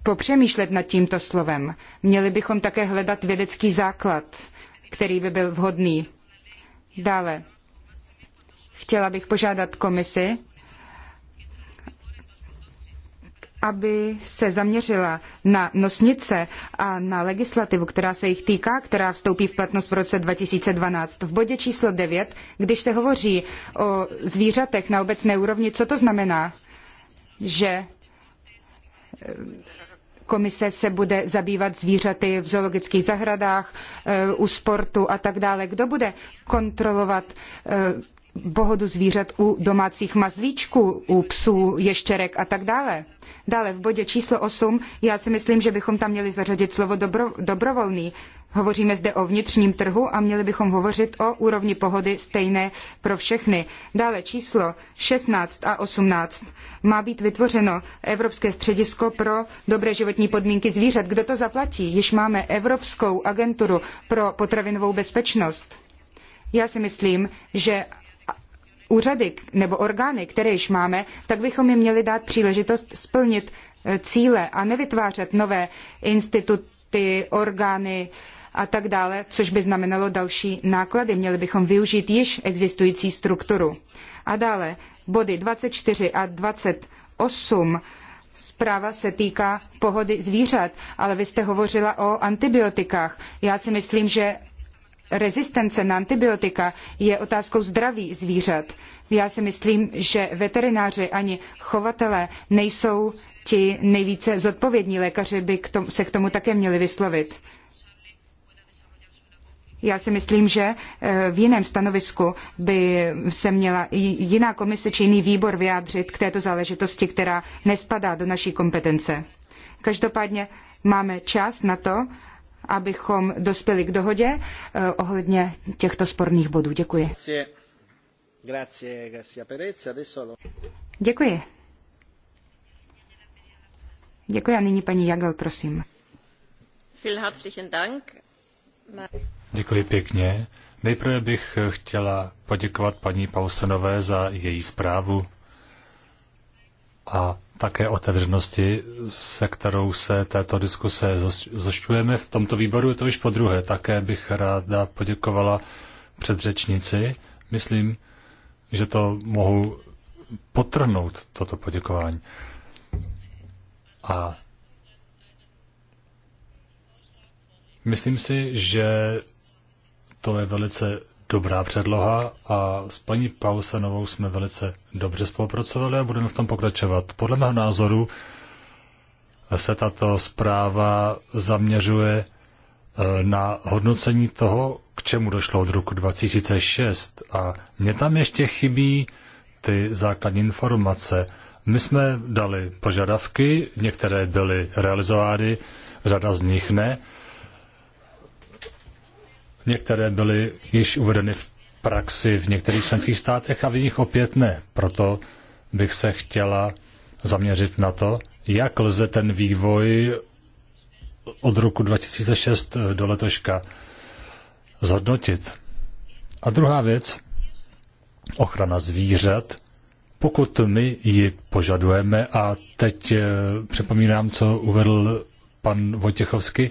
popřemýšlet nad tímto slovem. Měli bychom také hledat vědecký základ, který by byl vhodný. Dále. Chtěla bych požádat komisi, aby se zaměřila na nosnice a na legislativu, která se jich týká, která vstoupí v platnost v roce 2012. V bodě číslo 9, když se hovoří o zvířatech na obecné úrovni, co to znamená? Že eh, komise se bude zabývat zvířaty v zoologických zahradách, eh, u sportu a tak dále. Kdo bude kontrolovat eh, pohodu zvířat u domácích mazlíčků, u psů, ještěrek a tak dále. Dále v bodě číslo 8 já si myslím, že bychom tam měli zařadit slovo dobro, dobrovolný. Hovoříme zde o vnitřním trhu a měli bychom hovořit o úrovni pohody stejné pro všechny. Dále číslo 16 a 18. Má být vytvořeno Evropské středisko pro dobré životní podmínky zvířat. Kdo to zaplatí? Již máme Evropskou agenturu pro potravinovou bezpečnost. Já si myslím, že úřady nebo orgány, které již máme, tak bychom jim měli dát příležitost splnit eh, cíle a nevytvářet nové instituty, orgány a tak dále, což by znamenalo další náklady. Měli bychom využít již existující strukturu. A dále body 24 a 28 Zpráva se týká pohody zvířat, ale vy jste hovořila o antibiotikách. Já si myslím, že rezistence na antibiotika je otázkou zdraví zvířat. Já si myslím, že veterináři ani chovatelé nejsou ti nejvíce zodpovědní lékaři, by k tomu, se k tomu také měli vyslovit. Já si myslím, že eh, v jiném stanovisku by se měla jiná komise či jiný výbor vyjádřit k této záležitosti, která nespadá do naší kompetence. Každopádně máme čas na to, abychom dospěli k dohodě eh, ohledně těchto sporných bodů. Děkuji. Děkuji. Děkuji a nyní paní Jagel, prosím. Děkuji pěkně. Nejprve bych chtěla poděkovat paní Pausenové za její zprávu a také otevřenosti, se kterou se této diskuse zošťujeme. v tomto výboru. Je to už po druhé. Také bych ráda poděkovala předřečnici. Myslím, že to mohu potrhnout, toto poděkování. A myslím si, že to je velice dobrá předloha a s paní Pausenovou jsme velice dobře spolupracovali a budeme v tom pokračovat. Podle mého názoru se tato zpráva zaměřuje e, na hodnocení toho, k čemu došlo od roku 2006. A mě tam ještě chybí ty základní informace. My jsme dali požadavky, některé byly realizovány, řada z nich ne. Některé byly již uvedeny v praxi v některých členských státech a v nich opět ne. Proto bych se chtěla zaměřit na to, jak lze ten vývoj od roku 2006 do letoška zhodnotit. A druhá věc, ochrana zvířat. Pokud my ji požadujeme, a teď eh, připomínám, co uvedl pan Vojtěchovský,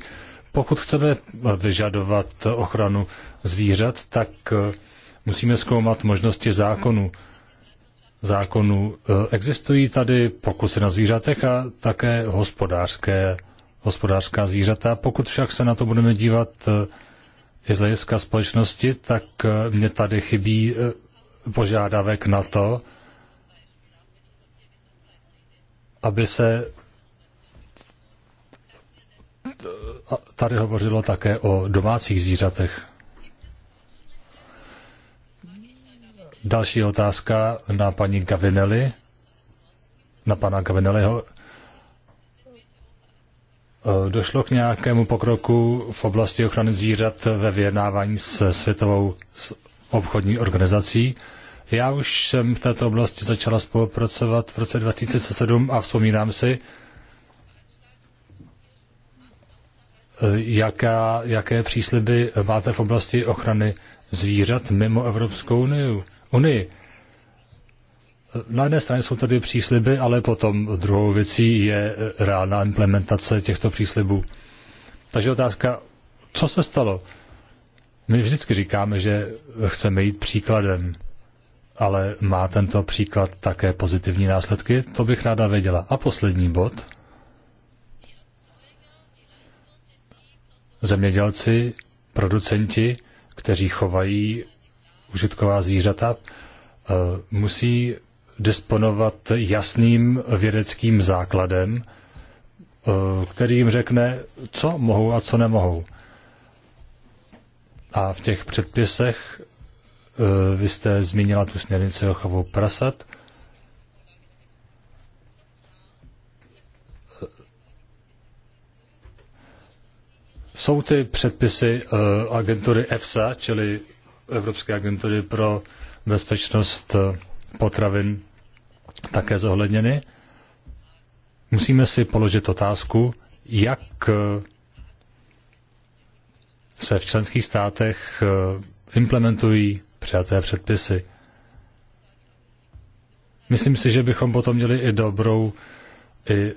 pokud chceme vyžadovat ochranu zvířat, tak eh, musíme zkoumat možnosti zákonu. Zákonu eh, existují tady pokusy na zvířatech a také hospodářské, hospodářská zvířata. Pokud však se na to budeme dívat eh, i z hlediska společnosti, tak mě tady chybí požádavek na to, aby se tady hovořilo také o domácích zvířatech. Další otázka na paní Gavinelli, na pana Gavinelliho. Došlo k nějakému pokroku v oblasti ochrany zvířat ve vyjednávání s Světovou obchodní organizací. Já už jsem v této oblasti začala spolupracovat v roce 2007 a vzpomínám si, Eh, jaká, jaké přísliby máte v oblasti ochrany zvířat mimo Evropskou unii. unii. Eh, na jedné straně jsou tady přísliby, ale potom druhou věcí je eh, reálná implementace těchto příslibů. Takže otázka, co se stalo? My vždycky říkáme, že chceme jít příkladem, ale má tento příklad také pozitivní následky? To bych ráda věděla. A poslední bod – zemědělci, producenti, kteří chovají užitková zvířata, eh, musí disponovat jasným vědeckým základem, eh, který jim řekne, co mohou a co nemohou. A v těch předpisech eh, vy jste zmínila tu směrnici o chovu prasat. jsou ty předpisy eh, agentury EFSA, čili Evropské agentury pro bezpečnost eh, potravin, také zohledněny. Musíme si položit otázku, jak eh, se v členských státech implementují přijaté předpisy. Myslím si, že bychom potom měli i dobrou i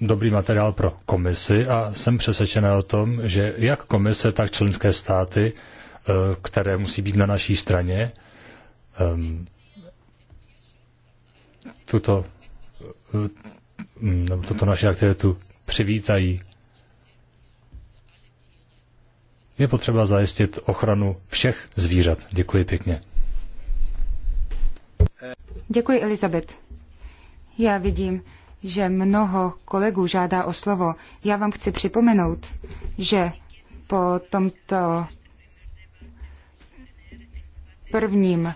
dobrý materiál pro komisi a jsem přesvědčený o tom, že jak komise, tak členské státy, eh, které musí být na naší straně, ehm, tuto, eh, mm, nebo tuto naši aktivitu přivítají. Je potřeba zajistit ochranu všech zvířat. Děkuji pěkně. Děkuji, Elizabet. Já vidím, že mnoho kolegů žádá o slovo. Já vám chci připomenout, že po tomto prvním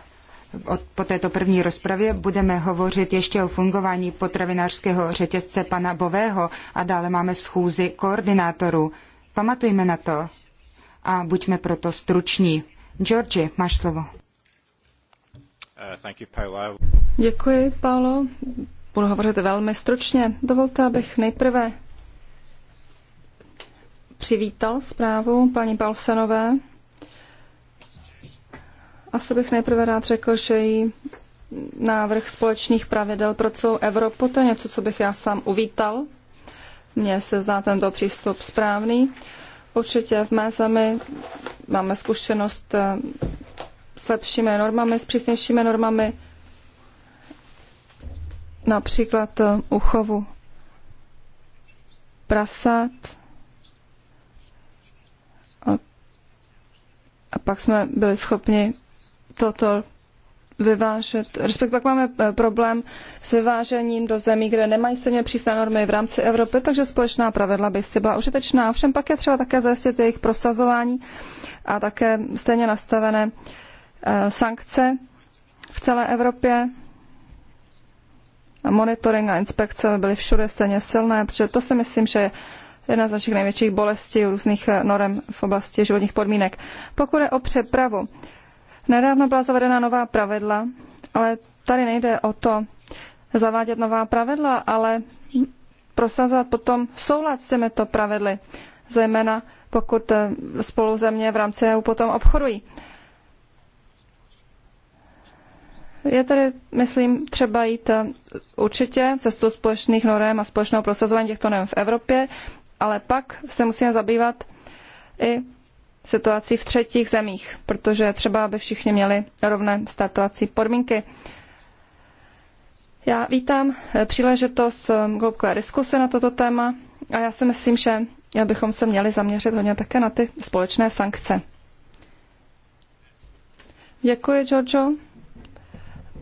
po této první rozpravě budeme hovořit ještě o fungování potravinářského řetězce pana Bového a dále máme schůzi koordinátorů. Pamatujme na to a buďme proto struční. Georgi, máš slovo. Uh, Děkuji, Paolo budu hovořit velmi stručně. Dovolte, abych nejprve přivítal zprávu paní Balsenové. Asi bych nejprve rád řekl, že jí návrh společných pravidel pro celou Evropu, to je něco, co bych já sám uvítal. Mně se zdá tento přístup správný. Určitě v mé zemi máme zkušenost eh, s lepšími normami, s přísnějšími normami například eh, u chovu prasat. A pak jsme byli schopni toto vyvážet, respektive pak máme eh, problém s vyvážením do zemí, kde nemají stejně přísné normy v rámci Evropy, takže společná pravidla by si byla užitečná. Všem pak je třeba také zajistit jejich prosazování a také stejně nastavené eh, sankce v celé Evropě monitoring a inspekce by byly všude stejně silné, protože to si myslím, že je jedna z našich největších bolestí různých eh, norem v oblasti životních podmínek. Pokud je o přepravu, nedávno byla zavedena nová pravidla, ale tady nejde o to zavádět nová pravidla, ale prosazovat potom soulad s těmito pravidly, zejména pokud eh, spolu země v rámci EU potom obchodují. Je tedy, myslím, třeba jít eh, určitě cestou společných norem a společného prosazování těchto norem v Evropě, ale pak se musíme zabývat i situací v třetích zemích, protože třeba, by všichni měli rovné startovací podmínky. Já vítám eh, příležitost eh, hloubkové diskuse na toto téma a já si myslím, že bychom se měli zaměřit hodně také na ty společné sankce. Děkuji, Giorgio.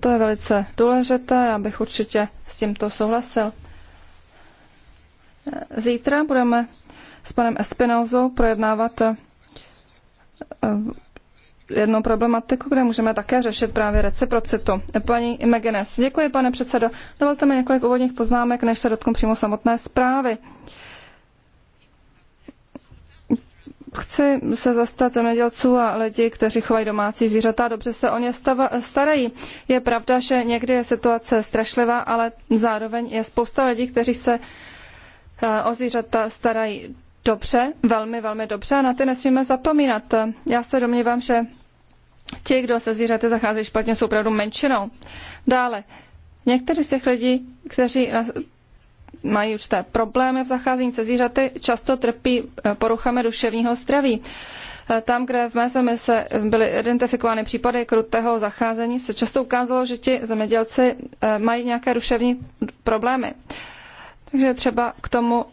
To je velice důležité, já bych určitě s tímto souhlasil. Zítra budeme s panem Espinozou projednávat eh, jednu problematiku, kde můžeme také řešit právě reciprocitu. Paní Imagines, děkuji, pane předsedo. Dovolte mi několik úvodních poznámek, než se dotknu přímo samotné zprávy. chci se zastat zemědělců a lidí, kteří chovají domácí zvířata a dobře se o ně stava, starají. Je pravda, že někdy je situace strašlivá, ale zároveň je spousta lidí, kteří se eh, o zvířata starají dobře, velmi, velmi dobře a na ty nesmíme zapomínat. Já se domnívám, že ti, kdo se zvířaty zacházejí špatně, jsou opravdu menšinou. Dále, někteří z těch lidí, kteří mají určité problémy v zacházení se zvířaty, často trpí eh, poruchami duševního zdraví. Eh, tam, kde v mé zemi se byly identifikovány případy krutého zacházení, se často ukázalo, že ti zemědělci eh, mají nějaké duševní problémy. Takže třeba k tomu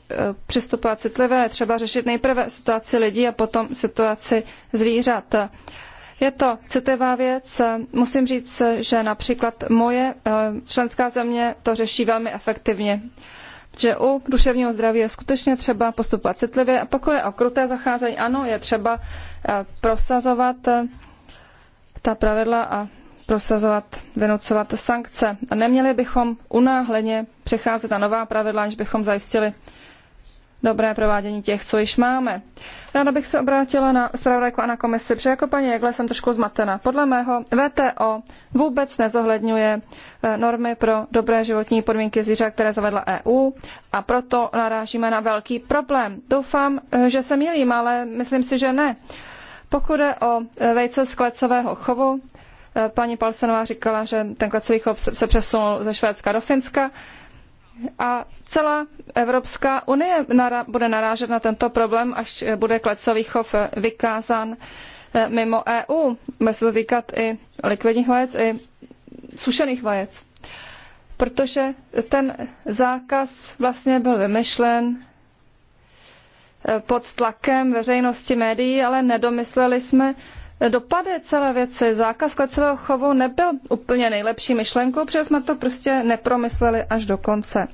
přistupovat citlivě, třeba řešit nejprve situaci lidí a potom situaci zvířat. Je to citlivá věc. Musím říct, že například moje členská země to řeší velmi efektivně že u duševního zdraví je skutečně třeba postupovat citlivě a pokud je o kruté zacházení, ano, je třeba eh, prosazovat eh, ta pravidla a prosazovat, vynucovat sankce. A neměli bychom unáhleně přecházet na nová pravidla, aniž bychom zajistili dobré provádění těch, co již máme. Ráda bych se obrátila na zpravodajku a na komisi, protože jako paní Jegle jsem trošku zmatena. Podle mého VTO vůbec nezohledňuje eh, normy pro dobré životní podmínky zvířat, které zavedla EU a proto narážíme na velký problém. Doufám, eh, že se mýlím, ale myslím si, že ne. Pokud je o eh, vejce z klecového chovu, paní Palsenová říkala, že ten klecový chov se přesunul ze Švédska do Finska a celá Evropská unie nara- bude narážet na tento problém, až eh, bude klecový chov eh, vykázán eh, mimo EU. Bude se to týkat i likvidních vajec, i sušených vajec. Protože ten zákaz vlastně byl vymyšlen pod tlakem veřejnosti médií, ale nedomysleli jsme dopady celé věci. Zákaz klecového chovu nebyl úplně nejlepší myšlenkou, protože jsme to prostě nepromysleli až do konce.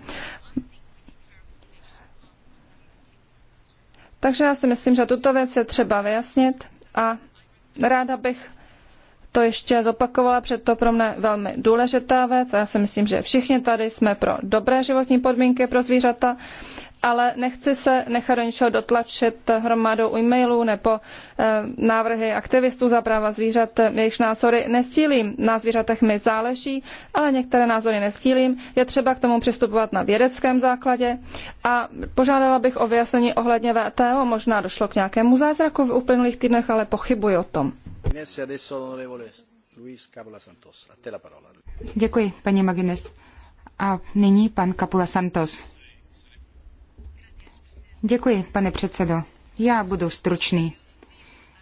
Takže já si myslím, že tuto věc je třeba vyjasnit a ráda bych to ještě zopakovala, před to pro mne velmi důležitá věc a já si myslím, že všichni tady jsme pro dobré životní podmínky pro zvířata ale nechci se nechat do něčeho dotlačit hromadou e-mailů nebo eh, návrhy aktivistů za práva zvířat, jejichž názory nestílím. Na zvířatech mi záleží, ale některé názory nestílím. Je třeba k tomu přistupovat na vědeckém základě a požádala bych o vyjasnění ohledně VTO. Možná došlo k nějakému zázraku v uplynulých týdnech, ale pochybuji o tom. Děkuji, paní Magines. A nyní pan Capula Santos. Děkuji, pane předsedo. Já budu stručný.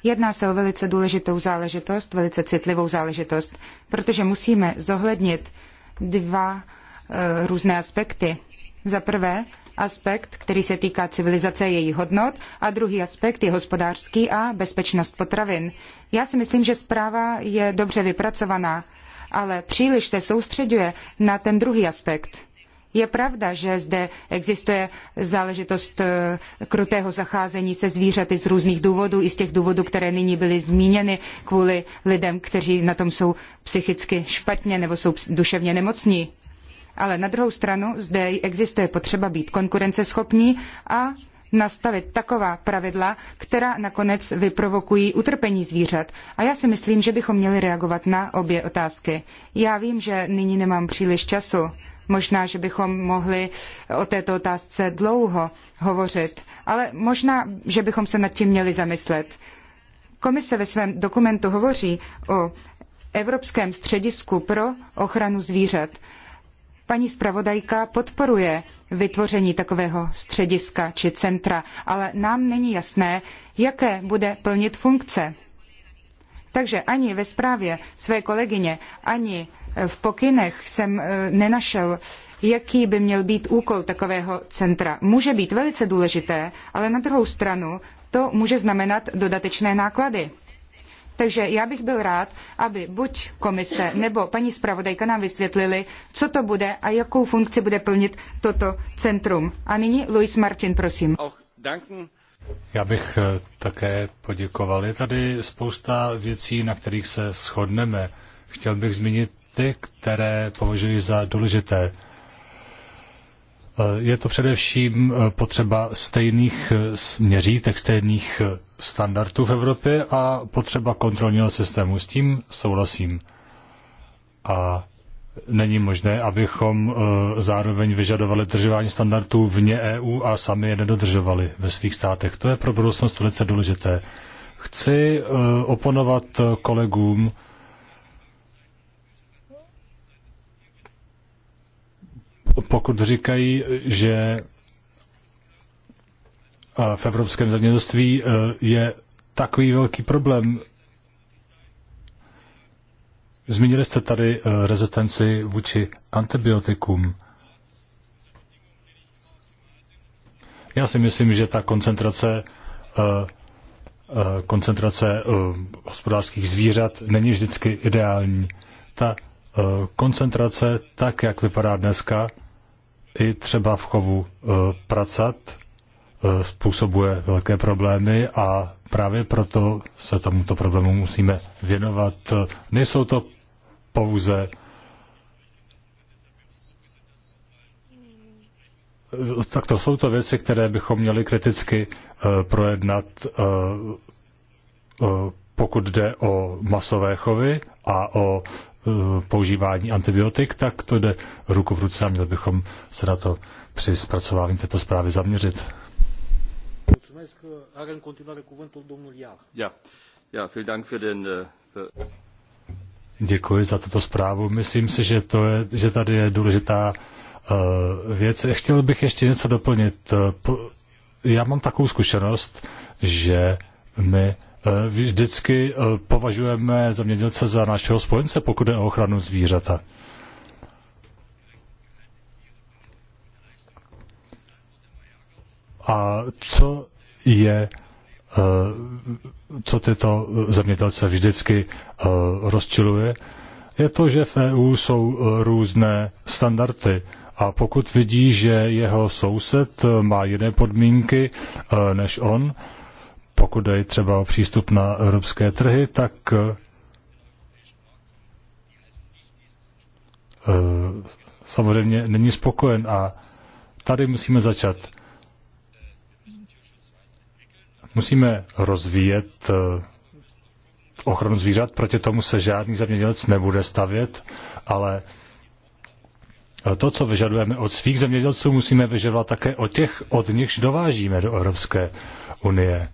Jedná se o velice důležitou záležitost, velice citlivou záležitost, protože musíme zohlednit dva e, různé aspekty. Za prvé, aspekt, který se týká civilizace a jejich hodnot, a druhý aspekt je hospodářský a bezpečnost potravin. Já si myslím, že zpráva je dobře vypracovaná, ale příliš se soustředuje na ten druhý aspekt. Je pravda, že zde existuje záležitost eh, krutého zacházení se zvířaty z různých důvodů, i z těch důvodů, které nyní byly zmíněny kvůli lidem, kteří na tom jsou psychicky špatně nebo jsou duševně nemocní. Ale na druhou stranu zde existuje potřeba být konkurenceschopní a nastavit taková pravidla, která nakonec vyprovokují utrpení zvířat. A já si myslím, že bychom měli reagovat na obě otázky. Já vím, že nyní nemám příliš času, Možná, že bychom mohli o této otázce dlouho hovořit, ale možná, že bychom se nad tím měli zamyslet. Komise ve svém dokumentu hovoří o Evropském středisku pro ochranu zvířat. Paní zpravodajka podporuje vytvoření takového střediska či centra, ale nám není jasné, jaké bude plnit funkce. Takže ani ve zprávě své kolegyně, ani v pokynech jsem e, nenašel, jaký by měl být úkol takového centra. Může být velice důležité, ale na druhou stranu to může znamenat dodatečné náklady. Takže já bych byl rád, aby buď komise nebo paní zpravodajka nám vysvětlili, co to bude a jakou funkci bude plnit toto centrum. A nyní Luis Martin, prosím. Já bych e, také poděkoval. Je tady spousta věcí, na kterých se shodneme. Chtěl bych zmínit ty, které považuji za důležité. E, je to především e, potřeba stejných e, měřítek, stejných standardů v Evropě a potřeba kontrolního systému. S tím souhlasím. A není možné, abychom zároveň vyžadovali držování standardů vně EU a sami je nedodržovali ve svých státech. To je pro budoucnost velice důležité. Chci oponovat kolegům, pokud říkají, že eh, v evropském zemědělství eh, je takový velký problém. Zmínili jste tady eh, rezistenci vůči antibiotikům. Já si myslím, že ta koncentrace koncentrace hospodářských zvířat není vždycky ideální. Ta koncentrace, tak jak vypadá dneska, i třeba v chovu e, pracat e, způsobuje velké problémy a právě proto se tomuto problému musíme věnovat. Nejsou to pouze tak to jsou to věci, které bychom měli kriticky e, projednat, pokud jde o masové chovy a o Eh, používání antibiotik, tak to jde ruku v ruce a měli bychom se na to při zpracování této zprávy zaměřit. Eh, eh, Děkuji za tuto zprávu. Myslím si, že, to je, že tady je důležitá věc. Chtěl bych ještě něco doplnit. Já mám takovou zkušenost, že my Eh, vždycky eh, považujeme zemědělce za našeho spojence, pokud je o ochranu zvířata. A co je, eh, co tyto zemědělce vždycky rozčiluje, je to, že v EU jsou různé standardy. A pokud vidí, že jeho soused má jiné podmínky než on, pokud dají třeba o přístup na evropské trhy, tak eh, samozřejmě není spokojen a tady musíme začat. Musíme rozvíjet eh, ochranu zvířat, proti tomu se žádný zemědělec nebude stavět, ale eh, to, co vyžadujeme od svých zemědělců, musíme vyžadovat také od těch, od nichž dovážíme do Evropské unie.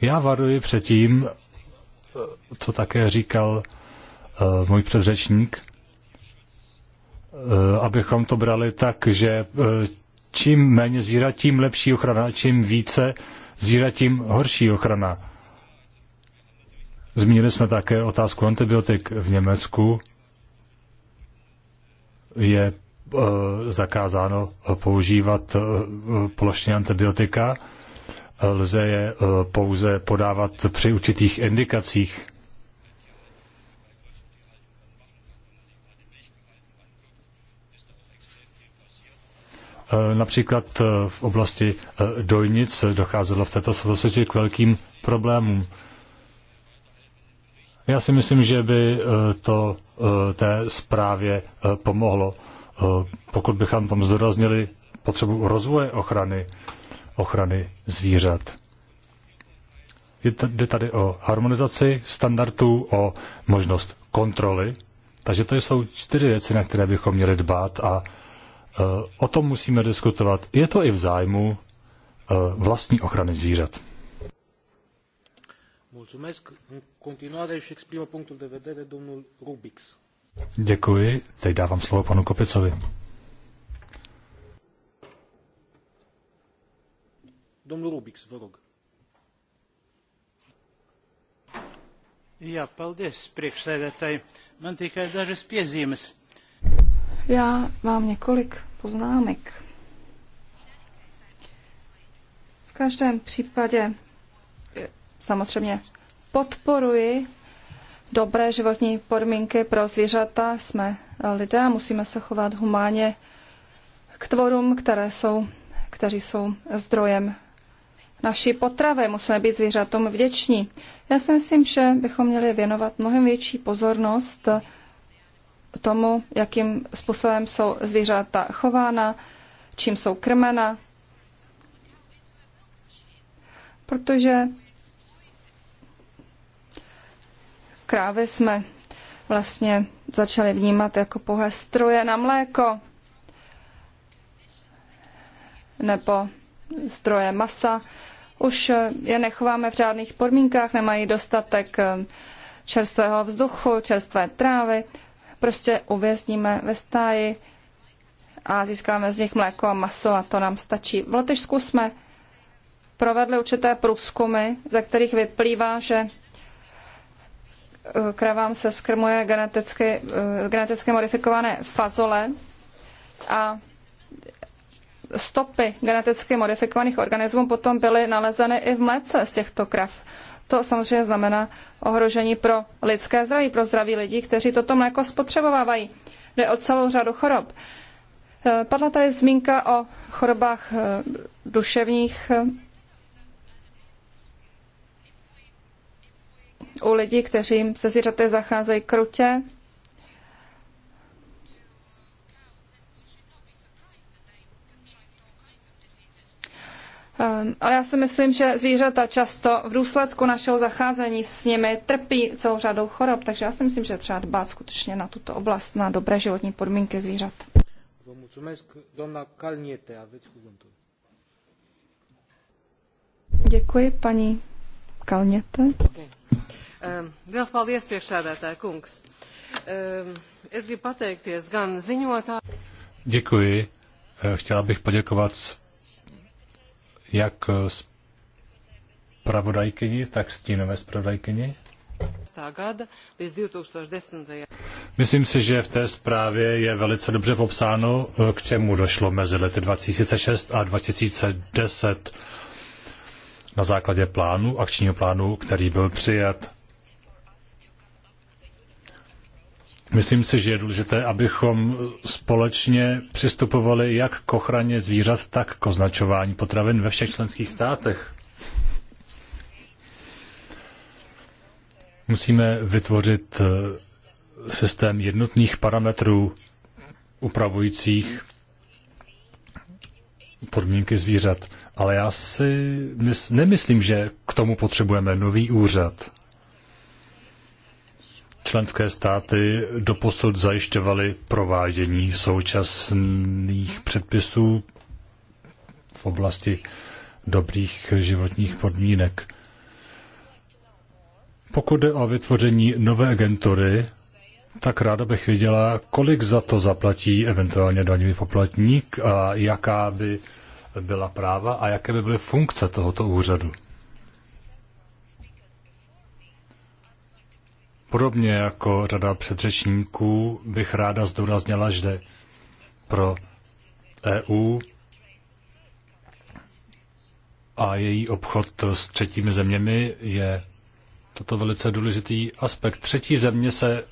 Já varuji před tím, co také říkal eh, můj předřečník, eh, abychom to brali tak, že eh, čím méně zvířat, tím lepší ochrana, čím více zvířat, tím horší ochrana. Zmínili jsme také otázku antibiotik v Německu. Je zakázáno používat plošně antibiotika lze je eh, pouze podávat při určitých indikacích. Eh, například eh, v oblasti dojnic docházelo v této souvislosti k velkým problémům. Já si myslím, že by to té zprávě pomohlo, pokud bychom tam zdoraznili potřebu rozvoje ochrany ochrany zvířat. Jde tady o harmonizaci standardů, o možnost kontroly. Takže to jsou čtyři věci, na které bychom měli dbát a e, o tom musíme diskutovat. Je to i v zájmu e, vlastní ochrany zvířat. Děkuji. Teď dávám slovo panu Kopicovi. Domnul Rubix, vă rog. Jā, paldies, priekšsēdētāji. Man tikai dažas piezīmes. Já mám několik poznámek. V každém případě eh, samozřejmě podporuji dobré životní podmínky pro zvířata. Jsme eh, lidé a musíme se chovat humánně k tvorům, které jsou, kteří jsou zdrojem naší potravy. Musíme být zvířatům vděční. Já si myslím, že bychom měli věnovat mnohem větší pozornost tomu, jakým způsobem jsou zvířata chována, čím jsou krmena, protože krávy jsme vlastně začali vnímat jako pohé stroje na mléko nebo zdroje masa. Už eh, je nechováme v řádných podmínkách, nemají dostatek eh, čerstvého vzduchu, čerstvé trávy. Prostě uvězníme ve stáji a získáme z nich mléko a maso a to nám stačí. V Lotyšsku jsme provedli určité průzkumy, ze kterých vyplývá, že eh, kravám se skrmuje geneticky, geneticky modifikované fazole a stopy geneticky modifikovaných organismů potom byly nalezeny i v mléce z těchto krav. To samozřejmě znamená ohrožení pro lidské zdraví, pro zdraví lidí, kteří toto mléko spotřebovávají. Jde o celou řadu chorob. Eh, padla tady zmínka o chorobách eh, duševních eh, u lidí, kteří se zvířaty zacházejí krutě. Ehm, ale já si myslím, že zvířata často v důsledku našeho zacházení s nimi trpí celou řadou chorob, takže já si myslím, že třeba dbát skutečně na tuto oblast, na dobré životní podmínky zvířat. Děkuji, paní Kalněte. Ehm, ehm, Děkuji. Chtěla bych poděkovat jak eh, pravodajkyni, tak stínové spravodajkyni. Myslím si, že v té zprávě je velice dobře popsáno, eh, k čemu došlo mezi lety 2006 a 2010 na základě plánu, akčního plánu, který byl přijat. Myslím si, že je důležité, abychom společně přistupovali jak k ochraně zvířat, tak k označování potravin ve všech členských státech. Musíme vytvořit eh, systém jednotných parametrů upravujících podmínky zvířat. Ale já si nemyslím, že k tomu potřebujeme nový úřad členské státy doposud zajišťovaly provádění současných předpisů v oblasti dobrých životních podmínek. Pokud jde o vytvoření nové agentury, tak ráda bych viděla, kolik za to zaplatí eventuálně daňový poplatník a jaká by byla práva a jaké by byly funkce tohoto úřadu. Podobně jako řada předřečníků bych ráda zdůraznila, že pro EU a její obchod s třetími zeměmi je toto velice důležitý aspekt. Třetí země se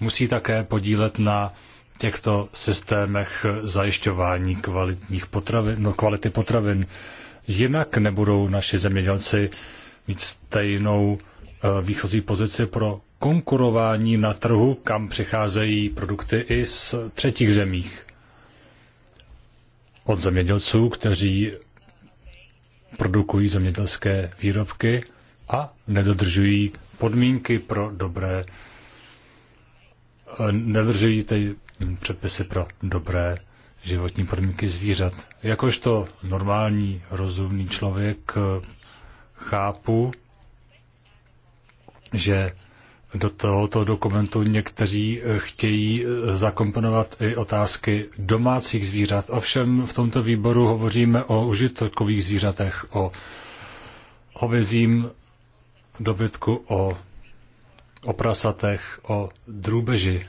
musí také podílet na těchto systémech zajišťování kvalitních potravin, no, kvality potravin. Jinak nebudou naši zemědělci mít stejnou Eh, výchozí pozici pro konkurování na trhu, kam přicházejí produkty i z třetích zemích. Od zemědělců, kteří produkují zemědělské výrobky a nedodržují podmínky pro dobré, eh, nedodržují ty předpisy pro dobré životní podmínky zvířat. Jakožto normální, rozumný člověk eh, chápu, že do tohoto dokumentu někteří eh, chtějí eh, zakomponovat i otázky domácích zvířat. Ovšem v tomto výboru hovoříme o užitkových zvířatech, o hovězím dobytku, o, o prasatech, o drůbeži.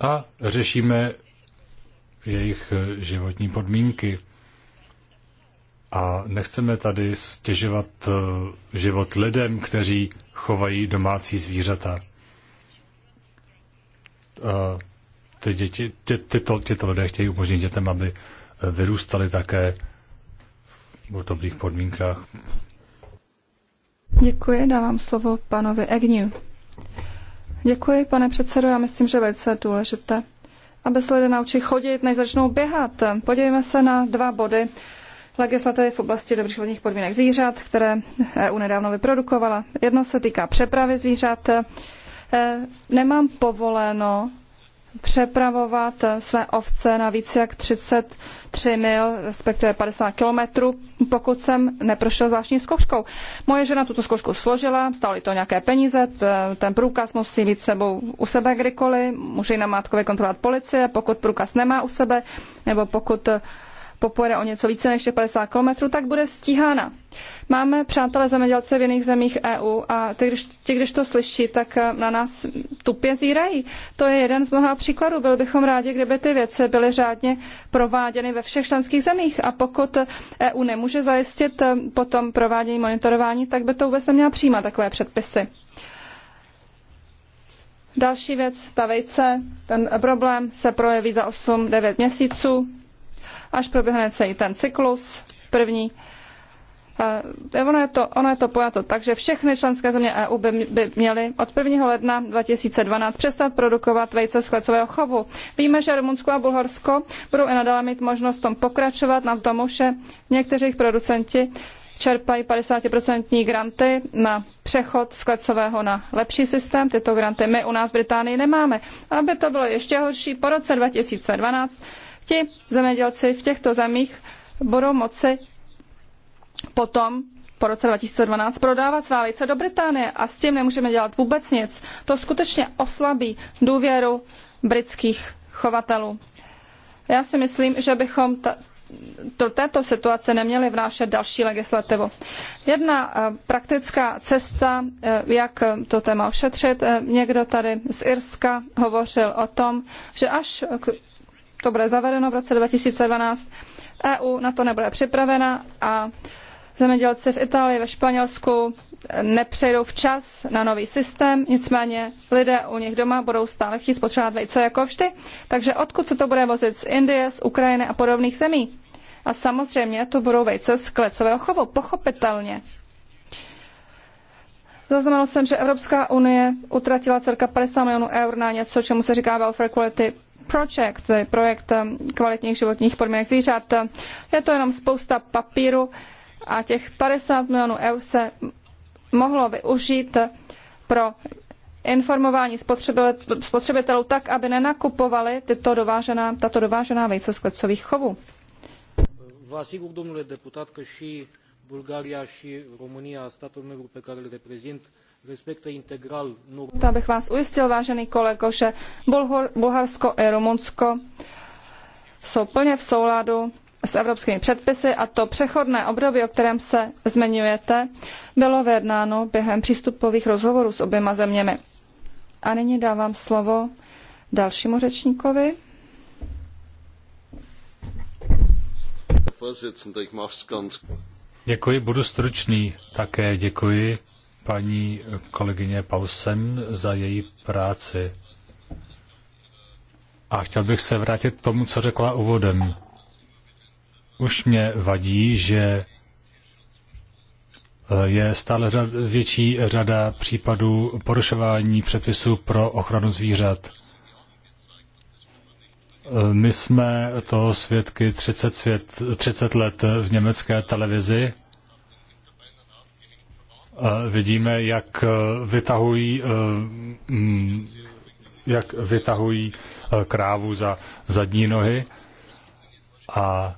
A řešíme jejich eh, životní podmínky. A nechceme tady stěžovat eh, život lidem, kteří chovají domácí zvířata. Eh, ty děti, ty, tyto, tyto lidé chtějí umožnit dětem, aby eh, vyrůstali také v dobrých podmínkách. Děkuji, dávám slovo panovi Egniu. Děkuji, pane předsedo, já myslím, že velice důležité, aby se lidé naučí chodit, než začnou běhat. Podívejme se na dva body legislativy v oblasti dobrých životních podmínek zvířat, které EU nedávno vyprodukovala. Jedno se týká přepravy zvířat. E, nemám povoleno přepravovat své ovce na více jak 33 mil, respektive 50 kilometrů, pokud jsem neprošel zvláštní zkouškou. Moje žena tuto zkoušku složila, stály to nějaké peníze, ten průkaz musí mít sebou u sebe kdykoliv, může ji na mátkově kontrolovat policie, pokud průkaz nemá u sebe, nebo pokud popojede o něco více než 50 km, tak bude stíhána. Máme přátelé zemědělce v jiných zemích EU a ty, když, ti, když to slyší, tak eh, na nás tupě zírají. To je jeden z mnoha příkladů. Byli bychom rádi, kdyby ty věci byly řádně prováděny ve všech členských zemích. A pokud EU nemůže zajistit eh, potom provádění monitorování, tak by to vůbec neměla přijímat takové předpisy. Další věc, ta vejce, ten problém se projeví za 8-9 měsíců až proběhne celý ten cyklus první. Ono je, to, ono je to pojato tak, že všechny členské země EU by, by měly od 1. ledna 2012 přestat produkovat vejce z klecového chovu. Víme, že Rumunsko a Bulharsko budou i nadále mít možnost tom pokračovat, navzdomu, že někteří producenti čerpají 50% granty na přechod z klecového na lepší systém. Tyto granty my u nás v Británii nemáme. Aby to bylo ještě horší, po roce 2012 ti zemědělci v těchto zemích budou moci potom po roce 2012 prodávat svá vejce do Británie a s tím nemůžeme dělat vůbec nic. To skutečně oslabí důvěru britských chovatelů. Já si myslím, že bychom ta, do této situace neměli vnášet další legislativu. Jedna eh, praktická cesta, eh, jak eh, to téma ošetřit, někdo tady z Irska hovořil o tom, že až to bude zavedeno v roce 2012. EU na to nebude připravena a zemědělci v Itálii, ve Španělsku nepřejdou včas na nový systém, nicméně lidé u nich doma budou stále chtít spotřebovat vejce jako vždy. Takže odkud se to bude vozit z Indie, z Ukrajiny a podobných zemí? A samozřejmě to budou vejce z klecového chovu, pochopitelně. Zaznamenal jsem, že Evropská unie utratila celka 50 milionů eur na něco, čemu se říká welfare quality Project, projekt eh, kvalitních životních podmínek zvířat. Je to jenom spousta papíru a těch 50 milionů eur se mohlo využít pro informování spotřebitelů tak, aby nenakupovali tyto dovážená, tato dovážená vejce z klecových chovů. Vás domnule deputat, că și Bulgaria și România, statul membru pe care îl reprezint, Dovolte, bych vás ujistil, vážený kolego, že Bulharsko i Rumunsko jsou plně v souladu s evropskými předpisy a to přechodné období, o kterém se zmiňujete, bylo vyjednáno během přístupových rozhovorů s oběma zeměmi. A nyní dávám slovo dalšímu řečníkovi. Děkuji, budu stručný. Také děkuji paní kolegyně Paulsen za její práci. A chtěl bych se vrátit k tomu, co řekla úvodem. Už mě vadí, že eh, je stále řad, větší řada případů porušování předpisů pro ochranu zvířat. Eh, my jsme to svědky 30, svět, 30 let v německé televizi Eh, vidíme, jak eh, vytahují, eh, mm, jak vytahují krávu za zadní nohy. A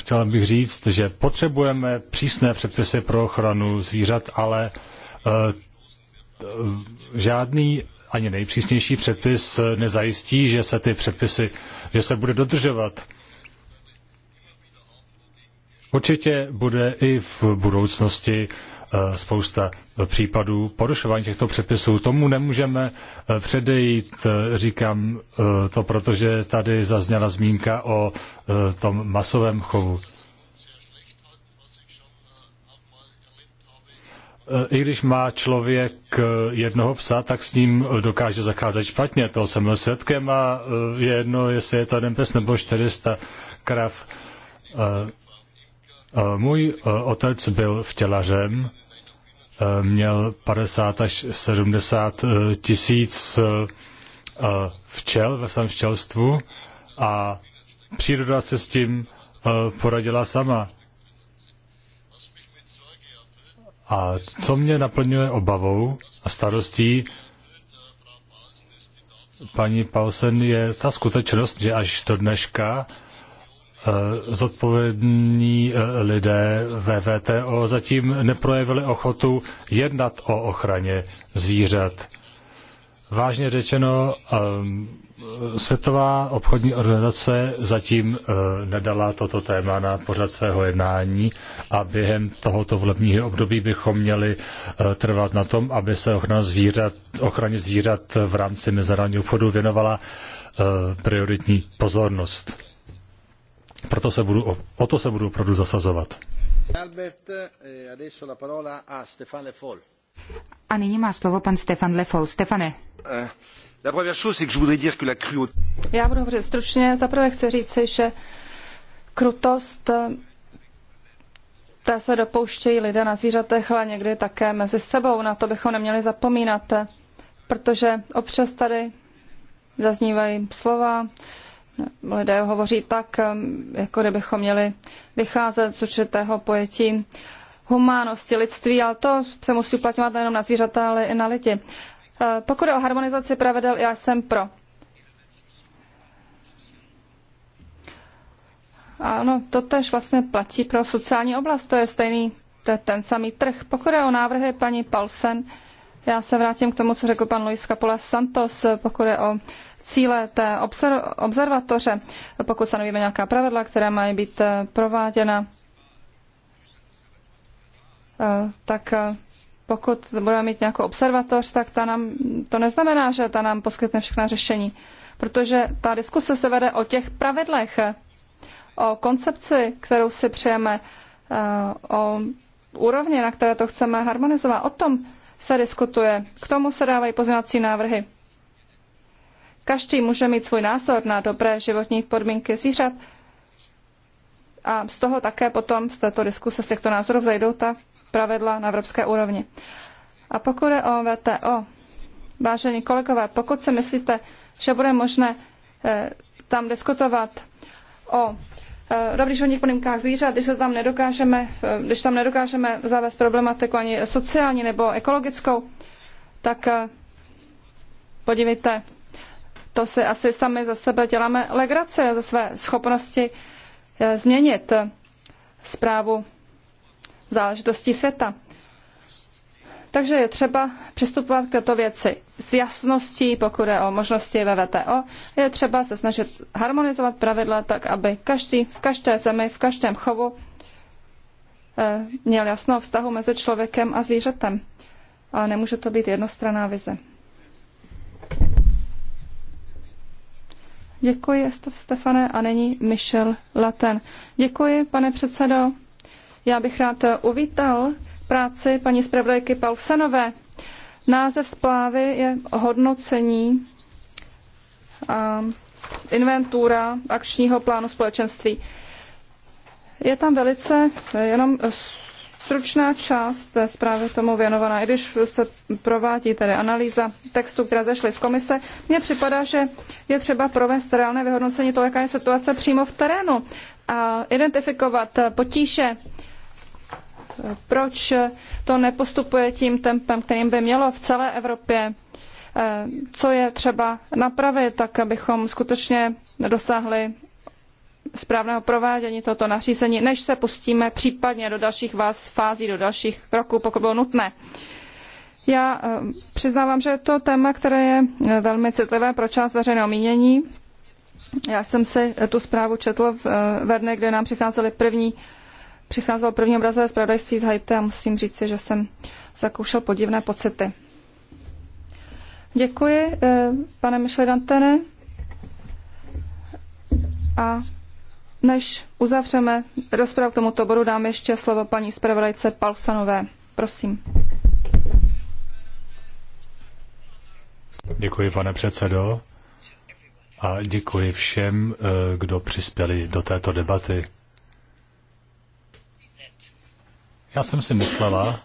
chtěl bych říct, že potřebujeme přísné předpisy pro ochranu zvířat, ale žádný ani nejpřísnější předpis nezajistí, že se ty předpisy, že se bude dodržovat. Určitě bude i v budoucnosti eh, spousta případů porušování těchto předpisů. Tomu nemůžeme eh, předejít, eh, říkám to, protože tady zazněla zmínka o tom masovém chovu. I když má člověk jednoho psa, tak s ním dokáže zacházet špatně. To jsem byl svědkem a je jedno, jestli je to jeden pes nebo 400 krav. Eh, můj eh, otec byl vtělařem, eh, měl 50 až 70 tisíc včel ve svém včelstvu a příroda se s tím poradila sama. A co mě naplňuje obavou a starostí, paní Pausen, je ta skutečnost, že až do dneška Eh, zodpovědní eh, lidé VVTO zatím neprojevili ochotu jednat o ochraně zvířat. Vážně řečeno, eh, Světová obchodní organizace zatím nedala toto téma na pořad svého jednání a během tohoto volebního období bychom měli trvat na tom, aby se ochrana zvířat, ochraně zvířat v rámci mezinárodního obchodu věnovala prioritní pozornost. Proto se budu, o to se budu opravdu zasazovat. Albert, eh, adesso la parola a Stefan Le Foll. A nyní má slovo pan Stefan Stefane. Eh, Já budu hovořit stručně. Zaprvé chci říci, že krutost eh, ta se dopouštějí lidé na zvířatech, ale někdy také mezi sebou. Na to bychom neměli zapomínat, protože občas tady zaznívají slova, lidé hovoří tak, um, jako kdybychom měli vycházet z určitého pojetí humánosti lidství, ale to se musí uplatňovat nejenom na zvířata, ale i na lidi. Uh, pokud je o harmonizaci pravidel, já jsem pro. Ano, to tež vlastně platí pro sociální oblast, to je stejný, to je ten samý trh. Pokud je o návrhy paní Paulsen, já se vrátím k tomu, co řekl pan Luis Capola Santos, pokud je o cíle té observatoře, pokud stanovíme nějaká pravidla, která mají být eh, prováděna, eh, tak eh, pokud budeme mít nějakou observatoř, tak ta nám, to neznamená, že ta nám poskytne všechna řešení, protože ta diskuse se vede o těch pravidlech, o koncepci, kterou si přejeme, o úrovni, na které to chceme harmonizovat. O tom se diskutuje, k tomu se dávají pozměňovací návrhy. Každý může mít svůj názor na dobré životní podmínky zvířat a z toho také potom z této diskuse, z těchto názorů zajdou ta pravidla na evropské úrovni. A pokud je o VTO, vážení kolegové, pokud si myslíte, že bude možné eh, tam diskutovat o eh, dobrých životních podmínkách zvířat, když, se tam nedokážeme, eh, když tam nedokážeme zavést problematiku ani sociální nebo ekologickou, tak podívejte, to si asi sami za sebe děláme legrace, ze své schopnosti eh, změnit eh, zprávu záležitostí světa. Takže je třeba přistupovat k této věci s jasností, pokud je o možnosti ve Je třeba se snažit harmonizovat pravidla tak, aby každý v každé zemi, v každém chovu eh, měl jasnou vztahu mezi člověkem a zvířetem. Ale nemůže to být jednostranná vize. Děkuji, Stefane, a není Michel Laten. Děkuji, pane předsedo. Já bych rád uvítal práci paní zpravodajky Paulsenové. Název splávy je hodnocení a eh, inventura akčního plánu společenství. Je tam velice jenom stručná část zprávy tomu věnovaná, i když se provádí tedy analýza textu, které zešly z komise, mně připadá, že je třeba provést reálné vyhodnocení toho, jaká je situace přímo v terénu a identifikovat potíže, proč to nepostupuje tím tempem, kterým by mělo v celé Evropě, eh, co je třeba napravit, tak abychom skutečně dosáhli správného provádění tohoto nařízení, než se pustíme případně do dalších vás fází, do dalších kroků, pokud bylo nutné. Já eh, přiznávám, že je to téma, které je eh, velmi citlivé pro část veřejného mínění. Já jsem si eh, tu zprávu četl ve dne, kde nám přicházely první přicházel první obrazové zpravodajství z Haiti a musím říct, že jsem zakoušel podivné pocity. Děkuji, pane Michel Dantene. A než uzavřeme rozpravu k tomuto bodu, dám ještě slovo paní zpravodajce Palsanové. Prosím. Děkuji, pane předsedo, a děkuji všem, eh, kdo přispěli do této debaty. Já jsem si myslela,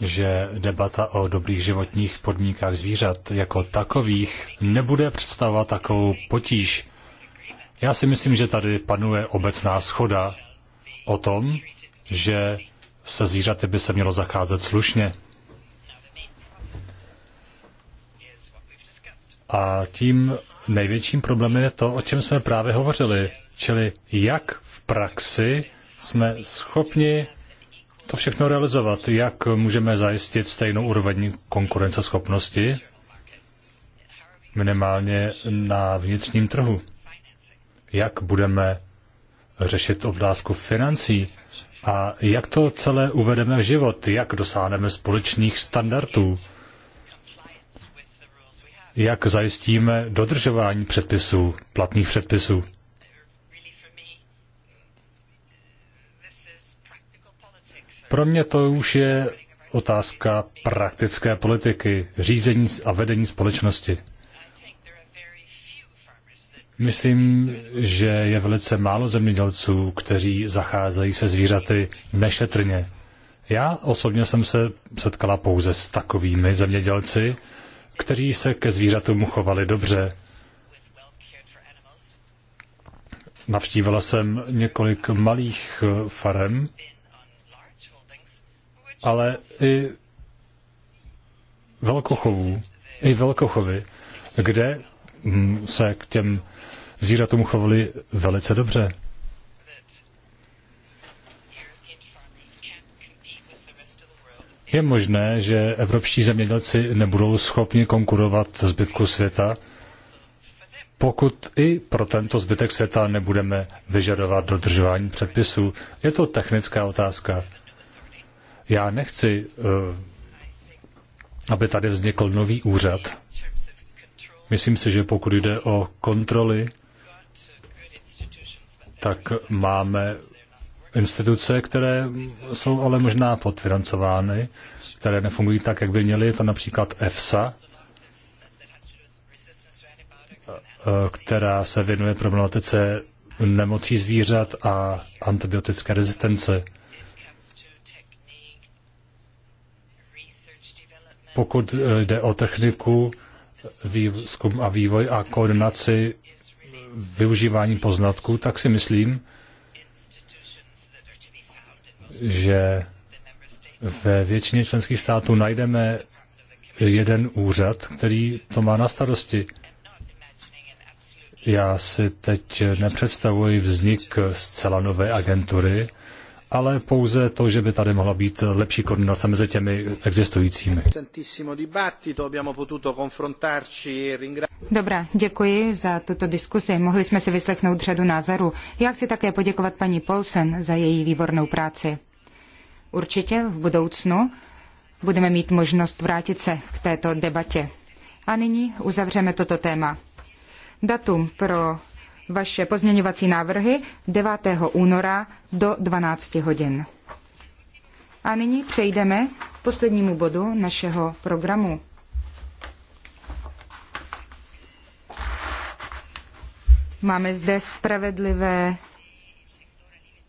že debata o dobrých životních podmínkách zvířat jako takových nebude představovat takovou potíž. Já si myslím, že tady panuje obecná schoda o tom, že se zvířaty by se mělo zacházet slušně. A tím největším problémem je to, o čem jsme právě hovořili, čili jak v praxi jsme schopni to všechno realizovat, jak můžeme zajistit stejnou úroveň konkurenceschopnosti minimálně na vnitřním trhu jak budeme řešit otázku financí a jak to celé uvedeme v život, jak dosáhneme společných standardů, jak zajistíme dodržování předpisů, platných předpisů. Pro mě to už je otázka praktické politiky, řízení a vedení společnosti. Myslím, že je velice málo zemědělců, kteří zacházejí se zvířaty nešetrně. Já osobně jsem se setkala pouze s takovými zemědělci, kteří se ke zvířatům chovali dobře. Navštívila jsem několik malých eh, farem, ale i velkochovů, i velkochovy, kde hm, se k těm tomu chovali velice dobře. Je možné, že evropští zemědělci nebudou schopni konkurovat zbytku světa, pokud i pro tento zbytek světa nebudeme vyžadovat dodržování předpisů. Je to technická otázka. Já nechci, eh, aby tady vznikl nový úřad. Myslím si, že pokud jde o kontroly tak máme instituce, které jsou ale možná podfinancovány, které nefungují tak, jak by měly. Je to například EFSA, která se věnuje problematice nemocí zvířat a antibiotické rezistence. Pokud jde o techniku, výzkum a vývoj a koordinaci využívání poznatků, tak si myslím, že ve většině členských států najdeme jeden úřad, který to má na starosti. Já si teď nepředstavuji vznik zcela nové agentury, ale pouze to, že by tady mohla být lepší koordinace mezi těmi existujícími. E Dobrá, děkuji za tuto diskusi. Mohli jsme si vyslechnout řadu názorů. Já chci také poděkovat paní Polsen za její výbornou práci. Určitě v budoucnu budeme mít možnost vrátit se k této debatě. A nyní uzavřeme toto téma. Datum pro vaše pozměňovací návrhy 9. února do 12 hodin. A nyní přejdeme k poslednímu bodu našeho programu. Máme zde spravedlivé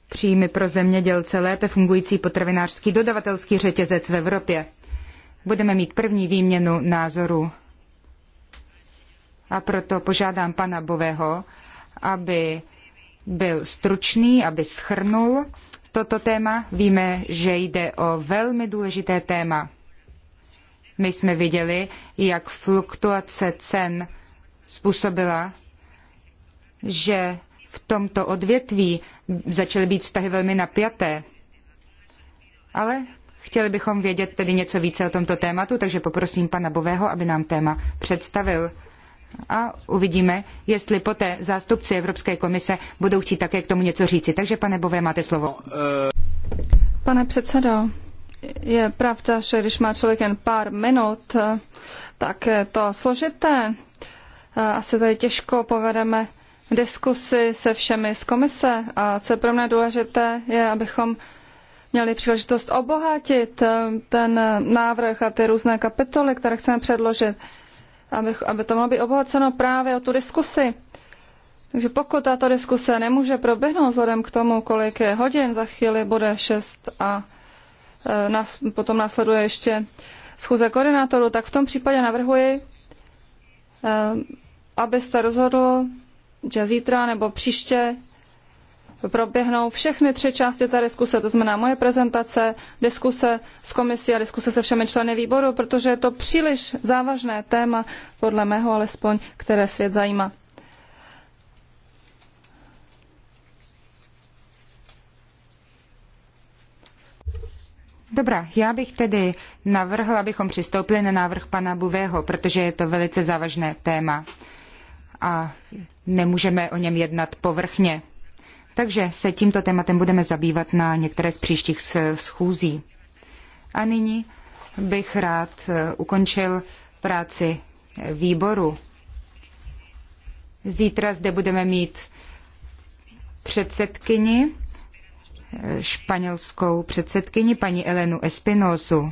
příjmy pro zemědělce, lépe fungující potravinářský dodavatelský řetězec v Evropě. Budeme mít první výměnu názoru. A proto požádám pana Bového, aby byl stručný, aby schrnul toto téma. Víme, že jde o velmi důležité téma. My jsme viděli, jak fluktuace cen způsobila, že v tomto odvětví začaly být vztahy velmi napjaté. Ale chtěli bychom vědět tedy něco více o tomto tématu, takže poprosím pana Bového, aby nám téma představil a uvidíme, jestli poté zástupci Evropské komise budou chtít také k tomu něco říci. Takže, pane Bové, máte slovo. Pane předsedo, je pravda, že když má člověk jen pár minut, tak je to složité. Asi tady těžko povedeme diskusi se všemi z komise. A co je pro mě důležité, je, abychom měli příležitost obohatit ten návrh a ty různé kapitoly, které chceme předložit aby, aby to mohlo být obohaceno právě o tu diskusi. Takže pokud tato diskuse nemůže proběhnout vzhledem k tomu, kolik je hodin, za chvíli bude 6 a e, na, potom následuje ještě schůze koordinátorů, tak v tom případě navrhuji, e, abyste rozhodl, že zítra nebo příště proběhnou všechny tři části té diskuse, to znamená moje prezentace, diskuse s komisí a diskuse se všemi členy výboru, protože je to příliš závažné téma, podle mého alespoň, které svět zajímá. Dobrá, já bych tedy navrhl, abychom přistoupili na návrh pana Buvého, protože je to velice závažné téma a nemůžeme o něm jednat povrchně. Takže se tímto tématem budeme zabývat na některé z příštích schůzí. A nyní bych rád e, ukončil práci výboru. Zítra zde budeme mít předsedkyni, e, španělskou předsedkyni, paní Elenu Espinozu.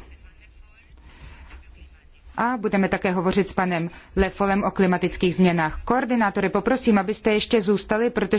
A budeme také hovořit s panem Lefolem o klimatických změnách. Koordinátory poprosím, abyste ještě zůstali, protože